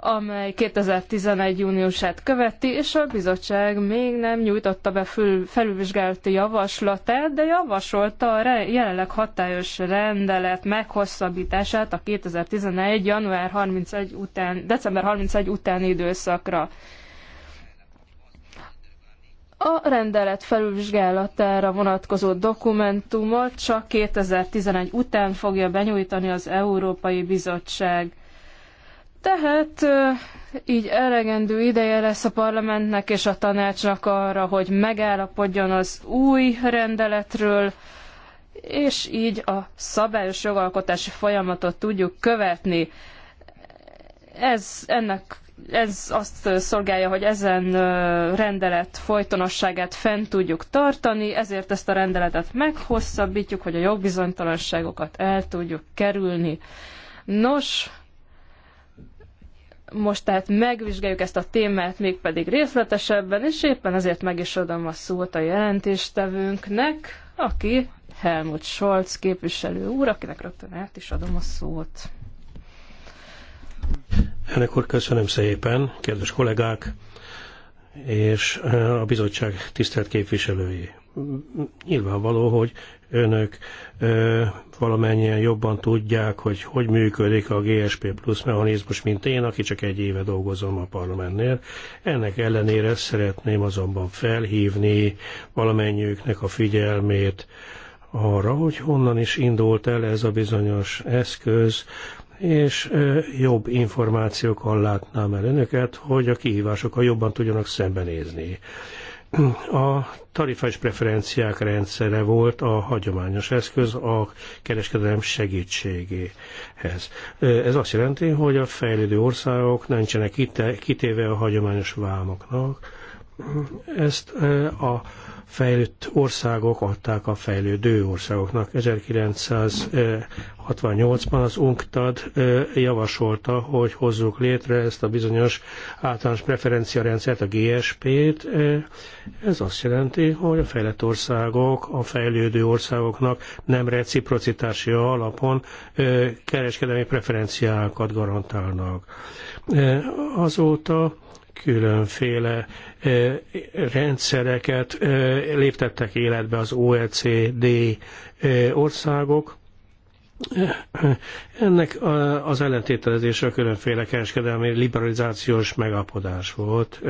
Speaker 4: amely 2011. júniusát követi, és a bizottság még nem nyújtotta be fül, felülvizsgálati javaslatát, de javasolta a re, jelenleg hatályos rendelet meghosszabbítását a 2011. január 31 után, december 31 utáni időszakra. A rendelet felülvizsgálatára vonatkozó dokumentumot csak 2011 után fogja benyújtani az Európai Bizottság. Tehát így elegendő ideje lesz a parlamentnek és a tanácsnak arra, hogy megállapodjon az új rendeletről, és így a szabályos jogalkotási folyamatot tudjuk követni. Ez, ennek, ez azt szolgálja, hogy ezen rendelet folytonosságát fent tudjuk tartani, ezért ezt a rendeletet meghosszabbítjuk, hogy a jogbizonytalanságokat el tudjuk kerülni. Nos, most tehát megvizsgáljuk ezt a témát mégpedig részletesebben, és éppen ezért meg is adom a szót a jelentéstevőnknek, aki Helmut Scholz képviselő úr, akinek rögtön át is adom a szót.
Speaker 1: Ennek úr, köszönöm szépen, kedves kollégák és a bizottság tisztelt képviselői. Nyilvánvaló, hogy önök valamennyien jobban tudják, hogy hogy működik a GSP plusz mechanizmus, mint én, aki csak egy éve dolgozom a parlamentnél. Ennek ellenére szeretném azonban felhívni valamennyiüknek a figyelmét arra, hogy honnan is indult el ez a bizonyos eszköz, és jobb információkkal látnám el önöket, hogy a kihívásokkal jobban tudjanak szembenézni. A tarifás preferenciák rendszere volt a hagyományos eszköz a kereskedelem segítségéhez. Ez azt jelenti, hogy a fejlődő országok nincsenek kitéve a hagyományos vámoknak. Ezt eh, a fejlett országok adták a fejlődő országoknak. 1968-ban az UNCTAD javasolta, hogy hozzuk létre ezt a bizonyos általános preferenciarendszert, a GSP-t. Ez azt jelenti, hogy a fejlett országok a fejlődő országoknak nem reciprocitási alapon kereskedelmi preferenciákat garantálnak. Azóta különféle rendszereket léptettek életbe az OECD országok. Ennek az ellentételezése a különféle kereskedelmi liberalizációs megapodás volt.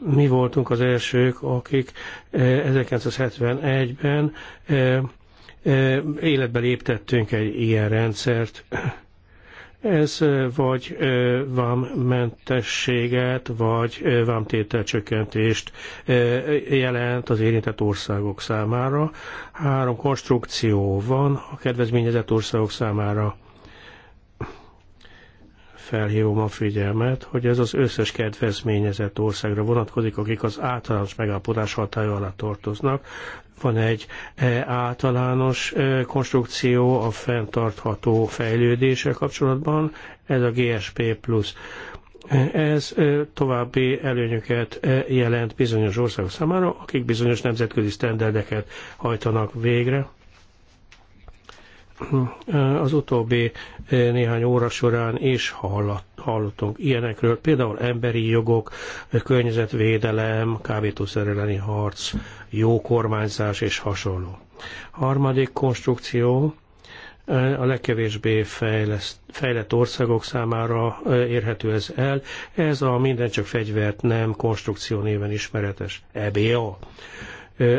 Speaker 1: Mi voltunk az elsők, akik 1971-ben életbe léptettünk egy ilyen rendszert. Ez vagy vámmentességet, vagy vámtételcsökkentést csökkentést jelent az érintett országok számára. Három konstrukció van a kedvezményezett országok számára felhívom a figyelmet, hogy ez az összes kedvezményezett országra vonatkozik, akik az általános megállapodás hatája alá tartoznak. Van egy e, általános e, konstrukció a fenntartható fejlődéssel kapcsolatban, ez a GSP+. plusz. Ez e, további előnyöket jelent bizonyos országok számára, akik bizonyos nemzetközi sztenderdeket hajtanak végre az utóbbi eh, néhány óra során is hallottunk ilyenekről, például emberi jogok, környezetvédelem, kábítószer elleni harc, jó kormányzás és hasonló. Harmadik konstrukció eh, a legkevésbé fejleszt, fejlett országok számára eh, érhető ez el. Ez a csak fegyvert nem konstrukció néven ismeretes EBA.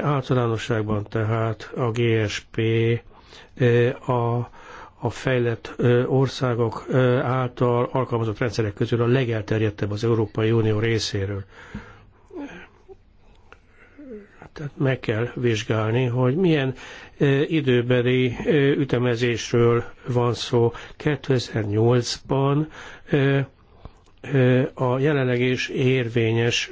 Speaker 1: Általánosságban tehát a GSP a, a fejlett országok által alkalmazott rendszerek közül a legelterjedtebb az Európai Unió részéről. Tehát meg kell vizsgálni, hogy milyen időbeli ütemezésről van szó. 2008-ban a jelenleg is érvényes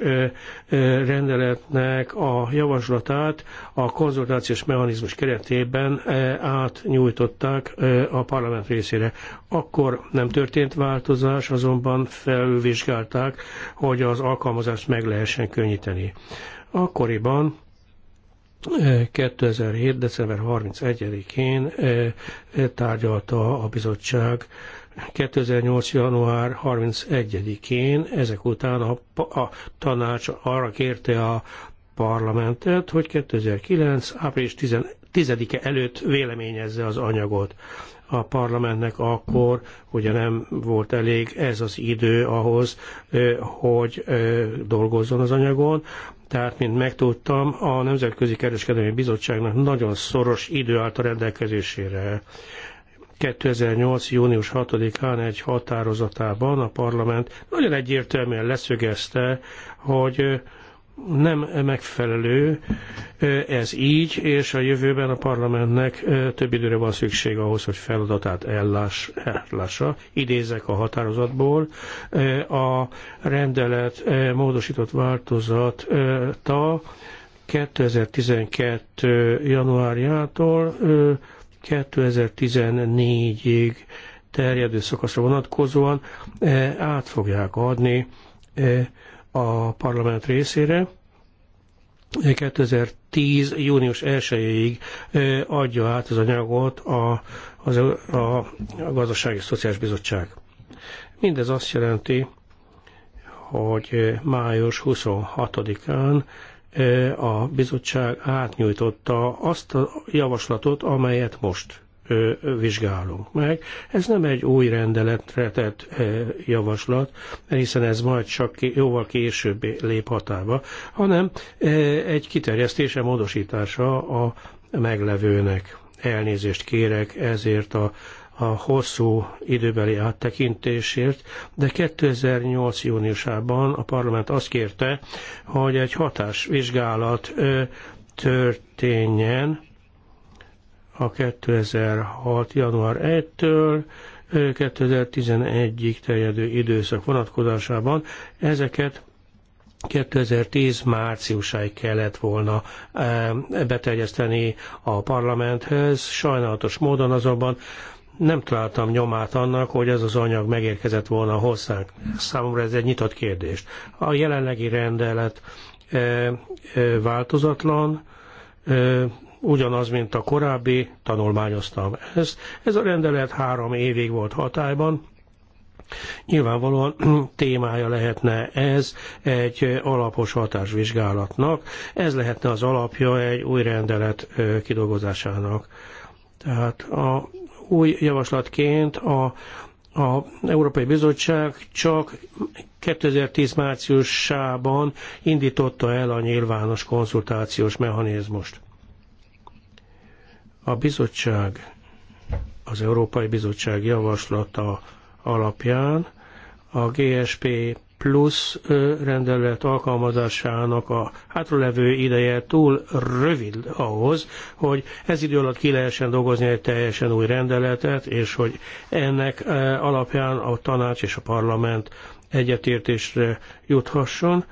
Speaker 1: rendeletnek a javaslatát a konzultációs mechanizmus keretében átnyújtották a parlament részére. Akkor nem történt változás, azonban felvizsgálták, hogy az alkalmazást meg lehessen könnyíteni. Akkoriban 2007. december 31-én tárgyalta a bizottság 2008. január 31-én ezek után a, a tanács arra kérte a parlamentet, hogy 2009. április 10-e előtt véleményezze az anyagot. A parlamentnek akkor ugye nem volt elég ez az idő ahhoz, hogy dolgozzon az anyagon, tehát, mint megtudtam, a Nemzetközi Kereskedelmi Bizottságnak nagyon szoros idő állt a rendelkezésére. 2008. június 6-án egy határozatában a parlament nagyon egyértelműen leszögezte, hogy nem megfelelő ez így, és a jövőben a parlamentnek több időre van szükség ahhoz, hogy feladatát ellássa. Idézek a határozatból. A rendelet módosított változata 2012. januárjától 2014-ig terjedő szakaszra vonatkozóan eh, át fogják adni eh, a parlament részére. 2010. Eh, június 1-ig adja át az anyagot a, az, a, a Gazdasági Szociális Bizottság. Mindez azt jelenti, hogy május 26-án E, a bizottság átnyújtotta azt a javaslatot, amelyet most e, vizsgálunk meg. Ez nem egy új rendeletre tett e, javaslat, hiszen ez majd csak jóval később lép hatába, hanem egy kiterjesztése, módosítása a meglevőnek. Elnézést kérek ezért a a hosszú időbeli áttekintésért, de 2008. júniusában a parlament azt kérte, hogy egy hatásvizsgálat történjen a 2006. január 1-től 2011-ig terjedő időszak vonatkozásában. Ezeket 2010 márciusáig kellett volna beterjeszteni a parlamenthez. Sajnálatos módon azonban nem találtam nyomát annak, hogy ez az anyag megérkezett volna hozzánk. Számomra ez egy nyitott kérdés. A jelenlegi rendelet eh, eh, változatlan, eh, ugyanaz, mint a korábbi, tanulmányoztam ezt. Ez a rendelet három évig volt hatályban, Nyilvánvalóan témája lehetne ez egy alapos hatásvizsgálatnak, ez lehetne az alapja egy új rendelet kidolgozásának. Tehát a új javaslatként a a Európai Bizottság csak 2010 márciusában indította el a nyilvános konzultációs mechanizmust. A bizottság, az Európai Bizottság javaslata alapján a GSP plusz rendelet alkalmazásának a hátralevő ideje túl rövid ahhoz, hogy ez idő alatt ki lehessen dolgozni egy teljesen új rendeletet, és hogy ennek alapján a tanács és a parlament egyetértésre juthasson.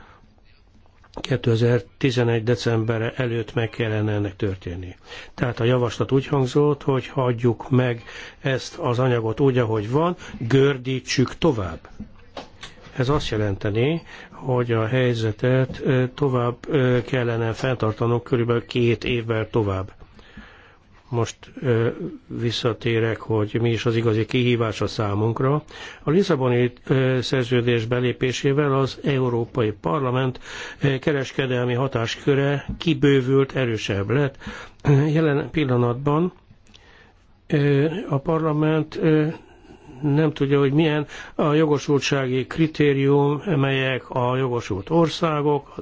Speaker 1: 2011. december előtt meg kellene ennek történni. Tehát a javaslat úgy hangzott, hogy hagyjuk meg ezt az anyagot úgy, ahogy van, gördítsük tovább. Ez azt jelenteni, hogy a helyzetet tovább kellene fenntartanunk körülbelül két évvel tovább. Most visszatérek, hogy mi is az igazi kihívás a számunkra. A Lisszaboni szerződés belépésével az Európai Parlament kereskedelmi hatásköre kibővült, erősebb lett. Jelen pillanatban a parlament nem tudja, hogy milyen a jogosultsági kritérium, melyek a jogosult országok,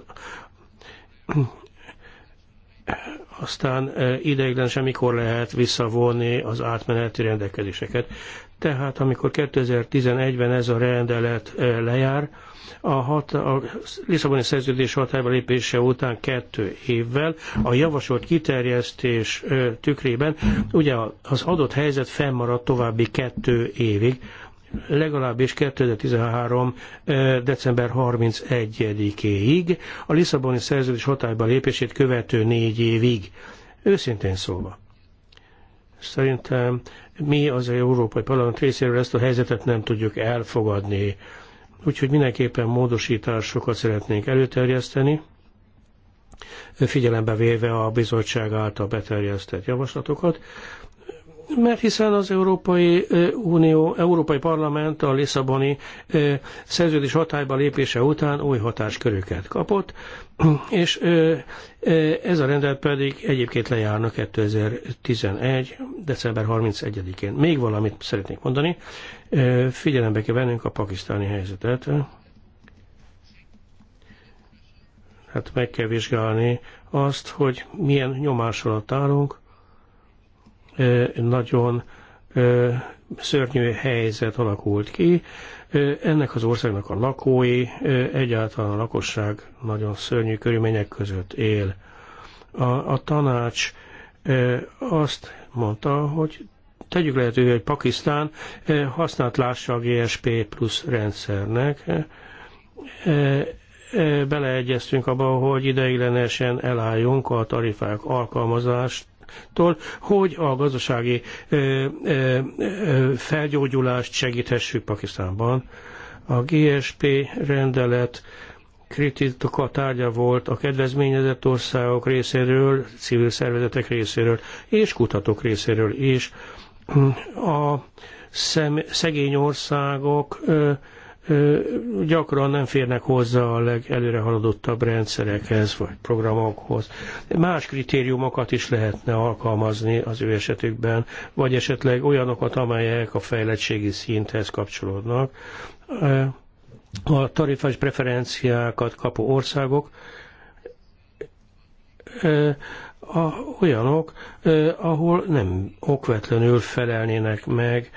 Speaker 1: aztán e, ideiglenesen mikor lehet visszavonni az átmeneti rendelkezéseket. Tehát amikor 2011-ben ez a rendelet e, lejár, a, hat, a Lisszaboni szerződés hatályba lépése után kettő évvel a javasolt kiterjesztés tükrében ugye az adott helyzet fennmaradt további kettő évig, legalábbis 2013. december 31-éig, a Lisszaboni szerződés hatályba lépését követő négy évig. Őszintén szólva. Szerintem mi az Európai Parlament részéről ezt a helyzetet nem tudjuk elfogadni. Úgyhogy mindenképpen módosításokat szeretnénk előterjeszteni, figyelembe véve a bizottság által beterjesztett javaslatokat mert hiszen az Európai Unió, Európai Parlament a Lisszaboni szerződés hatályba lépése után új hatásköröket kapott, és ez a rendelet pedig egyébként lejárna 2011. december 31-én. Még valamit szeretnék mondani, figyelembe kell vennünk a pakisztáni helyzetet, hát meg kell vizsgálni azt, hogy milyen nyomás alatt állunk, nagyon szörnyű helyzet alakult ki. Ennek az országnak a lakói, egyáltalán a lakosság nagyon szörnyű körülmények között él. A, a tanács azt mondta, hogy tegyük lehetővé, hogy Pakisztán használt lássa a GSP plusz rendszernek. Beleegyeztünk abba, hogy ideiglenesen elálljunk a tarifák alkalmazást kormánytól, hogy a gazdasági felgyógyulást segíthessük Pakisztánban. A GSP rendelet kritika tárgya volt a kedvezményezett országok részéről, civil szervezetek részéről és kutatók részéről is. A szem, szegény országok gyakran nem férnek hozzá a legelőre haladottabb rendszerekhez vagy programokhoz. Más kritériumokat is lehetne alkalmazni az ő esetükben, vagy esetleg olyanokat, amelyek a fejlettségi szinthez kapcsolódnak. A tarifás preferenciákat kapó országok a, olyanok, ahol nem okvetlenül felelnének meg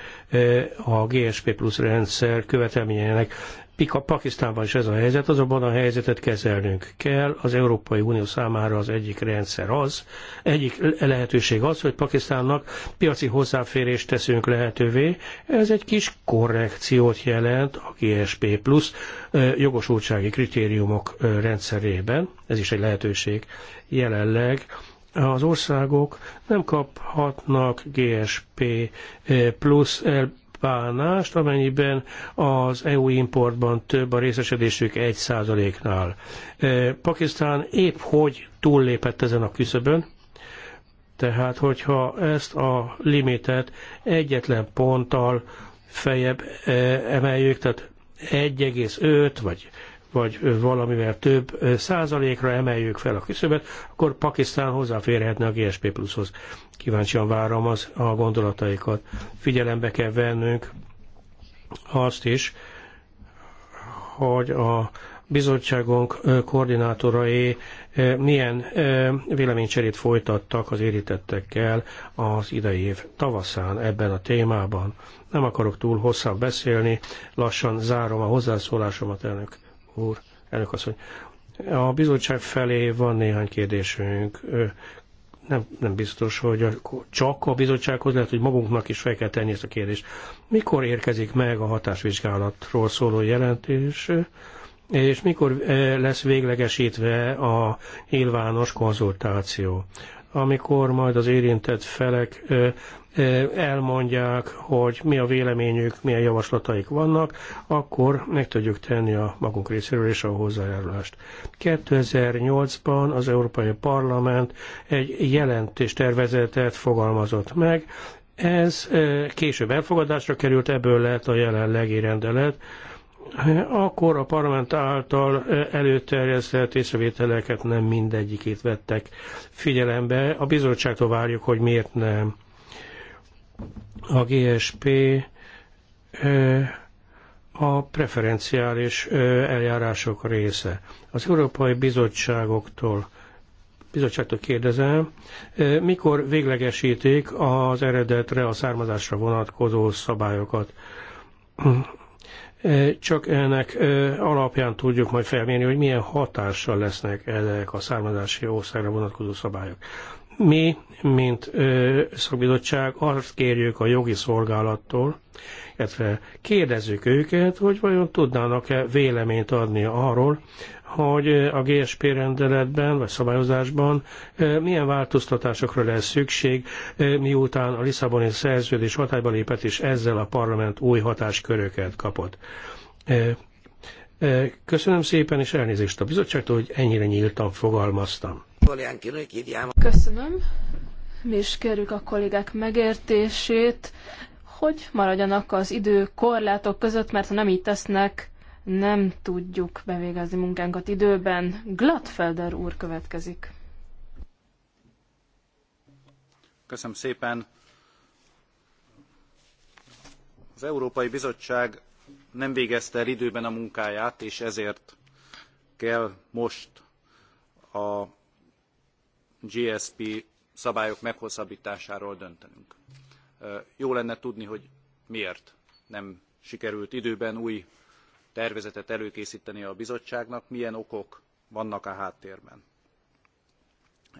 Speaker 1: a GSP plusz rendszer követelményeinek. Pika Pakisztánban is ez a helyzet, azonban a helyzetet kezelnünk kell. Az Európai Unió számára az egyik rendszer az, egyik lehetőség az, hogy Pakisztánnak piaci hozzáférést teszünk lehetővé. Ez egy kis korrekciót jelent a GSP plusz jogosultsági kritériumok rendszerében. Ez is egy lehetőség jelenleg az országok nem kaphatnak GSP eh, plusz elbánást, amennyiben az EU importban több a részesedésük 1%-nál. Eh, Pakisztán épp hogy túllépett ezen a küszöbön, tehát hogyha ezt a limitet egyetlen ponttal fejebb eh, emeljük, tehát 1,5 vagy vagy valamivel több százalékra emeljük fel a küszöbet, akkor Pakisztán hozzáférhetne a GSP pluszhoz. Kíváncsian várom az, a gondolataikat. Figyelembe kell vennünk azt is, hogy a bizottságunk koordinátorai eh, milyen eh, véleménycserét folytattak az érintettekkel az idei év tavaszán ebben a témában. Nem akarok túl hosszabb beszélni, lassan zárom a hozzászólásomat, elnök úr, elnök asszony. A bizottság felé van néhány kérdésünk. Nem, nem biztos, hogy csak a bizottsághoz, lehet, hogy magunknak is fel kell tenni ezt a kérdést. Mikor érkezik meg a hatásvizsgálatról szóló jelentés, és mikor lesz véglegesítve a nyilvános konzultáció? amikor majd az érintett felek elmondják, hogy mi a véleményük, milyen javaslataik vannak, akkor meg tudjuk tenni a magunk részéről és a hozzájárulást. 2008-ban az Európai Parlament egy jelentés tervezetet fogalmazott meg, ez később elfogadásra került, ebből lett a jelenlegi rendelet, akkor a parlament által előterjesztett észrevételeket nem mindegyikét vettek figyelembe. A bizottságtól várjuk, hogy miért nem a GSP a preferenciális eljárások része. Az Európai Bizottságoktól bizottságtól kérdezem, mikor véglegesítik az eredetre, a származásra vonatkozó szabályokat? Csak ennek alapján tudjuk majd felmérni, hogy milyen hatással lesznek ezek a származási országra vonatkozó szabályok. Mi, mint ö, szakbizottság, azt kérjük a jogi szolgálattól, illetve kérdezzük őket, hogy vajon tudnának-e véleményt adni arról, hogy a GSP rendeletben vagy szabályozásban milyen változtatásokra lesz szükség, miután a Lisszaboni szerződés hatályba lépett, és ezzel a parlament új hatásköröket kapott. Köszönöm szépen, és elnézést a bizottságtól, hogy ennyire nyíltan fogalmaztam.
Speaker 4: Köszönöm. Mi is kérjük a kollégák megértését, hogy maradjanak az idő korlátok között, mert ha nem így tesznek, nem tudjuk bevégezni munkánkat időben. Gladfelder úr következik.
Speaker 5: Köszönöm szépen. Az Európai Bizottság nem végezte el időben a munkáját, és ezért kell most a GSP szabályok meghosszabbításáról döntenünk. Jó lenne tudni, hogy miért nem sikerült időben új tervezetet előkészíteni a bizottságnak, milyen okok vannak a háttérben.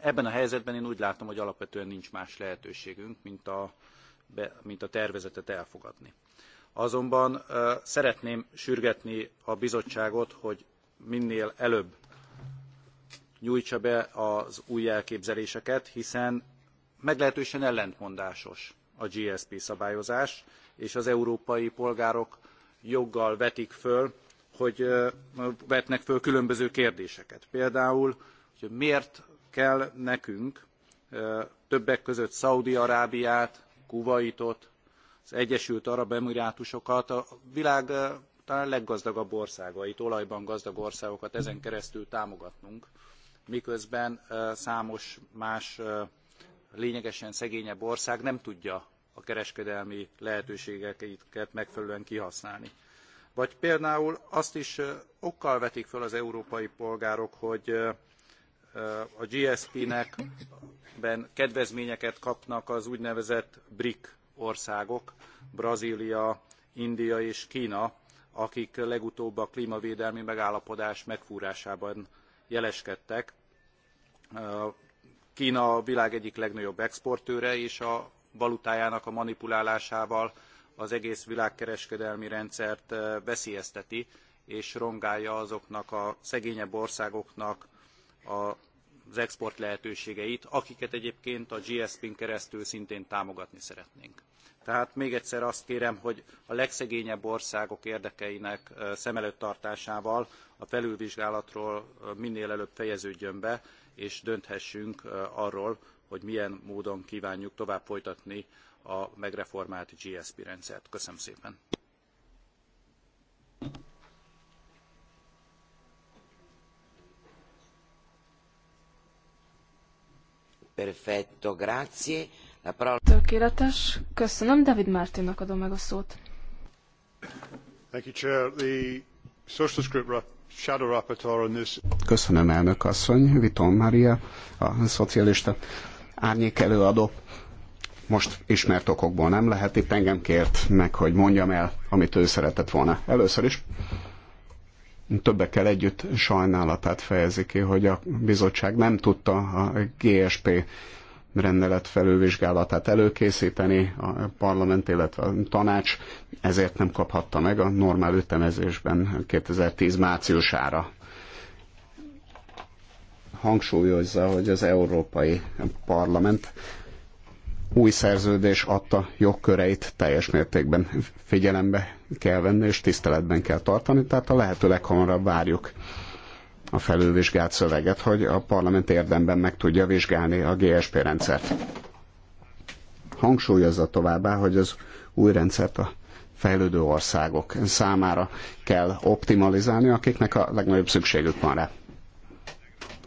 Speaker 5: Ebben a helyzetben én úgy látom, hogy alapvetően nincs más lehetőségünk, mint a, mint a tervezetet elfogadni. Azonban szeretném sürgetni a bizottságot, hogy minél előbb nyújtsa be az új elképzeléseket, hiszen meglehetősen ellentmondásos a GSP szabályozás, és az európai polgárok joggal vetik föl, hogy vetnek föl különböző kérdéseket. Például, hogy miért kell nekünk többek között Szaudi-Arábiát, Kuwaitot, az Egyesült Arab Emirátusokat, a világ talán leggazdagabb országait, olajban gazdag országokat ezen keresztül támogatnunk, miközben számos más lényegesen szegényebb ország nem tudja a kereskedelmi lehetőségeket megfelelően kihasználni. Vagy például azt is okkal vetik föl az európai polgárok, hogy a GSP-nek ben kedvezményeket kapnak az úgynevezett BRIC országok, Brazília, India és Kína, akik legutóbb a klímavédelmi megállapodás megfúrásában jeleskedtek Kína a világ egyik legnagyobb exportőre, és a valutájának a manipulálásával az egész világkereskedelmi rendszert veszélyezteti, és rongálja azoknak a szegényebb országoknak az export lehetőségeit, akiket egyébként a GSP-n keresztül szintén támogatni szeretnénk. Tehát még egyszer azt kérem, hogy a legszegényebb országok érdekeinek szem előtt tartásával a felülvizsgálatról minél előbb fejeződjön be, és dönthessünk arról, hogy milyen módon kívánjuk tovább folytatni a megreformált GSP rendszert. Köszönöm szépen!
Speaker 4: Perfetto, grazie. La parola... Tökéletes. Köszönöm. David Martinnak adom meg a szót. Thank you, Chair. The Socialist Group
Speaker 2: Köszönöm, elnök asszony. Viton Maria, a szocialista árnyék előadó. Most ismert okokból nem lehet, itt engem kért meg, hogy mondjam el, amit ő szeretett volna. Először is többekkel együtt sajnálatát fejezi ki, hogy a bizottság nem tudta a GSP rendelet felülvizsgálatát előkészíteni a parlament, illetve a tanács, ezért nem kaphatta meg a normál ütemezésben 2010 márciusára. Hangsúlyozza, hogy az Európai Parlament új szerződés adta jogköreit teljes mértékben figyelembe kell venni és tiszteletben kell tartani, tehát a lehető leghamarabb várjuk a felülvizsgált szöveget, hogy a parlament érdemben meg tudja vizsgálni a GSP rendszert. Hangsúlyozza továbbá, hogy az új rendszert a fejlődő országok számára kell optimalizálni, akiknek a legnagyobb szükségük van rá.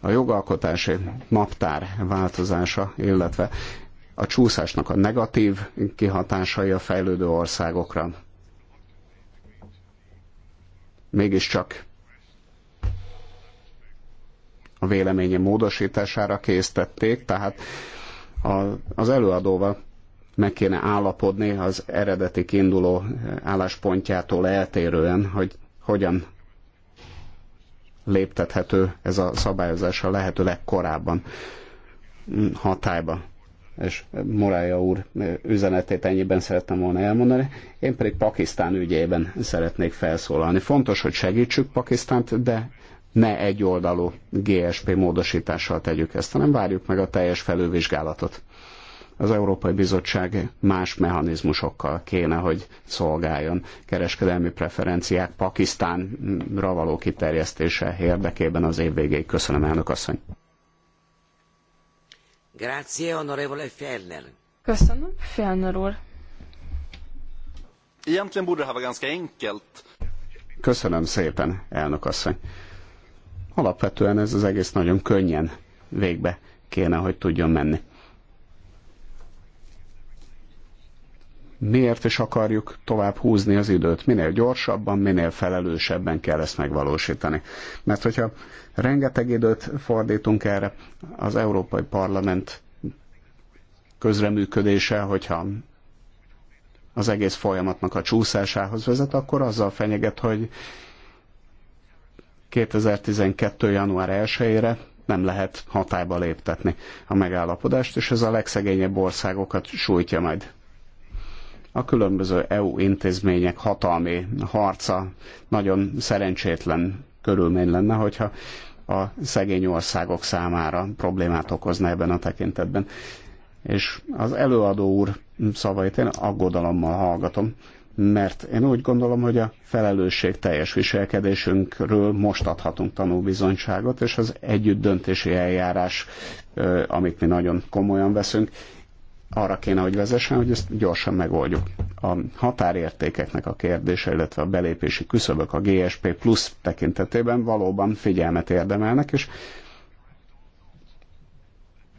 Speaker 2: A jogalkotási naptár változása, illetve a csúszásnak a negatív kihatásai a fejlődő országokra mégiscsak a véleménye módosítására késztették, tehát az előadóval meg kéne állapodni az eredeti kiinduló álláspontjától eltérően, hogy hogyan léptethető ez a szabályozás a lehető legkorábban hatályba. És Morája úr üzenetét ennyiben szerettem volna elmondani. Én pedig Pakisztán ügyében szeretnék felszólalni. Fontos, hogy segítsük Pakisztánt, de ne egyoldalú GSP módosítással tegyük ezt, hanem várjuk meg a teljes felülvizsgálatot. Az Európai Bizottság más mechanizmusokkal kéne, hogy szolgáljon kereskedelmi preferenciák Pakisztánra való kiterjesztése érdekében az év végéig. Köszönöm, elnök asszony.
Speaker 4: Grazie, onorevole Fellner. Köszönöm, Fellner úr.
Speaker 5: Egentligen borde det ganska enkelt.
Speaker 2: Köszönöm szépen, elnök asszony alapvetően ez az egész nagyon könnyen végbe kéne, hogy tudjon menni. Miért is akarjuk tovább húzni az időt? Minél gyorsabban, minél felelősebben kell ezt megvalósítani. Mert hogyha rengeteg időt fordítunk erre, az Európai Parlament közreműködése, hogyha az egész folyamatnak a csúszásához vezet, akkor azzal fenyeget, hogy 2012. január 1-ére nem lehet hatályba léptetni a megállapodást, és ez a legszegényebb országokat sújtja majd. A különböző EU intézmények hatalmi harca nagyon szerencsétlen körülmény lenne, hogyha a szegény országok számára problémát okozna ebben a tekintetben. És az előadó úr szavait én aggodalommal hallgatom, mert én úgy gondolom, hogy a felelősség teljes viselkedésünkről most adhatunk tanúbizonyságot, és az együtt döntési eljárás, amit mi nagyon komolyan veszünk, arra kéne, hogy vezessen, hogy ezt gyorsan megoldjuk. A határértékeknek a kérdése, illetve a belépési küszöbök a GSP plusz tekintetében valóban figyelmet érdemelnek, és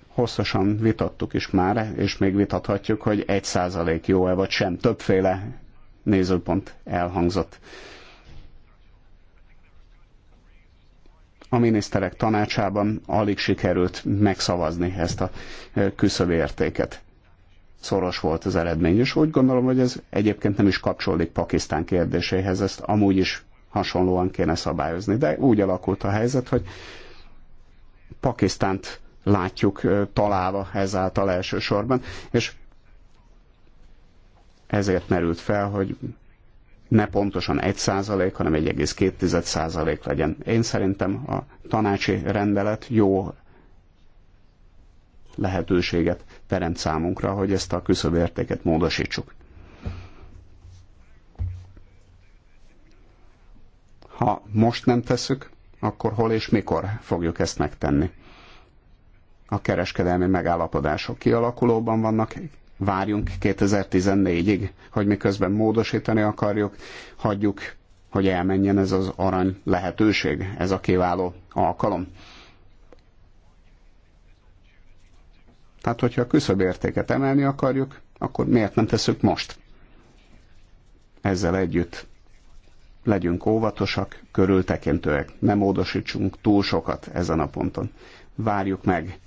Speaker 2: hosszasan vitattuk is már, és még vitathatjuk, hogy egy százalék jó-e, vagy sem. Többféle nézőpont elhangzott. A miniszterek tanácsában alig sikerült megszavazni ezt a e, küszöbértéket. Szoros volt az eredmény, és úgy gondolom, hogy ez egyébként nem is kapcsolódik Pakisztán kérdéséhez, ezt amúgy is hasonlóan kéne szabályozni. De úgy alakult a helyzet, hogy Pakisztánt látjuk e, találva ezáltal elsősorban, és ezért merült fel, hogy ne pontosan 1%, hanem 1,2% legyen. Én szerintem a tanácsi rendelet jó lehetőséget teremt számunkra, hogy ezt a küszöbértéket módosítsuk. Ha most nem tesszük, akkor hol és mikor fogjuk ezt megtenni? A kereskedelmi megállapodások kialakulóban vannak, várjunk 2014-ig, hogy miközben módosítani akarjuk, hagyjuk, hogy elmenjen ez az arany lehetőség, ez a kiváló alkalom. Tehát, hogyha a értéket emelni akarjuk, akkor miért nem tesszük most? Ezzel együtt legyünk óvatosak, körültekintőek, ne módosítsunk túl sokat ezen a ponton. Várjuk meg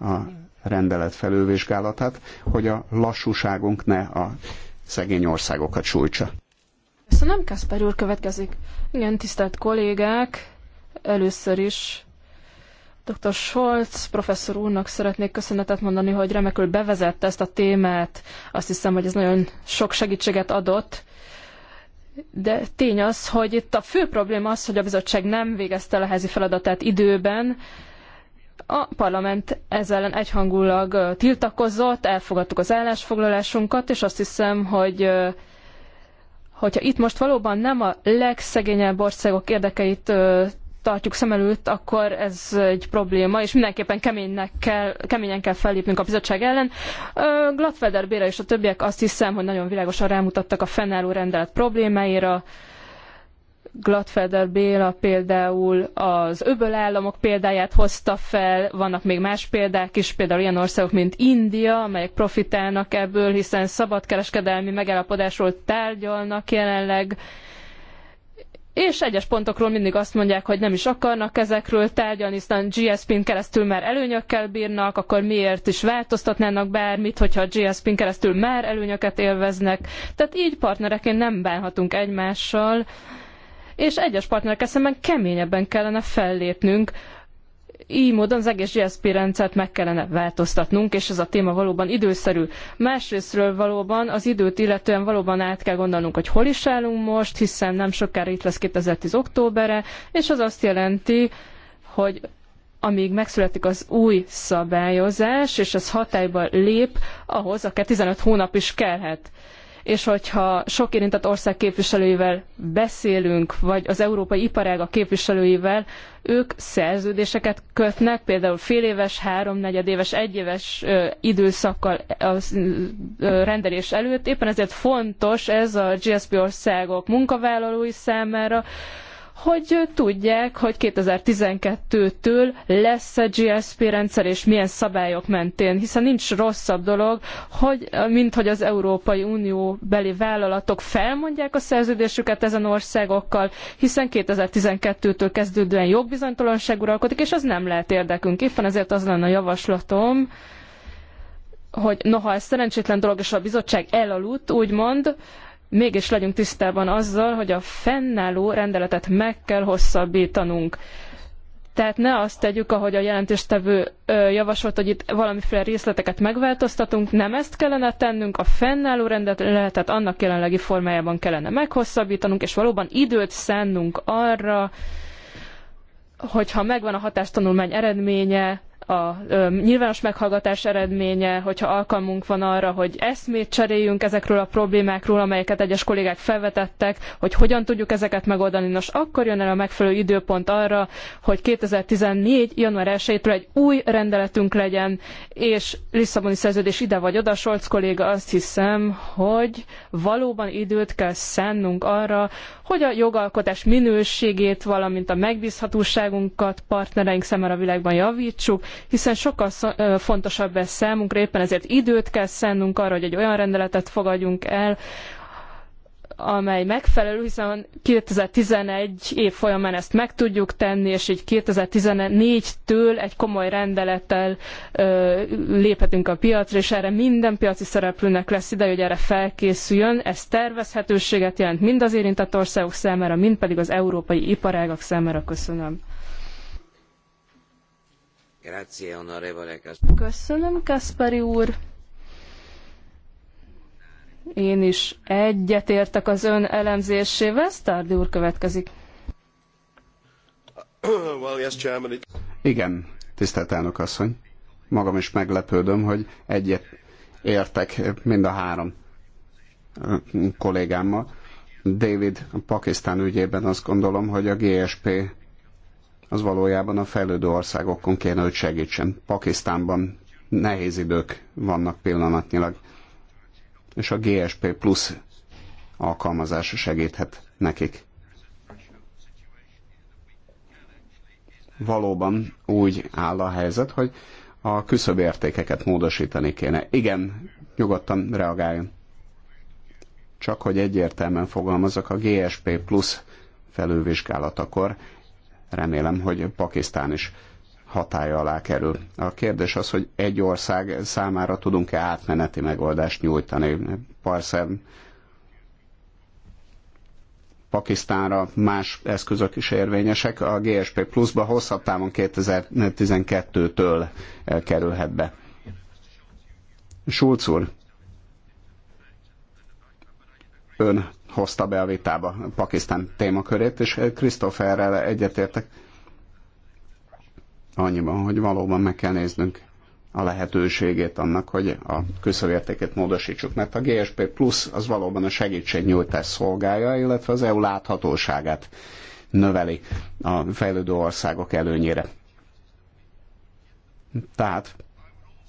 Speaker 2: a rendelet felülvizsgálatát, hogy a lassúságunk ne a szegény országokat sújtsa.
Speaker 4: Köszönöm, Kasper úr következik. Igen, tisztelt kollégák, először is Dr. Scholz professzor úrnak szeretnék köszönetet mondani, hogy remekül bevezette ezt a témát. Azt hiszem, hogy ez nagyon sok segítséget adott. De tény az, hogy itt a fő probléma az, hogy a bizottság nem végezte a feladatát időben, a parlament ezzel ellen egyhangulag tiltakozott, elfogadtuk az állásfoglalásunkat, és azt hiszem, hogy hogyha itt most valóban nem a legszegényebb országok érdekeit tartjuk szem előtt, akkor ez egy probléma, és mindenképpen keménynek kell, keményen kell fellépnünk a bizottság ellen. Glatfelder Béra és a többiek azt hiszem, hogy nagyon világosan rámutattak a fennálló rendelet problémáira, Gladfelder Béla például az öböl államok példáját hozta fel, vannak még más példák is, például ilyen országok, mint India, amelyek profitálnak ebből, hiszen szabadkereskedelmi megállapodásról tárgyalnak jelenleg, és egyes pontokról mindig azt mondják, hogy nem is akarnak ezekről tárgyalni, hiszen GSP-n keresztül már előnyökkel bírnak, akkor miért is változtatnának bármit, hogyha a GSP-n keresztül már előnyöket élveznek. Tehát így partnereként nem bánhatunk egymással, és egyes partnerek szemben keményebben kellene fellépnünk, így módon az egész GSP rendszert meg kellene változtatnunk, és ez a téma valóban időszerű. Másrésztről valóban az időt illetően valóban át kell gondolnunk, hogy hol is állunk most, hiszen nem sokára itt lesz 2010 októberre, és az azt jelenti, hogy amíg megszületik az új szabályozás, és ez hatályba lép, ahhoz akár 15 hónap is kellhet és hogyha sok érintett ország képviselőivel beszélünk, vagy az európai a képviselőivel, ők szerződéseket kötnek, például féléves, háromnegyedéves, egyéves időszakkal a rendelés előtt. Éppen ezért fontos ez a GSP országok munkavállalói számára, hogy tudják, hogy 2012-től lesz a GSP rendszer, és milyen szabályok mentén, hiszen nincs rosszabb dolog, hogy, mint hogy az Európai Unió beli vállalatok felmondják a szerződésüket ezen országokkal, hiszen 2012-től kezdődően jogbizonytalanság uralkodik, és az nem lehet érdekünk. Éppen ezért az lenne a javaslatom, hogy noha ez szerencsétlen dolog, és a bizottság elaludt, úgymond, mégis legyünk tisztában azzal, hogy a fennálló rendeletet meg kell hosszabbítanunk. Tehát ne azt tegyük, ahogy a jelentéstevő javasolt, hogy itt valamiféle részleteket megváltoztatunk, nem ezt kellene tennünk, a fennálló rendeletet annak jelenlegi formájában kellene meghosszabbítanunk, és valóban időt szánnunk arra, hogyha megvan a hatástanulmány eredménye, a ö, nyilvános meghallgatás eredménye, hogyha alkalmunk van arra, hogy eszmét cseréljünk ezekről a problémákról, amelyeket egyes kollégák felvetettek, hogy hogyan tudjuk ezeket megoldani. Nos, akkor jön el a megfelelő időpont arra, hogy 2014. január 1-től egy új rendeletünk legyen, és Lisszaboni szerződés ide vagy oda. Scholz kolléga azt hiszem, hogy valóban időt kell szánnunk arra, hogy a jogalkotás minőségét, valamint a megbízhatóságunkat partnereink szemére a világban javítsuk, hiszen sokkal fontosabb ez számunkra, éppen ezért időt kell szennünk arra, hogy egy olyan rendeletet fogadjunk el, amely megfelelő, hiszen 2011 év folyamán ezt meg tudjuk tenni, és így 2014-től egy komoly rendelettel ö, léphetünk a piacra, és erre minden piaci szereplőnek lesz ideje, hogy erre felkészüljön. Ez tervezhetőséget jelent mind az érintett országok számára, mind pedig az európai iparágak számára. Köszönöm. Köszönöm, Kaspari úr. Én is egyetértek az ön elemzésével. Sztárdi úr következik.
Speaker 2: Igen, tisztelt elnök asszony. Magam is meglepődöm, hogy egyet értek mind a három kollégámmal. David a Pakisztán ügyében azt gondolom, hogy a GSP az valójában a fejlődő országokon kéne, hogy segítsen. Pakisztánban nehéz idők vannak pillanatnyilag, és a GSP plusz alkalmazása segíthet nekik. Valóban úgy áll a helyzet, hogy a küszöbb értékeket módosítani kéne. Igen, nyugodtan reagáljon. Csak hogy egyértelműen fogalmazok, a GSP plusz felülvizsgálatakor Remélem, hogy Pakisztán is hatája alá kerül. A kérdés az, hogy egy ország számára tudunk-e átmeneti megoldást nyújtani. Persze Pakisztánra más eszközök is érvényesek. A GSP pluszba hosszabb távon 2012-től eh, kerülhet be. Schulz úr, ön hozta be a vitába Pakisztán témakörét, és Christopherrel egyetértek annyiban, hogy valóban meg kell néznünk a lehetőségét annak, hogy a küszöbértéket módosítsuk, mert a GSP Plus az valóban a segítségnyújtás szolgálja, illetve az EU láthatóságát növeli a fejlődő országok előnyére. Tehát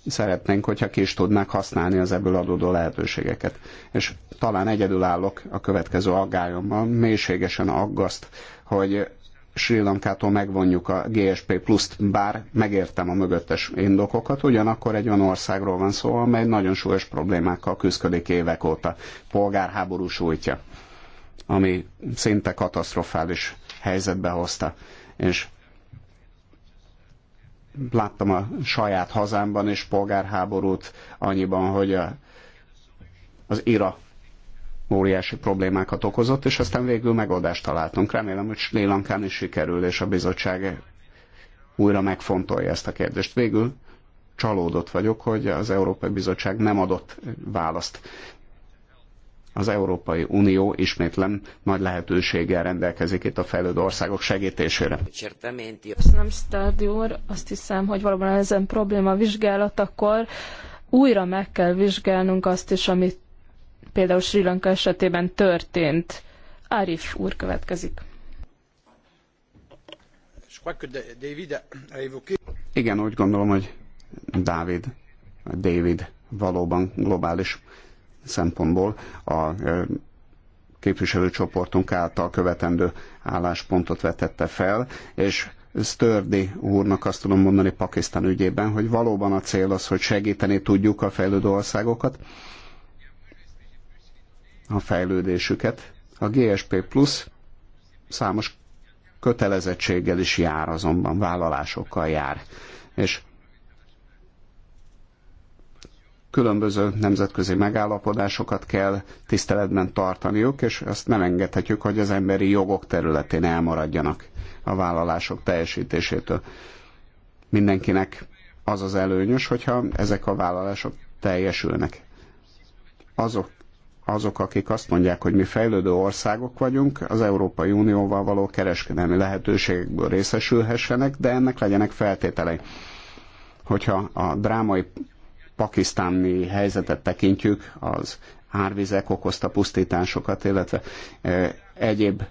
Speaker 2: szeretnénk, hogyha ki is tudnák használni az ebből adódó lehetőségeket. És talán egyedül állok a következő aggályomban, mélységesen aggaszt, hogy Sri Lankától megvonjuk a GSP pluszt, bár megértem a mögöttes indokokat, ugyanakkor egy olyan országról van szó, amely nagyon súlyos problémákkal küzdik évek óta. Polgárháború sújtja, ami szinte katasztrofális helyzetbe hozta. És láttam a saját hazámban és polgárháborút annyiban, hogy a, az IRA óriási problémákat okozott, és aztán végül megoldást találtunk. Remélem, hogy Sri Lankán is sikerül, és a bizottság újra megfontolja ezt a kérdést. Végül csalódott vagyok, hogy az Európai Bizottság nem adott választ az Európai Unió ismétlem nagy lehetőséggel rendelkezik itt a fejlődő országok segítésére.
Speaker 4: Köszönöm, Stádi úr. Azt hiszem, hogy valóban ezen probléma vizsgálatakor újra meg kell vizsgálnunk azt is, amit például Sri Lanka esetében történt. Arif úr következik.
Speaker 2: Igen, úgy gondolom, hogy Dávid, David valóban globális szempontból a képviselőcsoportunk által követendő álláspontot vetette fel, és sztördi úrnak azt tudom mondani Pakisztán ügyében, hogy valóban a cél az, hogy segíteni tudjuk a fejlődő országokat, a fejlődésüket. A GSP Plus számos kötelezettséggel is jár, azonban vállalásokkal jár. És különböző nemzetközi megállapodásokat kell tiszteletben tartaniuk, és azt nem engedhetjük, hogy az emberi jogok területén elmaradjanak a vállalások teljesítésétől. Mindenkinek az az előnyös, hogyha ezek a vállalások teljesülnek. Azok, azok, akik azt mondják, hogy mi fejlődő országok vagyunk, az Európai Unióval való kereskedelmi lehetőségekből részesülhessenek, de ennek legyenek feltételei. Hogyha a drámai pakisztáni helyzetet tekintjük, az árvizek okozta pusztításokat, illetve e, egyéb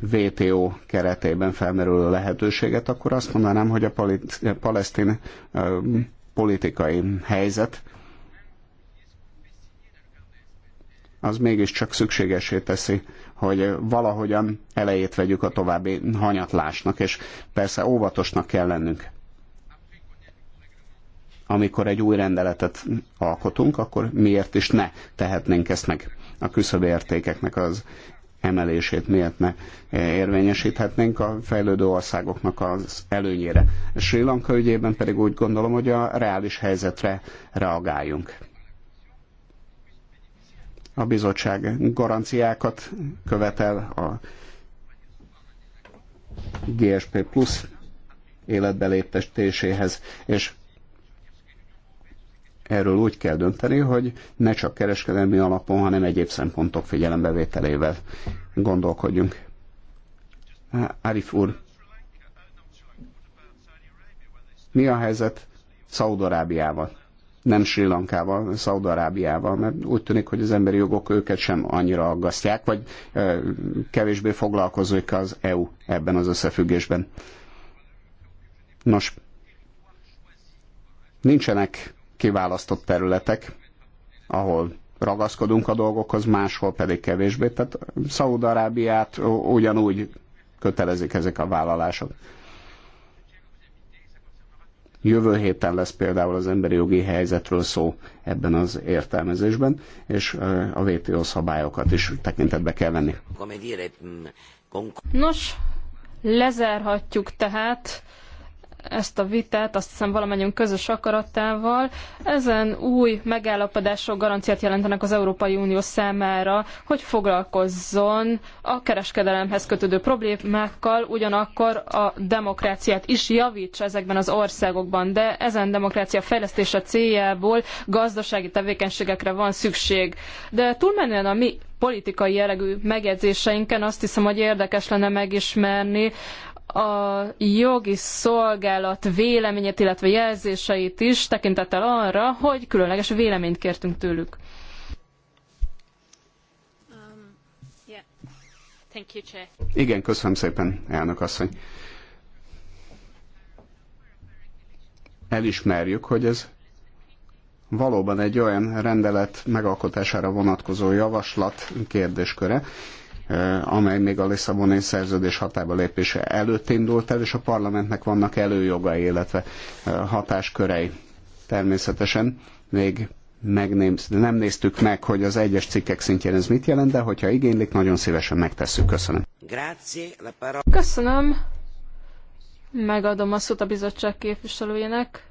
Speaker 2: VTO keretében felmerülő lehetőséget, akkor azt mondanám, hogy a palesztin e, politikai helyzet az mégiscsak szükségesé teszi, hogy valahogyan elejét vegyük a további hanyatlásnak, és persze óvatosnak kell lennünk amikor egy új rendeletet alkotunk, akkor miért is ne tehetnénk ezt meg? A küszöbi értékeknek az emelését miért ne érvényesíthetnénk a fejlődő országoknak az előnyére. Sri Lanka ügyében pedig úgy gondolom, hogy a reális helyzetre reagáljunk. A bizottság garanciákat követel a GSP plusz életbeléptetéséhez, és erről úgy kell dönteni, hogy ne csak kereskedelmi alapon, hanem egyéb szempontok figyelembevételével gondolkodjunk. Arif úr, mi a helyzet Szaudarábiával? Nem Sri Lankával, Szaudarábiával, mert úgy tűnik, hogy az emberi jogok őket sem annyira aggasztják, vagy kevésbé foglalkozik az EU ebben az összefüggésben. Nos, nincsenek kiválasztott területek, ahol ragaszkodunk a dolgokhoz, máshol pedig kevésbé. Tehát Szaúd-Arábiát ugyanúgy kötelezik ezek a vállalások. Jövő héten lesz például az emberi jogi helyzetről szó ebben az értelmezésben, és a WTO szabályokat is tekintetbe kell venni.
Speaker 4: Mm, Nos, lezárhatjuk tehát ezt a vitát, azt hiszem valamennyünk közös akaratával. Ezen új megállapodások garanciát jelentenek az Európai Unió számára, hogy foglalkozzon a kereskedelemhez kötődő problémákkal, ugyanakkor a demokráciát is javíts ezekben az országokban, de ezen demokrácia fejlesztése céljából gazdasági tevékenységekre van szükség. De túlmenően a mi politikai jellegű megjegyzéseinken azt hiszem, hogy érdekes lenne megismerni a jogi szolgálat véleményét, illetve jelzéseit is tekintettel arra, hogy különleges véleményt kértünk tőlük.
Speaker 2: Igen, köszönöm szépen, elnök asszony. Elismerjük, hogy ez valóban egy olyan rendelet megalkotására vonatkozó javaslat kérdésköre, amely még a Lisszaboni szerződés hatába lépése előtt indult el, és a parlamentnek vannak előjogai, illetve hatáskörei. Természetesen még megnéz, nem néztük meg, hogy az egyes cikkek szintjén ez mit jelent, de hogyha igénylik, nagyon szívesen megtesszük. Köszönöm.
Speaker 4: Köszönöm. Megadom a szót a bizottság képviselőjének.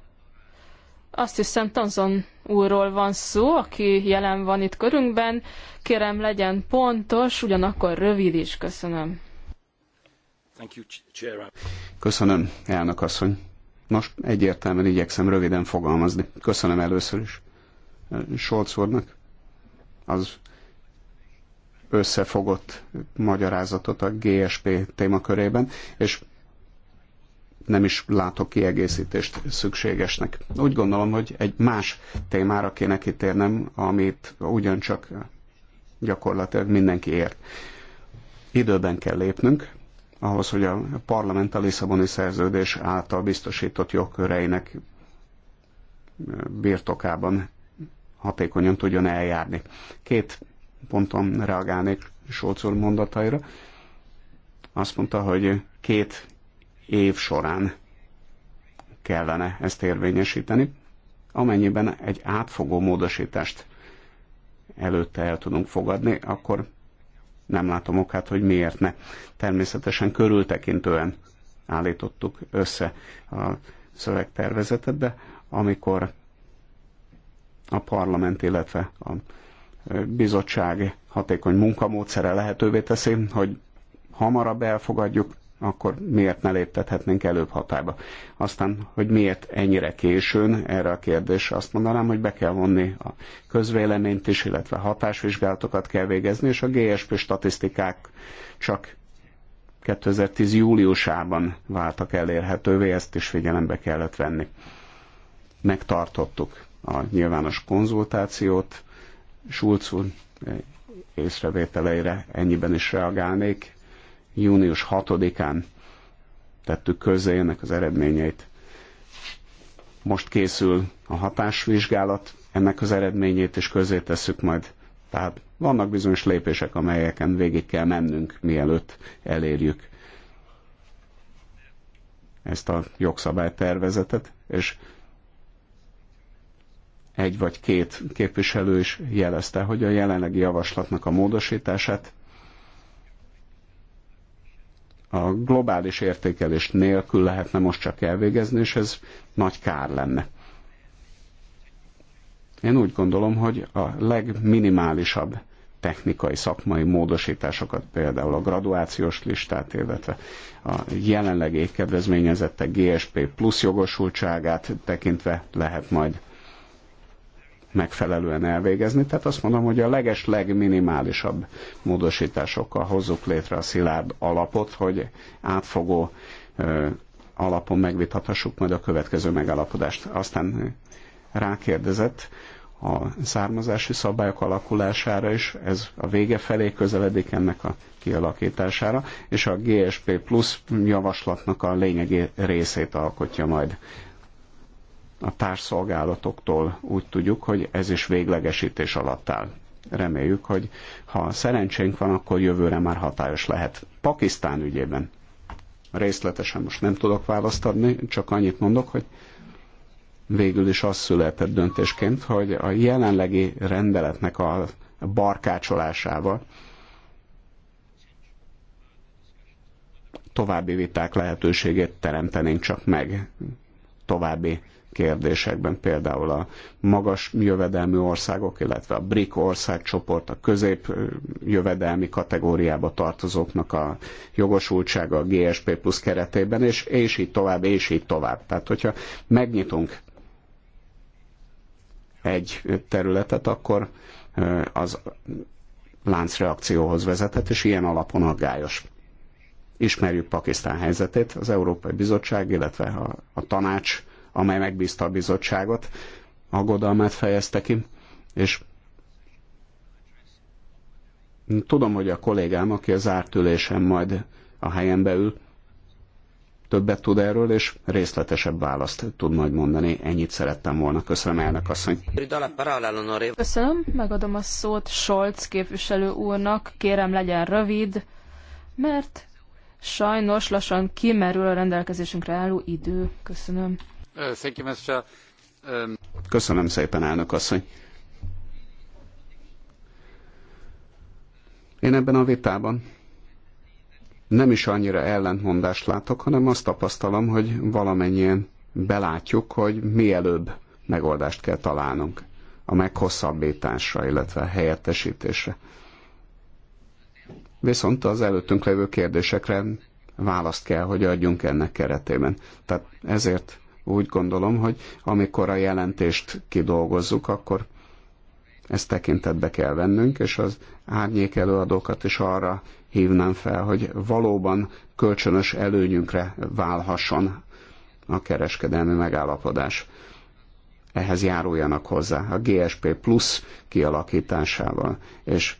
Speaker 4: Azt hiszem Tanzon úrról van szó, aki jelen van itt körünkben. Kérem, legyen pontos, ugyanakkor rövid is. Köszönöm.
Speaker 2: Köszönöm, elnök asszony. Nos, egyértelműen igyekszem röviden fogalmazni. Köszönöm először is eh, Scholz úrnak az összefogott magyarázatot a GSP témakörében, és nem is látok kiegészítést szükségesnek. Úgy gondolom, hogy egy más témára kéne kitérnem, amit ugyancsak gyakorlatilag mindenki ért. Időben kell lépnünk, ahhoz, hogy a parlament a Lisszaboni szerződés által biztosított jogköreinek birtokában hatékonyan tudjon eljárni. Két ponton reagálnék Solc úr mondataira. Azt mondta, hogy két év során kellene ezt érvényesíteni, amennyiben egy átfogó módosítást előtte el tudunk fogadni, akkor nem látom okát, hogy miért ne. Természetesen körültekintően állítottuk össze a szövegtervezetet, de amikor a parlament, illetve a bizottság hatékony munkamódszere lehetővé teszi, hogy hamarabb elfogadjuk akkor miért ne léptethetnénk előbb hatályba. Aztán, hogy miért ennyire későn erre a kérdésre azt mondanám, hogy be kell vonni a közvéleményt is, illetve hatásvizsgálatokat kell végezni, és a GSP statisztikák csak 2010. júliusában váltak elérhetővé, ezt is figyelembe kellett venni. Megtartottuk a nyilvános konzultációt, Schulz úr észrevételeire ennyiben is reagálnék június 6-án tettük közé ennek az eredményeit. Most készül a hatásvizsgálat, ennek az eredményét is közé tesszük majd. Tehát vannak bizonyos lépések, amelyeken végig kell mennünk, mielőtt elérjük ezt a jogszabálytervezetet, és egy vagy két képviselő is jelezte, hogy a jelenlegi javaslatnak a módosítását a globális értékelés nélkül lehetne most csak elvégezni, és ez nagy kár lenne. Én úgy gondolom, hogy a legminimálisabb technikai, szakmai módosításokat, például a graduációs listát, illetve a jelenleg kedvezményezettek GSP plusz jogosultságát tekintve lehet majd megfelelően elvégezni. Tehát azt mondom, hogy a leges legminimálisabb módosításokkal hozzuk létre a szilárd alapot, hogy átfogó alapon megvitathassuk majd a következő megállapodást. Aztán rákérdezett a származási szabályok alakulására is, ez a vége felé közeledik ennek a kialakítására, és a GSP plusz javaslatnak a lényegi részét alkotja majd a társszolgálatoktól úgy tudjuk, hogy ez is véglegesítés alatt áll. Reméljük, hogy ha szerencsénk van, akkor jövőre már hatályos lehet. Pakisztán ügyében részletesen most nem tudok választ adni, csak annyit mondok, hogy végül is az született döntésként, hogy a jelenlegi rendeletnek a barkácsolásával további viták lehetőségét teremtenénk csak meg, további kérdésekben, például a magas jövedelmű országok, illetve a BRIC országcsoport, a közép jövedelmi kategóriába tartozóknak a jogosultsága a GSP plusz keretében, és, és így tovább, és így tovább. Tehát, hogyha megnyitunk egy területet, akkor az láncreakcióhoz vezethet, és ilyen alapon aggályos. Ismerjük Pakisztán helyzetét, az Európai Bizottság, illetve a, a tanács amely megbízta a bizottságot, aggodalmát fejezte ki, és tudom, hogy a kollégám, aki az ártülésen majd a helyen ül, többet tud erről, és részletesebb választ tud majd mondani. Ennyit szerettem volna. Köszönöm, elnök asszony.
Speaker 4: Köszönöm, megadom a szót Scholz képviselő úrnak. Kérem, legyen rövid, mert sajnos lassan kimerül a rendelkezésünkre álló idő. Köszönöm.
Speaker 5: Um,
Speaker 2: Köszönöm szépen, elnök asszony. Én ebben a vitában nem is annyira ellentmondást látok, hanem azt tapasztalom, hogy valamennyien belátjuk, hogy mielőbb megoldást kell találnunk a meghosszabbításra, illetve a helyettesítésre. Viszont az előttünk levő kérdésekre választ kell, hogy adjunk ennek keretében. Tehát ezért úgy gondolom, hogy amikor a jelentést kidolgozzuk, akkor ezt tekintetbe kell vennünk, és az árnyék előadókat is arra hívnám fel, hogy valóban kölcsönös előnyünkre válhasson a kereskedelmi megállapodás. Ehhez járuljanak hozzá a GSP plusz kialakításával, és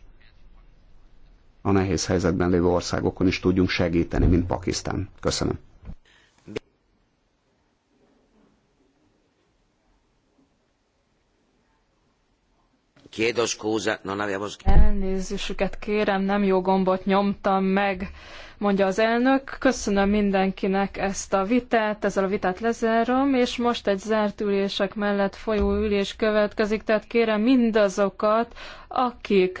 Speaker 2: a nehéz helyzetben lévő országokon is tudjunk segíteni, mint Pakisztán. Köszönöm.
Speaker 4: Elnézésüket kérem, nem jó gombot nyomtam meg, mondja az elnök. Köszönöm mindenkinek ezt a vitát, ezzel a vitát lezárom, és most egy zárt ülések mellett folyó ülés következik, tehát kérem mindazokat, akik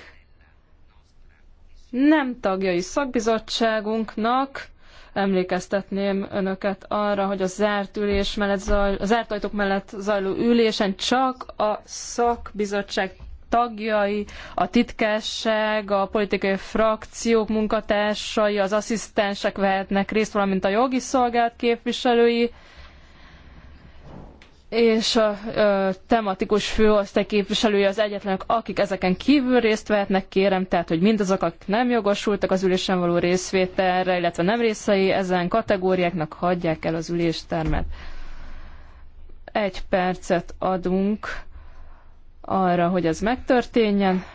Speaker 4: nem tagjai szakbizottságunknak, emlékeztetném önöket arra, hogy a zárt, ülés mellett zajl, a zárt ajtók mellett zajló ülésen csak a szakbizottság tagjai, a titkesség, a politikai frakciók munkatársai, az asszisztensek vehetnek részt, valamint a jogi szolgált képviselői és a ö, tematikus főosztály képviselői az egyetlenek, akik ezeken kívül részt vehetnek, kérem, tehát, hogy mindazok, akik nem jogosultak az ülésen való részvételre, illetve nem részei ezen kategóriáknak hagyják el az üléstermet. Egy percet adunk arra, hogy ez megtörténjen.